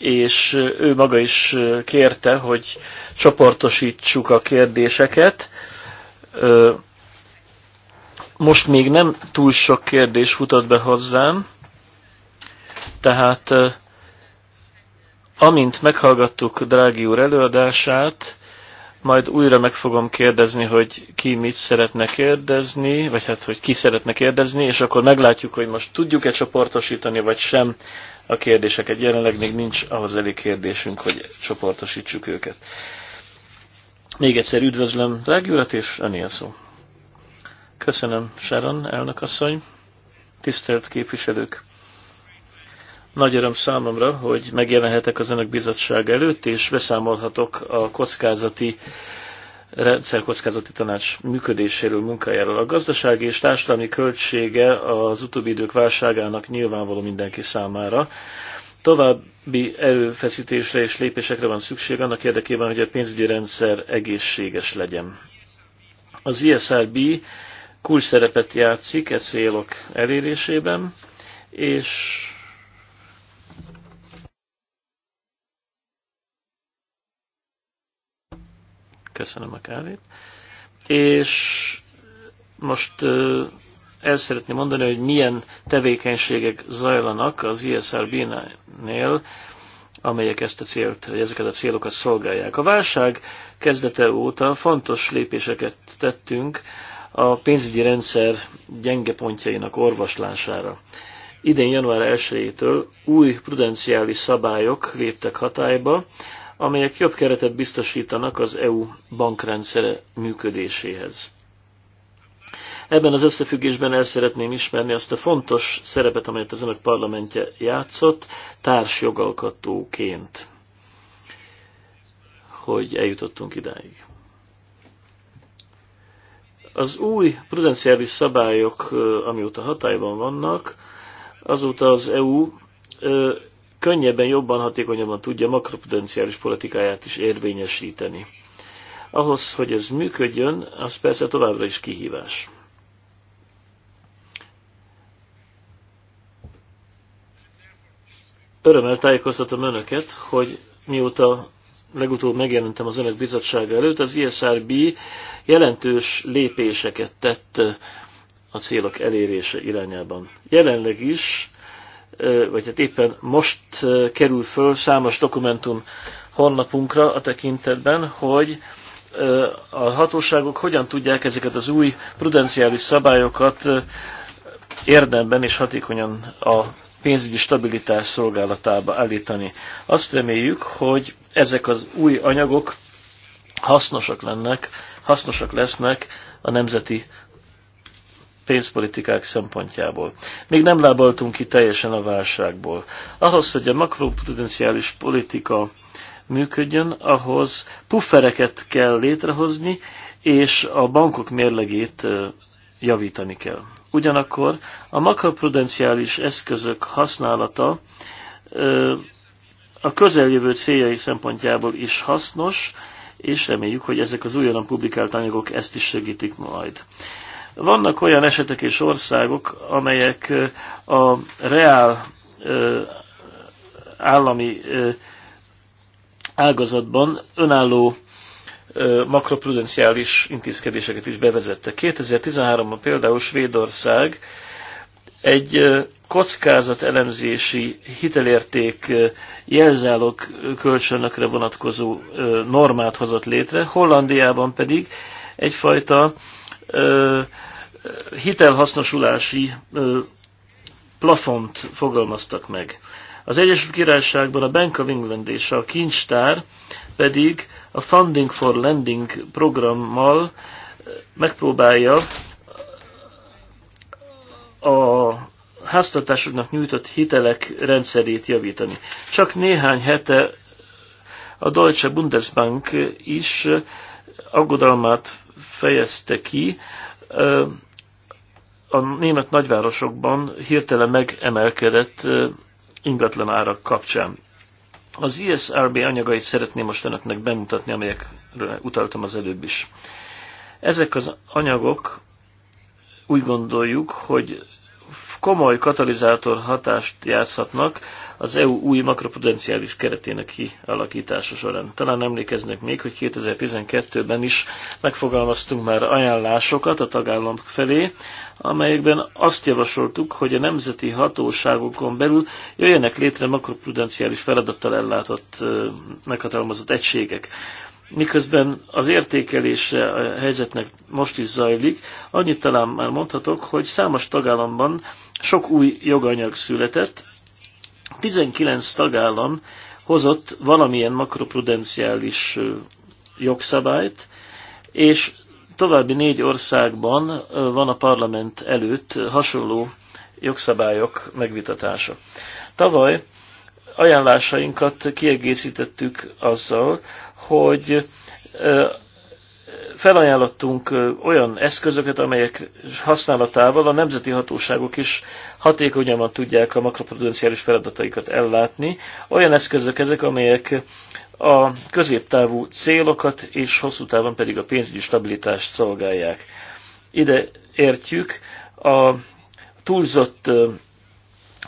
és ő maga is kérte, hogy csoportosítsuk a kérdéseket. Most még nem túl sok kérdés futott be hozzám, tehát amint meghallgattuk Drági úr előadását, majd újra meg fogom kérdezni, hogy ki mit szeretne kérdezni, vagy hát, hogy ki szeretne kérdezni, és akkor meglátjuk, hogy most tudjuk-e csoportosítani, vagy sem a kérdéseket. Jelenleg még nincs ahhoz elég kérdésünk, hogy csoportosítsuk őket. Még egyszer üdvözlöm, drági urat, és önél szó. Köszönöm, Sharon, elnökasszony, tisztelt képviselők. Nagy öröm számomra, hogy megjelenhetek az önök bizottság előtt, és beszámolhatok a kockázati rendszerkockázati tanács működéséről, munkájáról. A gazdasági és társadalmi költsége az utóbbi idők válságának nyilvánvaló mindenki számára. További erőfeszítésre és lépésekre van szükség annak érdekében, hogy a pénzügyi rendszer egészséges legyen. Az ISRB kulcs szerepet játszik e célok elérésében, és Köszönöm a kávét. És most el szeretném mondani, hogy milyen tevékenységek zajlanak az ISRB-nél, amelyek ezt a célt, vagy ezeket a célokat szolgálják. A válság kezdete óta fontos lépéseket tettünk a pénzügyi rendszer gyenge pontjainak orvoslására. Idén január 1-től új prudenciális szabályok léptek hatályba, amelyek jobb keretet biztosítanak az EU bankrendszere működéséhez. Ebben az összefüggésben el szeretném ismerni azt a fontos szerepet, amelyet az önök parlamentje játszott társjogalkatóként, hogy eljutottunk idáig. Az új prudenciális szabályok, amióta hatályban vannak, azóta az EU könnyebben, jobban, hatékonyabban tudja makropotenciális politikáját is érvényesíteni. Ahhoz, hogy ez működjön, az persze továbbra is kihívás. Örömmel tájékoztatom Önöket, hogy mióta legutóbb megjelentem az Önök bizottsága előtt, az ISRB jelentős lépéseket tett a célok elérése irányában. Jelenleg is vagy hát éppen most kerül föl számos dokumentum honlapunkra a tekintetben, hogy a hatóságok hogyan tudják ezeket az új prudenciális szabályokat érdemben és hatékonyan a pénzügyi stabilitás szolgálatába állítani. Azt reméljük, hogy ezek az új anyagok hasznosak lennek, hasznosak lesznek a nemzeti pénzpolitikák szempontjából. Még nem lábaltunk ki teljesen a válságból. Ahhoz, hogy a makroprudenciális politika működjön, ahhoz puffereket kell létrehozni, és a bankok mérlegét javítani kell. Ugyanakkor a makroprudenciális eszközök használata a közeljövő céljai szempontjából is hasznos, és reméljük, hogy ezek az újonnan publikált anyagok ezt is segítik majd. Vannak olyan esetek és országok, amelyek a reál állami ágazatban önálló makroprudenciális intézkedéseket is bevezette. 2013-ban például Svédország egy elemzési hitelérték jelzálok kölcsönökre vonatkozó normát hozott létre, Hollandiában pedig egyfajta hitelhasznosulási plafont fogalmaztak meg. Az Egyesült Királyságban a Bank of England és a kincstár pedig a Funding for Lending programmal megpróbálja a háztartásoknak nyújtott hitelek rendszerét javítani. Csak néhány hete a Deutsche Bundesbank is aggodalmát fejezte ki, a német nagyvárosokban hirtelen megemelkedett ingatlan árak kapcsán. Az ISRB anyagait szeretném most önöknek bemutatni, amelyekről utaltam az előbb is. Ezek az anyagok úgy gondoljuk, hogy komoly katalizátor hatást játszhatnak az EU új makroprudenciális keretének kialakítása során. Talán emlékeznek még, hogy 2012-ben is megfogalmaztunk már ajánlásokat a tagállamok felé, amelyekben azt javasoltuk, hogy a nemzeti hatóságokon belül jöjjenek létre makroprudenciális feladattal ellátott meghatalmazott egységek miközben az értékelése a helyzetnek most is zajlik, annyit talán már mondhatok, hogy számos tagállamban sok új joganyag született. 19 tagállam hozott valamilyen makroprudenciális jogszabályt, és további négy országban van a parlament előtt hasonló jogszabályok megvitatása. Tavaly ajánlásainkat kiegészítettük azzal, hogy felajánlottunk olyan eszközöket, amelyek használatával a nemzeti hatóságok is hatékonyan tudják a makroprudenciális feladataikat ellátni. Olyan eszközök ezek, amelyek a középtávú célokat és hosszú távon pedig a pénzügyi stabilitást szolgálják. Ide értjük a túlzott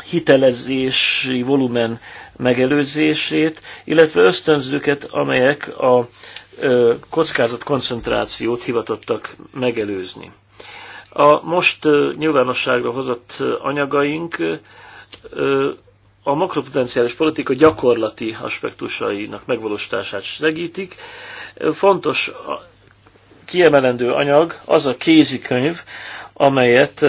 hitelezési volumen megelőzését, illetve ösztönzőket, amelyek a kockázat koncentrációt hivatottak megelőzni. A most nyilvánosságra hozott anyagaink a makropotenciális politika gyakorlati aspektusainak megvalósítását segítik. Fontos kiemelendő anyag az a kézikönyv, amelyet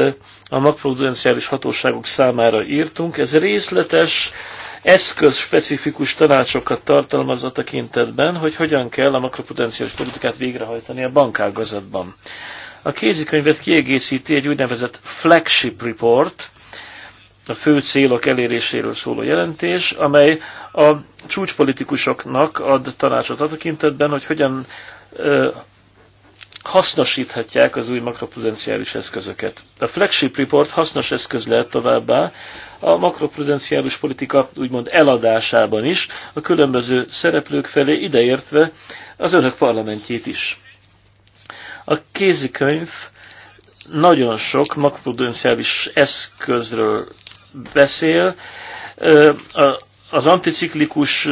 a makropotenciális hatóságok számára írtunk. Ez részletes, eszközspecifikus tanácsokat tartalmaz a tekintetben, hogy hogyan kell a makropotenciális politikát végrehajtani a bankágazatban. A kézikönyvet kiegészíti egy úgynevezett flagship report, a fő célok eléréséről szóló jelentés, amely a csúcspolitikusoknak ad tanácsot a tekintetben, hogy hogyan hasznosíthatják az új makroprudenciális eszközöket. A flagship report hasznos eszköz lehet továbbá a makroprudenciális politika úgymond eladásában is, a különböző szereplők felé ideértve az önök parlamentjét is. A kézikönyv nagyon sok makroprudenciális eszközről beszél, az anticiklikus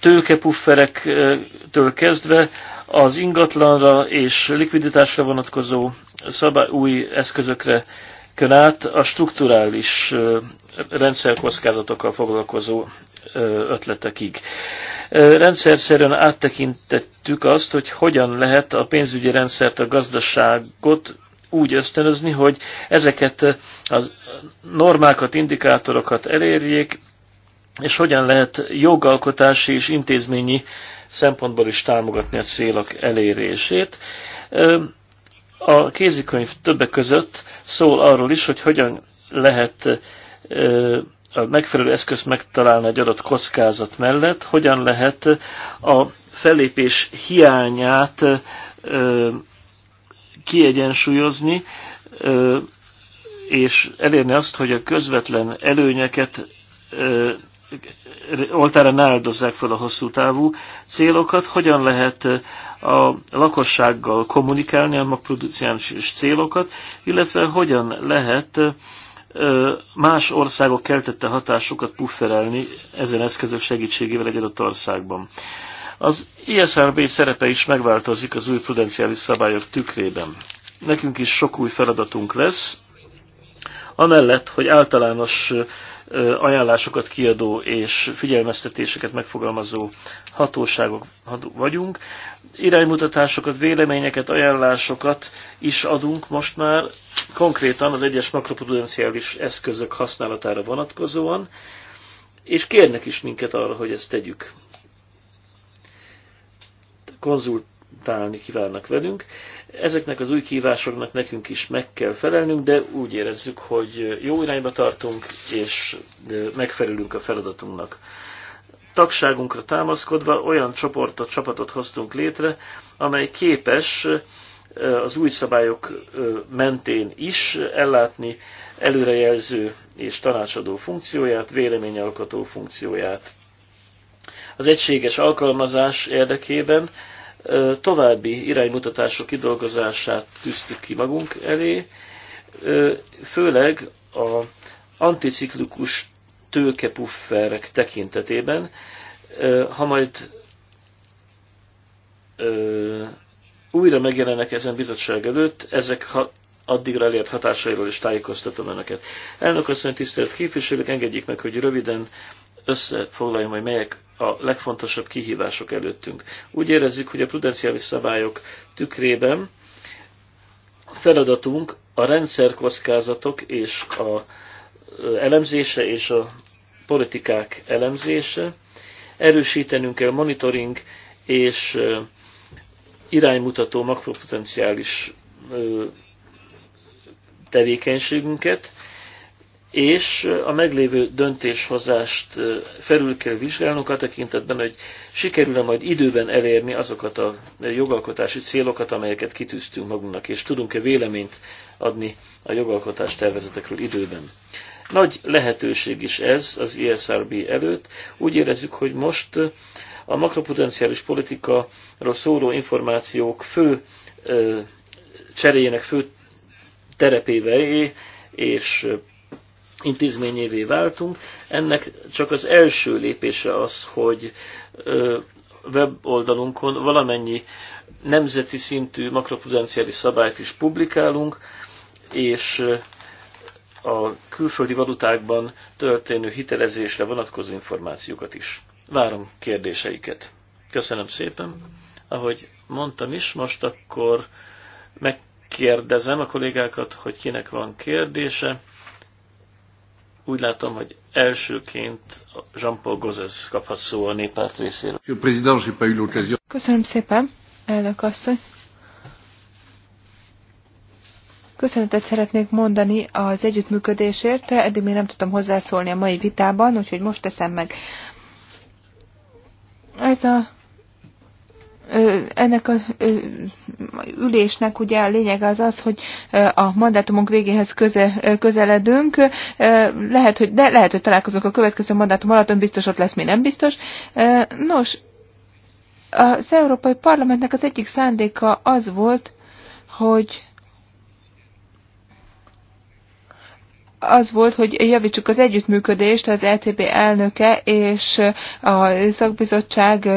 tőkepufferektől kezdve az ingatlanra és likviditásra vonatkozó szabály, új eszközökre kön át a strukturális rendszerkockázatokkal foglalkozó ötletekig. Rendszerszerűen áttekintettük azt, hogy hogyan lehet a pénzügyi rendszert, a gazdaságot úgy ösztönözni, hogy ezeket a normákat, indikátorokat elérjék, és hogyan lehet jogalkotási és intézményi szempontból is támogatni a célok elérését. A kézikönyv többek között szól arról is, hogy hogyan lehet a megfelelő eszközt megtalálni egy adott kockázat mellett, hogyan lehet a fellépés hiányát kiegyensúlyozni, és elérni azt, hogy a közvetlen előnyeket oltára ne áldozzák fel a hosszú távú célokat, hogyan lehet eh, a lakossággal kommunikálni a magproduciáns célokat, illetve hogyan lehet eh, más országok keltette hatásokat pufferelni ezen eszközök segítségével egy adott országban. Az ISRB szerepe is megváltozik az új prudenciális szabályok tükrében. Nekünk is sok új feladatunk lesz, amellett, hogy általános ajánlásokat kiadó és figyelmeztetéseket megfogalmazó hatóságok vagyunk. Iránymutatásokat, véleményeket, ajánlásokat is adunk most már konkrétan az egyes makroprudenciális eszközök használatára vonatkozóan, és kérnek is minket arra, hogy ezt tegyük. Konzult konfrontálni kívánnak velünk. Ezeknek az új kívásoknak nekünk is meg kell felelnünk, de úgy érezzük, hogy jó irányba tartunk, és megfelelünk a feladatunknak. Tagságunkra támaszkodva olyan csoportot, csapatot hoztunk létre, amely képes az új szabályok mentén is ellátni előrejelző és tanácsadó funkcióját, véleményalkotó funkcióját. Az egységes alkalmazás érdekében további iránymutatások kidolgozását tűztük ki magunk elé, főleg a anticiklikus tőkepufferek tekintetében. Ha majd újra megjelennek ezen bizottság előtt, ezek ha addigra elért hatásairól is tájékoztatom önöket. Elnök asszony, tisztelt képviselők, engedjék meg, hogy röviden összefoglaljam, hogy melyek a legfontosabb kihívások előttünk. Úgy érezzük, hogy a prudenciális szabályok tükrében feladatunk a rendszerkockázatok és a elemzése és a politikák elemzése. Erősítenünk kell monitoring és iránymutató makropotenciális tevékenységünket, és a meglévő döntéshozást felül kell vizsgálnunk a tekintetben, hogy sikerül-e majd időben elérni azokat a jogalkotási célokat, amelyeket kitűztünk magunknak, és tudunk-e véleményt adni a jogalkotás tervezetekről időben. Nagy lehetőség is ez az ISRB előtt. Úgy érezzük, hogy most a makropotenciális politikaról szóló információk fő cseréjének fő terepével és intézményévé váltunk. Ennek csak az első lépése az, hogy weboldalunkon valamennyi nemzeti szintű makroprudenciális szabályt is publikálunk, és a külföldi valutákban történő hitelezésre vonatkozó információkat is. Várom kérdéseiket. Köszönöm szépen. Ahogy mondtam is, most akkor megkérdezem a kollégákat, hogy kinek van kérdése. Úgy látom, hogy elsőként Jean-Paul Gozes kaphat szó a néppárt részéről. Köszönöm szépen, elnök asszony. Köszönetet szeretnék mondani az együttműködésért. Eddig még nem tudtam hozzászólni a mai vitában, úgyhogy most teszem meg. Ez a ennek a ülésnek ugye a lényege az az, hogy a mandátumunk végéhez köze, közeledünk. Lehet, hogy, de lehet, hogy találkozunk a következő mandátum alatt, ön biztos ott lesz, mi nem biztos. Nos, az Európai Parlamentnek az egyik szándéka az volt, hogy az volt, hogy javítsuk az együttműködést az LTB elnöke és a szakbizottság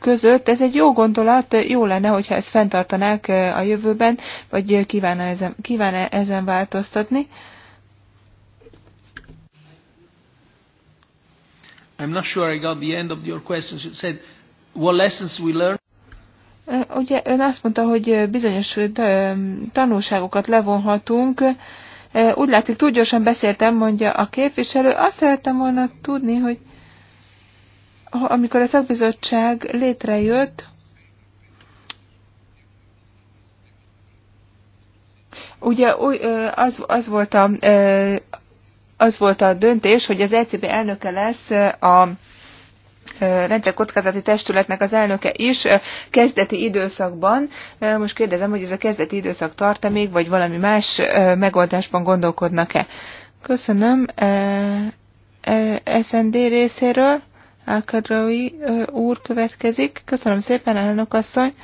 között. Ez egy jó gondolat, jó lenne, hogyha ezt fenntartanák a jövőben, vagy kíván -e ezen, kíván -e ezen változtatni. I'm not sure I got the end of your question. It said, what lessons we learned? Ugye ön azt mondta, hogy bizonyos tanulságokat levonhatunk, úgy látszik, túl gyorsan beszéltem, mondja a képviselő. Azt szerettem volna tudni, hogy amikor a szakbizottság létrejött, ugye az, az, volt a, az volt a döntés, hogy az ECB elnöke lesz a kockázati testületnek az elnöke is kezdeti időszakban. Most kérdezem, hogy ez a kezdeti időszak tart-e még, vagy valami más megoldásban gondolkodnak-e? Köszönöm. SND részéről Ákadrói úr következik. Köszönöm szépen, elnök asszony.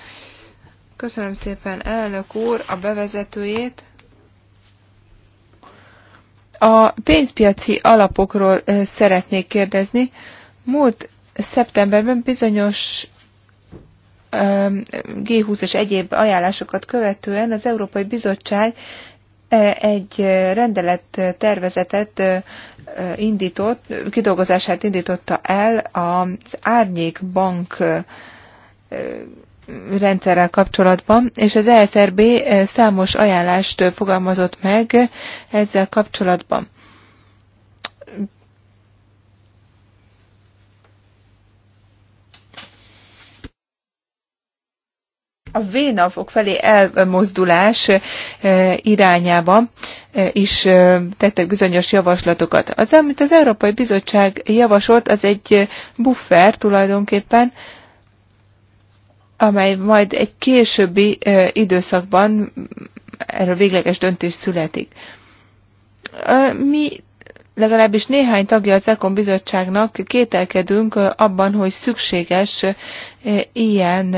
Köszönöm szépen, elnök úr, a bevezetőjét. A pénzpiaci alapokról szeretnék kérdezni. Múlt szeptemberben bizonyos um, G20 és egyéb ajánlásokat követően az Európai Bizottság e, egy rendelet tervezetet e, indított, kidolgozását indította el az Árnyék Bank e, rendszerrel kapcsolatban, és az ESRB számos ajánlást fogalmazott meg ezzel kapcsolatban. a vénavok felé elmozdulás irányába is tettek bizonyos javaslatokat. Az, amit az Európai Bizottság javasolt, az egy buffer tulajdonképpen, amely majd egy későbbi időszakban erről végleges döntés születik. Mi legalábbis néhány tagja az EKON bizottságnak kételkedünk abban, hogy szükséges ilyen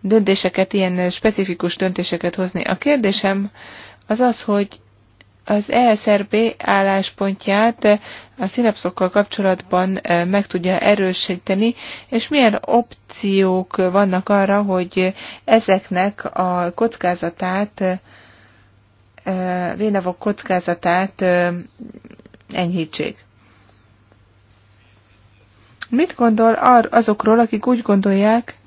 döntéseket, ilyen specifikus döntéseket hozni. A kérdésem az az, hogy az ESRB álláspontját a szinapszokkal kapcsolatban meg tudja erősíteni, és milyen opciók vannak arra, hogy ezeknek a kockázatát, vénavok kockázatát enyhítsék. Mit gondol ar azokról, akik úgy gondolják,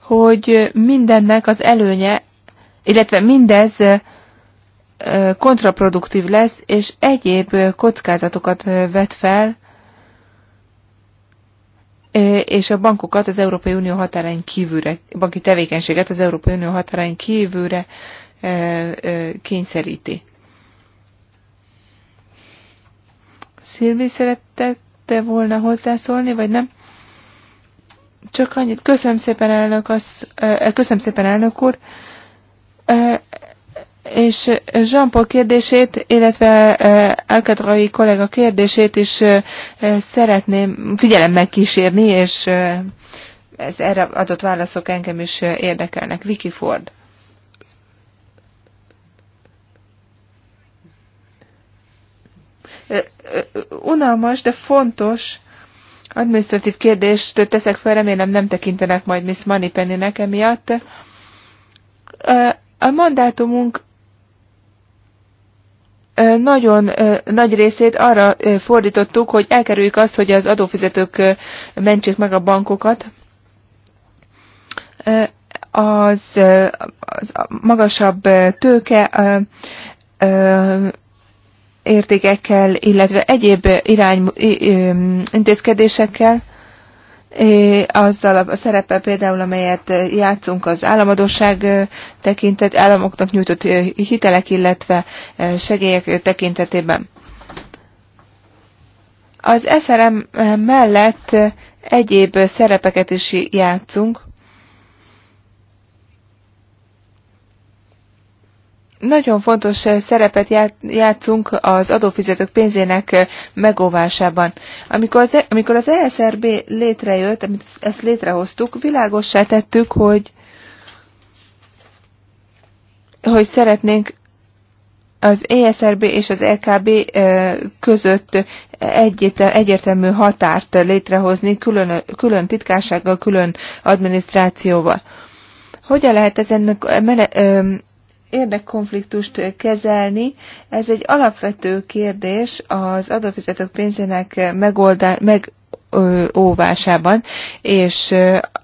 hogy mindennek az előnye, illetve mindez kontraproduktív lesz, és egyéb kockázatokat vet fel, és a bankokat az Európai Unió határain kívülre, banki tevékenységet az Európai Unió határain kívülre kényszeríti. Szilvi szerette volna hozzászólni, vagy nem? Csak annyit. Köszönöm szépen, elnök, az, köszönöm szépen, elnök úr. És Jean-Paul kérdését, illetve Alcatrai kollega kérdését is szeretném figyelemmel kísérni, és ez erre adott válaszok engem is érdekelnek. Vicky Ford. unalmas, de fontos administratív kérdést teszek fel, remélem nem tekintenek majd Miss Moneypenny nekem miatt. A mandátumunk nagyon nagy részét arra fordítottuk, hogy elkerüljük azt, hogy az adófizetők mentsék meg a bankokat. Az, az magasabb tőke értékekkel, illetve egyéb irány intézkedésekkel, azzal a szerepe például, amelyet játszunk az államadóság tekintet, államoknak nyújtott hitelek, illetve segélyek tekintetében. Az SRM mellett egyéb szerepeket is játszunk, Nagyon fontos eh, szerepet játszunk az adófizetők pénzének eh, megóvásában. Amikor az, e, amikor az ESRB létrejött, amit ezt létrehoztuk, világossá tettük, hogy, hogy szeretnénk az ESRB és az LKB e eh, között egyértelmű határt létrehozni, külön, külön titkársággal, külön adminisztrációval. Hogyan lehet ezen érdekkonfliktust kezelni. Ez egy alapvető kérdés az adófizetők pénzének megoldá, meg, óvásában, és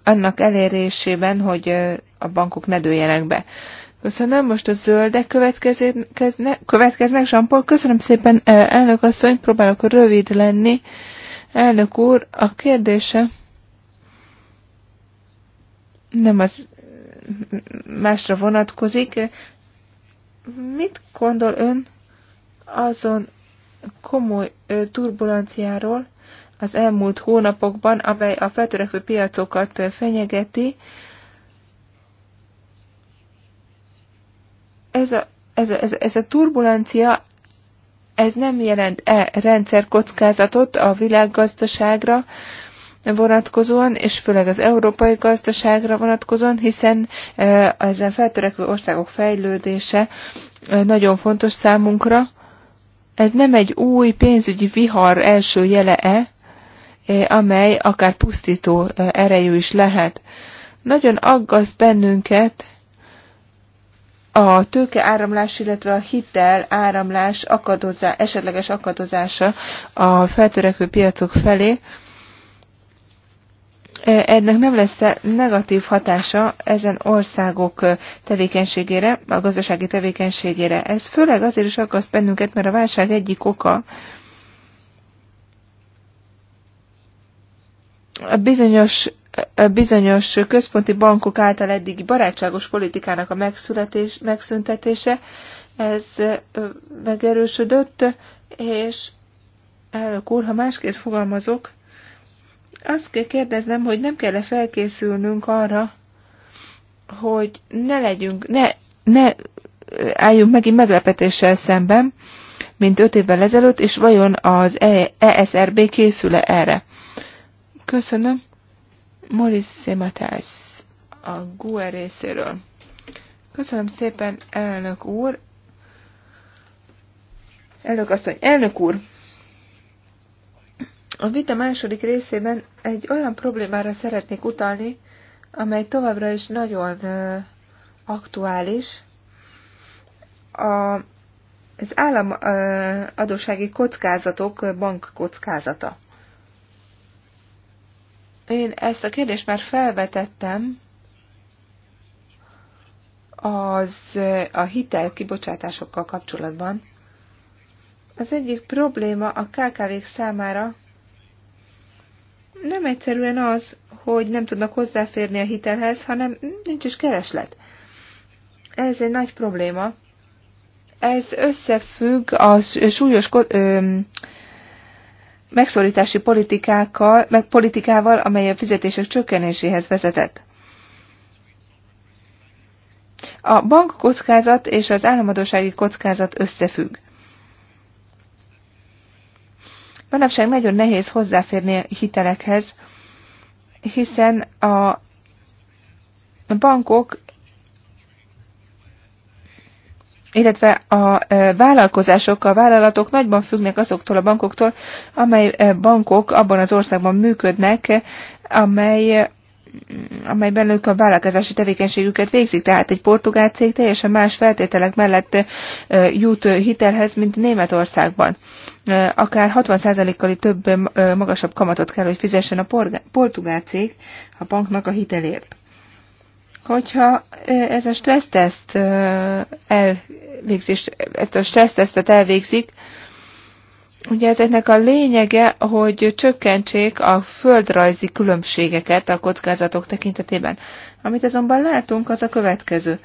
annak elérésében, hogy a bankok ne dőljenek be. Köszönöm, most a zöldek következnek, Zsampol, köszönöm szépen, elnök asszony, próbálok rövid lenni. Elnök úr, a kérdése nem az másra vonatkozik, Mit gondol ön azon komoly turbulenciáról az elmúlt hónapokban, amely a feltörekvő piacokat fenyegeti? Ez a, ez a, ez a, ez a turbulencia ez nem jelent-e rendszerkockázatot a világgazdaságra, vonatkozóan, és főleg az európai gazdaságra vonatkozóan, hiszen ezen feltörekvő országok fejlődése nagyon fontos számunkra. Ez nem egy új pénzügyi vihar első jele-e, amely akár pusztító erejű is lehet. Nagyon aggaszt bennünket a tőke áramlás, illetve a hitel áramlás akadozá, esetleges akadozása a feltörekvő piacok felé ennek nem lesz negatív hatása ezen országok tevékenységére, a gazdasági tevékenységére. Ez főleg azért is akaszt bennünket, mert a válság egyik oka a bizonyos a bizonyos központi bankok által eddigi barátságos politikának a megszületés, megszüntetése, ez megerősödött, és elnök úr, ha másképp fogalmazok, azt kell kérdeznem, hogy nem kell-e felkészülnünk arra, hogy ne legyünk, ne, ne eh, álljunk megint meglepetéssel szemben, mint öt évvel ezelőtt, és vajon az ESRB e készül-e erre? Köszönöm. Moris Szematász a GUE részéről. Köszönöm szépen, elnök úr. Elnök asszony, elnök úr, a vita második részében egy olyan problémára szeretnék utalni, amely továbbra is nagyon aktuális. A, az állam adósági kockázatok bank kockázata. Én ezt a kérdést már felvetettem az a hitel kibocsátásokkal kapcsolatban. Az egyik probléma a KKV-k számára nem egyszerűen az, hogy nem tudnak hozzáférni a hitelhez, hanem nincs is kereslet. Ez egy nagy probléma. Ez összefügg a súlyos megszorítási politikákkal, meg politikával, amely a fizetések csökkenéséhez vezetett. A bankkockázat és az államadósági kockázat összefügg. Manapság nagyon nehéz hozzáférni hitelekhez, hiszen a bankok illetve a e, vállalkozások, a vállalatok nagyban függnek azoktól a bankoktól, amely e, bankok abban az országban működnek, amely amelyben ők a vállalkozási tevékenységüket végzik. Tehát egy portugál cég teljesen más feltételek mellett jut hitelhez, mint Németországban. Akár 60%-kal több magasabb kamatot kell, hogy fizessen a portugál cég a banknak a hitelért. Hogyha ez a stresszteszt elvégzik, ezt a stressztesztet elvégzik, Ugye ezeknek a lényege, hogy csökkentsék a földrajzi különbségeket a kockázatok tekintetében. Amit azonban látunk, az a következő.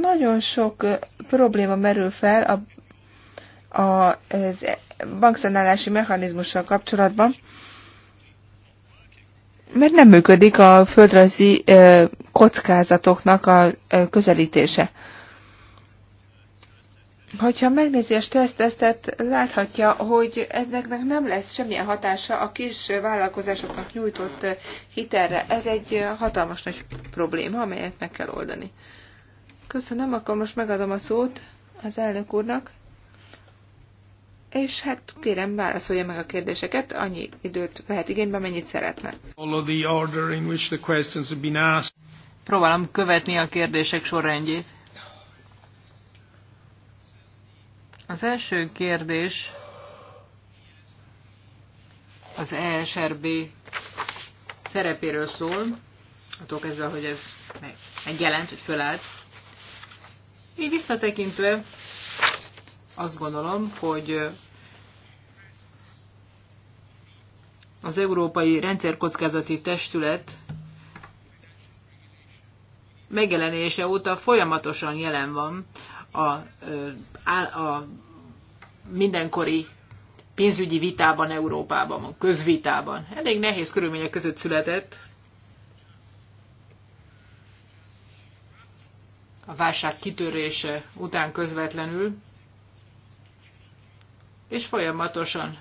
Nagyon sok probléma merül fel a, a, az bankszanálási mechanizmussal kapcsolatban, mert nem működik a földrajzi kockázatoknak a közelítése. Hogyha megnézi a stressztesztet, láthatja, hogy ezeknek nem lesz semmilyen hatása a kis vállalkozásoknak nyújtott hitelre. Ez egy hatalmas nagy probléma, amelyet meg kell oldani. Köszönöm, akkor most megadom a szót az elnök úrnak. És hát kérem, válaszolja meg a kérdéseket, annyi időt vehet igénybe, mennyit szeretne. Próbálom követni a kérdések sorrendjét. Az első kérdés az ESRB szerepéről szól, attól kezdve, hogy ez megjelent, hogy fölállt. Így visszatekintve azt gondolom, hogy az Európai Rendszerkockázati Testület megjelenése óta folyamatosan jelen van a, a mindenkori pénzügyi vitában Európában, a közvitában. Elég nehéz körülmények között született. A válság kitörése után közvetlenül, és folyamatosan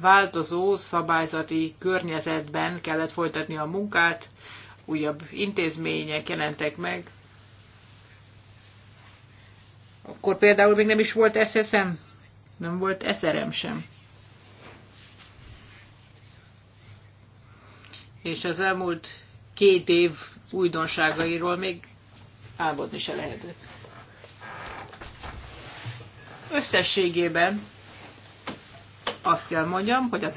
változó szabályzati környezetben kellett folytatni a munkát, újabb intézmények jelentek meg, akkor például még nem is volt SSM, nem volt SRM sem. És az elmúlt két év újdonságairól még álmodni se lehetett. Összességében azt kell mondjam, hogy az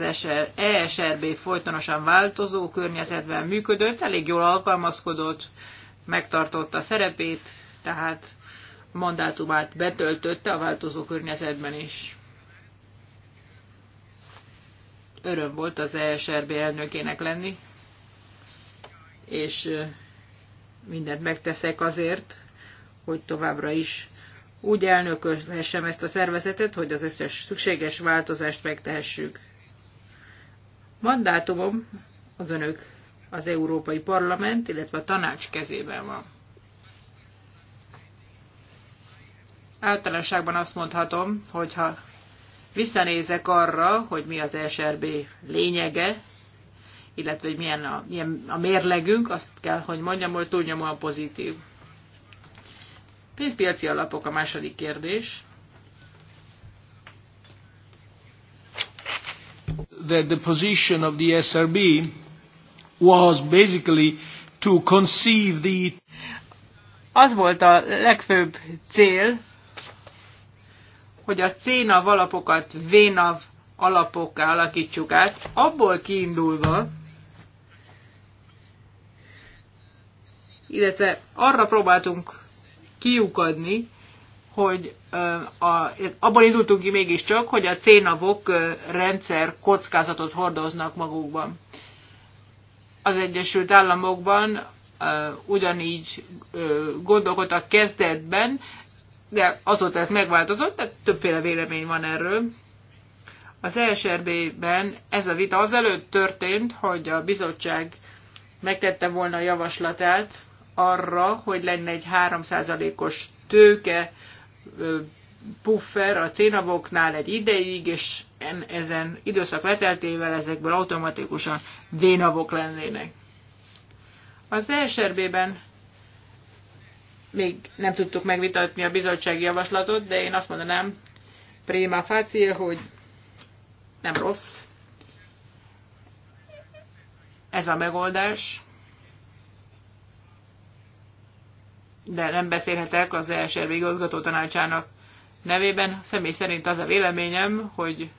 ESRB folytonosan változó környezetben működött, elég jól alkalmazkodott, megtartotta a szerepét, tehát mandátumát betöltötte a változó környezetben is. Öröm volt az ESRB elnökének lenni, és mindent megteszek azért, hogy továbbra is úgy elnökölhessem ezt a szervezetet, hogy az összes szükséges változást megtehessük. Mandátumom az önök az Európai Parlament, illetve a tanács kezében van. általánosságban azt mondhatom, hogyha visszanézek arra, hogy mi az SRB lényege, illetve hogy milyen a, milyen a mérlegünk, azt kell, hogy mondjam, hogy túlnyomóan pozitív. Pénzpiaci alapok a második kérdés. That the position of the SRB was basically to conceive the... Az volt a legfőbb cél, hogy a CNAV alapokat vénav alapokká alakítsuk át, abból kiindulva, illetve arra próbáltunk kiukadni, hogy a, abból indultunk ki mégiscsak, hogy a cénavok rendszer kockázatot hordoznak magukban. Az Egyesült Államokban ugyanígy gondolkodtak kezdetben, de azóta ez megváltozott, tehát többféle vélemény van erről. Az ESRB-ben ez a vita azelőtt történt, hogy a bizottság megtette volna a javaslatát arra, hogy lenne egy 3%-os tőke puffer a cénavoknál egy ideig, és en, ezen időszak leteltével ezekből automatikusan vénavok lennének. Az ESRB-ben még nem tudtuk megvitatni a bizottsági javaslatot, de én azt mondanám, prima facie, hogy nem rossz. Ez a megoldás. De nem beszélhetek az ESRB igazgató tanácsának nevében. Személy szerint az a véleményem, hogy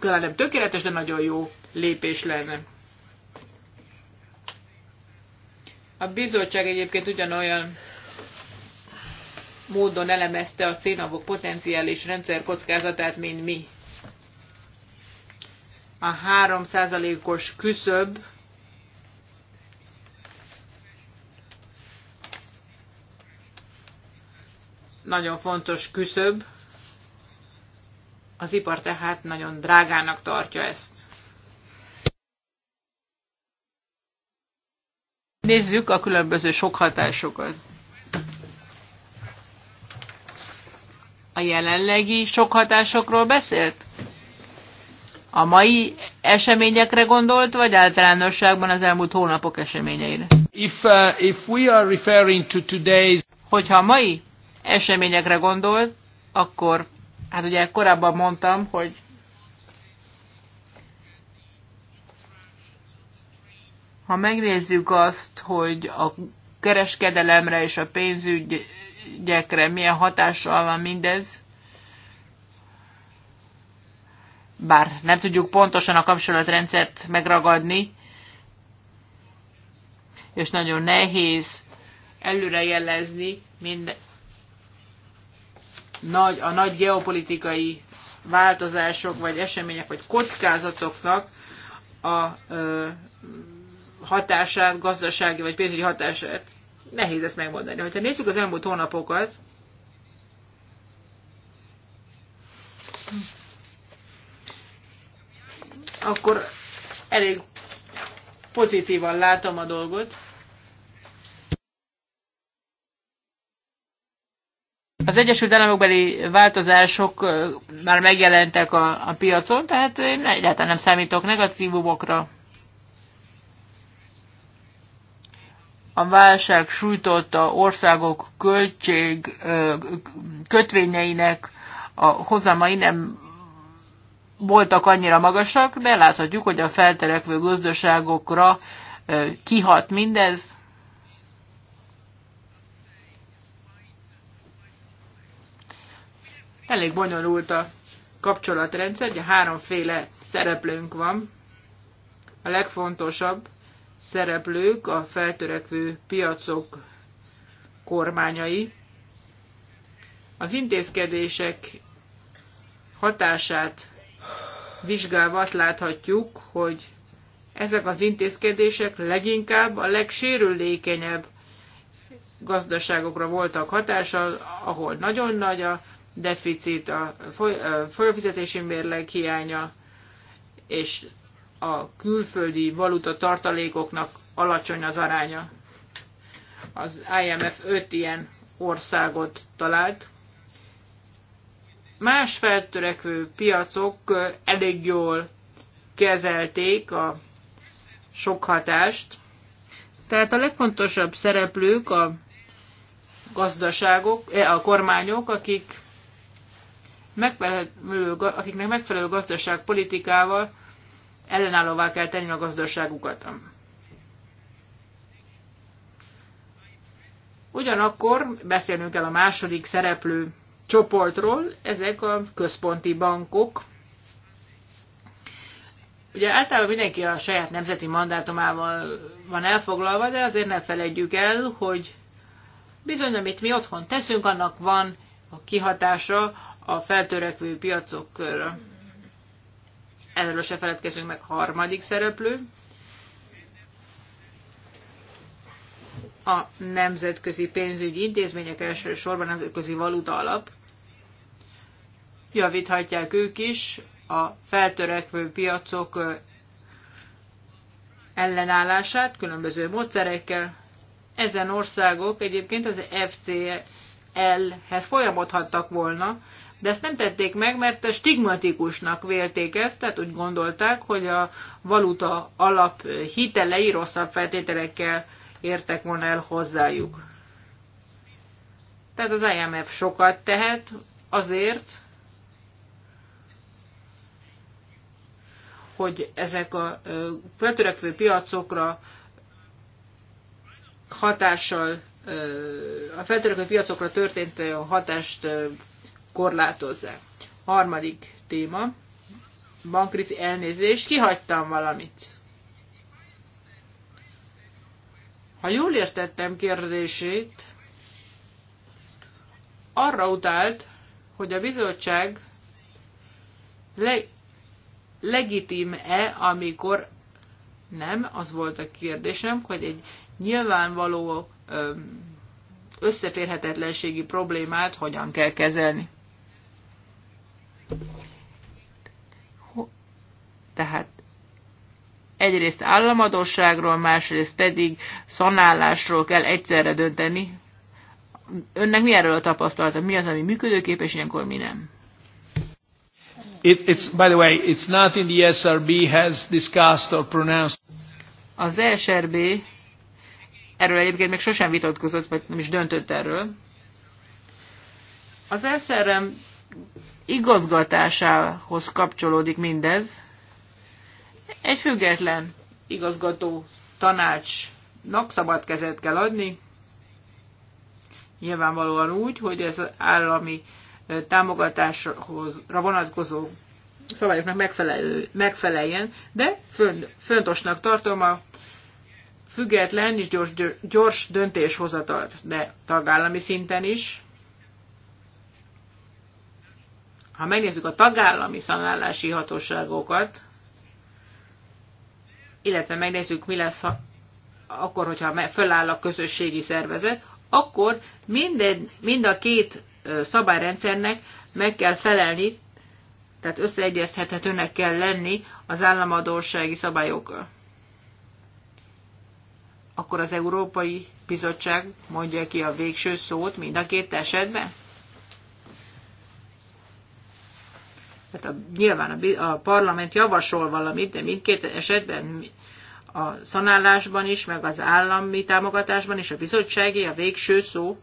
talán nem tökéletes, de nagyon jó lépés lenne. A bizottság egyébként ugyanolyan módon elemezte a cénavok potenciális rendszer kockázatát, mint mi. A 3%-os küszöb nagyon fontos küszöb, az ipar tehát nagyon drágának tartja ezt. Nézzük a különböző sok hatásokat. A jelenlegi sok hatásokról beszélt? A mai eseményekre gondolt, vagy általánosságban az elmúlt hónapok eseményeire? If, uh, if we are referring to today's... Hogyha a mai eseményekre gondolt, akkor, hát ugye korábban mondtam, hogy Ha megnézzük azt, hogy a kereskedelemre és a pénzügyekre milyen hatással van mindez, bár nem tudjuk pontosan a kapcsolatrendszert megragadni, és nagyon nehéz előre jelezni minden nagy, a nagy geopolitikai változások, vagy események, vagy kockázatoknak a ö, hatását, gazdasági vagy pénzügyi hatását. Nehéz ezt megmondani. Ha nézzük az elmúlt hónapokat, akkor elég pozitívan látom a dolgot. Az Egyesült Államokbeli változások már megjelentek a, a piacon, tehát én egyáltalán nem számítok negatívumokra. a válság sújtotta országok költség kötvényeinek a hozamai nem voltak annyira magasak, de láthatjuk, hogy a felterekvő gazdaságokra kihat mindez. Elég bonyolult a kapcsolatrendszer, ugye háromféle szereplőnk van. A legfontosabb szereplők a feltörekvő piacok kormányai. Az intézkedések hatását vizsgálva azt láthatjuk, hogy ezek az intézkedések leginkább a legsérülékenyebb gazdaságokra voltak hatással, ahol nagyon nagy a deficit, a folyófizetési mérleg hiánya, és a külföldi valuta tartalékoknak alacsony az aránya. Az IMF 5 ilyen országot talált. Más feltörekvő piacok elég jól kezelték a sok hatást. Tehát a legfontosabb szereplők a gazdaságok, eh, a kormányok, akik megfelelő, akiknek megfelelő gazdaságpolitikával ellenállóvá kell tenni a gazdaságukat. Ugyanakkor beszélnünk el a második szereplő csoportról, ezek a központi bankok. Ugye általában mindenki a saját nemzeti mandátumával van elfoglalva, de azért ne felejtjük el, hogy bizony, amit mi otthon teszünk, annak van a kihatása a feltörekvő piacokra erről se feledkezünk meg harmadik szereplő, a nemzetközi pénzügyi intézmények, elsősorban a nemzetközi valuta alap. Javíthatják ők is a feltörekvő piacok ellenállását különböző módszerekkel. Ezen országok egyébként az FCL-hez folyamodhattak volna, de ezt nem tették meg, mert stigmatikusnak vélték ezt, tehát úgy gondolták, hogy a valuta alap hitelei rosszabb feltételekkel értek volna el hozzájuk. Tehát az IMF sokat tehet azért, hogy ezek a feltörekvő piacokra hatással, a feltörekvő piacokra történt hatást korlátozzák. Harmadik téma, bankkrizi elnézést, kihagytam valamit. Ha jól értettem kérdését, arra utált, hogy a bizottság le- legitim-e, amikor nem, az volt a kérdésem, hogy egy nyilvánvaló összeférhetetlenségi problémát hogyan kell kezelni. Tehát egyrészt államadóságról, másrészt pedig szanálásról kell egyszerre dönteni. Önnek mi erről a tapasztalata? Mi az, ami működőképes, ilyenkor mi nem? It, it's, by the way, it's in the SRB has discussed or pronounced. Az SRB erről egyébként még sosem vitatkozott, vagy nem is döntött erről. Az SRM igazgatásához kapcsolódik mindez. Egy független igazgató tanácsnak szabad kezet kell adni, nyilvánvalóan úgy, hogy ez állami támogatáshoz vonatkozó szabályoknak megfeleljen, de föntosnak tartom a független és gyors, gyors döntéshozatalt, de tagállami szinten is ha megnézzük a tagállami szanálási hatóságokat, illetve megnézzük, mi lesz ha, akkor, hogyha föláll a közösségi szervezet, akkor minden, mind a két szabályrendszernek meg kell felelni, tehát összeegyeztethetőnek kell lenni az államadósági szabályokkal. Akkor az Európai Bizottság mondja ki a végső szót mind a két esetben? Tehát a, nyilván a, a parlament javasol valamit, de mindkét esetben a szanálásban is, meg az állami támogatásban is a bizottsági, a végső szó.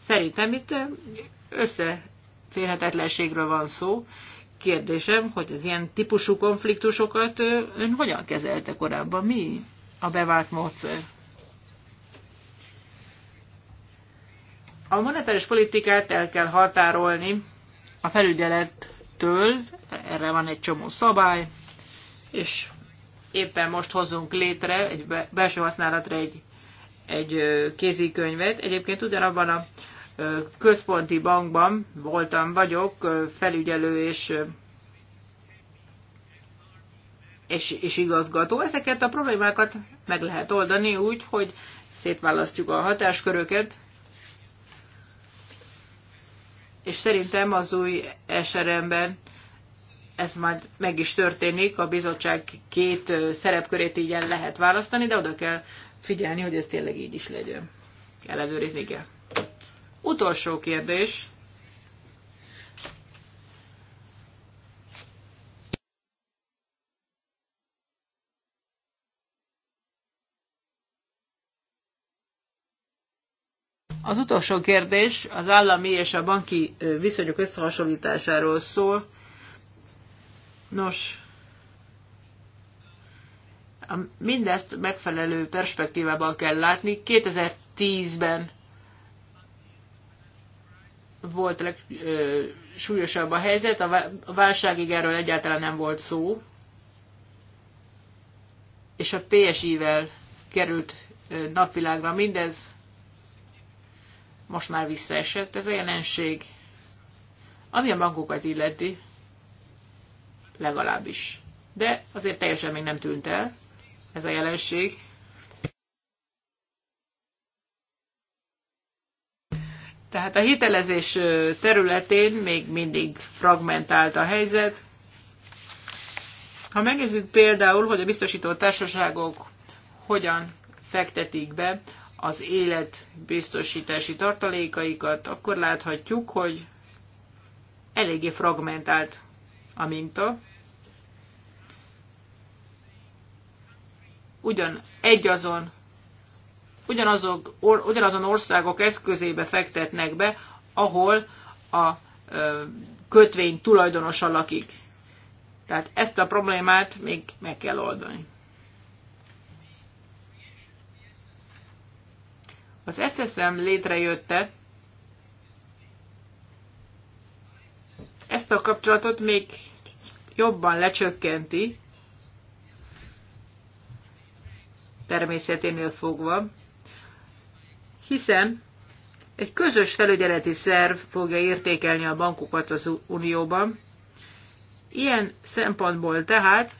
Szerintem itt eh, összeférhetetlenségről van szó. Kérdésem, hogy az ilyen típusú konfliktusokat eh, ön hogyan kezelte korábban? Mi a bevált módszer? A monetáris politikát el kell határolni a felügyelettől, erre van egy csomó szabály, és éppen most hozunk létre egy belső használatra egy, egy kézikönyvet. Egyébként ugyanabban a központi bankban voltam, vagyok felügyelő és, és, és igazgató. Ezeket a problémákat meg lehet oldani úgy, hogy szétválasztjuk a hatásköröket, és szerintem az új SRM-ben ez majd meg is történik, a bizottság két szerepkörét így el lehet választani, de oda kell figyelni, hogy ez tényleg így is legyen. előrizni kell. Utolsó kérdés. Az utolsó kérdés az állami és a banki viszonyok összehasonlításáról szól. Nos, mindezt megfelelő perspektívában kell látni. 2010-ben volt legsúlyosabb a helyzet, a válságig erről egyáltalán nem volt szó, és a PSI-vel került napvilágra mindez most már visszaesett ez a jelenség, ami a bankokat illeti, legalábbis. De azért teljesen még nem tűnt el ez a jelenség. Tehát a hitelezés területén még mindig fragmentált a helyzet. Ha megnézzük például, hogy a biztosító társaságok hogyan fektetik be az életbiztosítási tartalékaikat, akkor láthatjuk, hogy eléggé fragmentált a minta. Ugyan egyazon, ugyanazok, or, ugyanazon országok eszközébe fektetnek be, ahol a ö, kötvény tulajdonosa lakik. Tehát ezt a problémát még meg kell oldani. Az SSM létrejötte, ezt a kapcsolatot még jobban lecsökkenti, természeténél fogva, hiszen egy közös felügyeleti szerv fogja értékelni a bankokat az Unióban. Ilyen szempontból tehát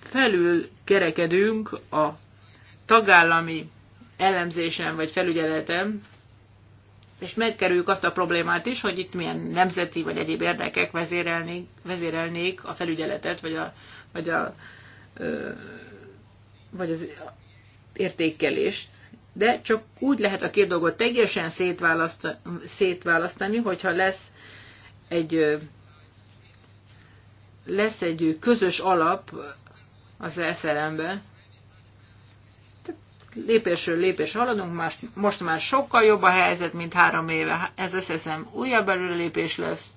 felül kerekedünk a tagállami elemzésem vagy felügyeletem, és megkerüljük azt a problémát is, hogy itt milyen nemzeti vagy egyéb érdekek vezérelnék, vezérelnék a felügyeletet, vagy a, vagy a vagy az értékelést, de csak úgy lehet a két dolgot teljesen szétválasztani, hogyha lesz egy lesz egy közös alap az SRM-be, lépésről lépés haladunk, most most már sokkal jobb a helyzet, mint három éve. Ez azt hiszem újabb előlépés lesz.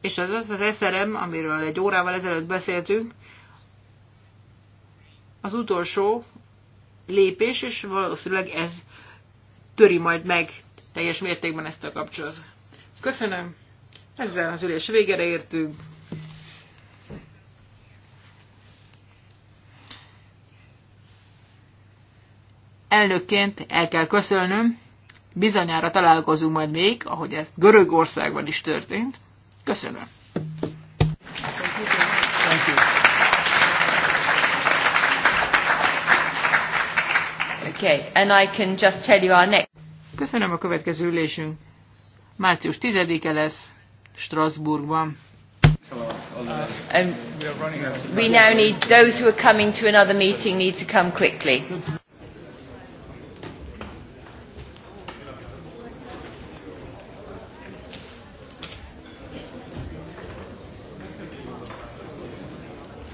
És az az, az SRM, amiről egy órával ezelőtt beszéltünk, az utolsó lépés, és valószínűleg ez töri majd meg teljes mértékben ezt a kapcsolatot. Köszönöm! Ezzel az ülés végére értünk. elnökként el kell köszönnöm, bizonyára találkozunk majd még, ahogy ez Görögországban is történt. Köszönöm. Thank you. Okay, and I can just tell you our next. Köszönöm a következő ülésünk. Március 10-e lesz Strasbourgban. Uh, we now need those who are coming to another meeting need to come quickly.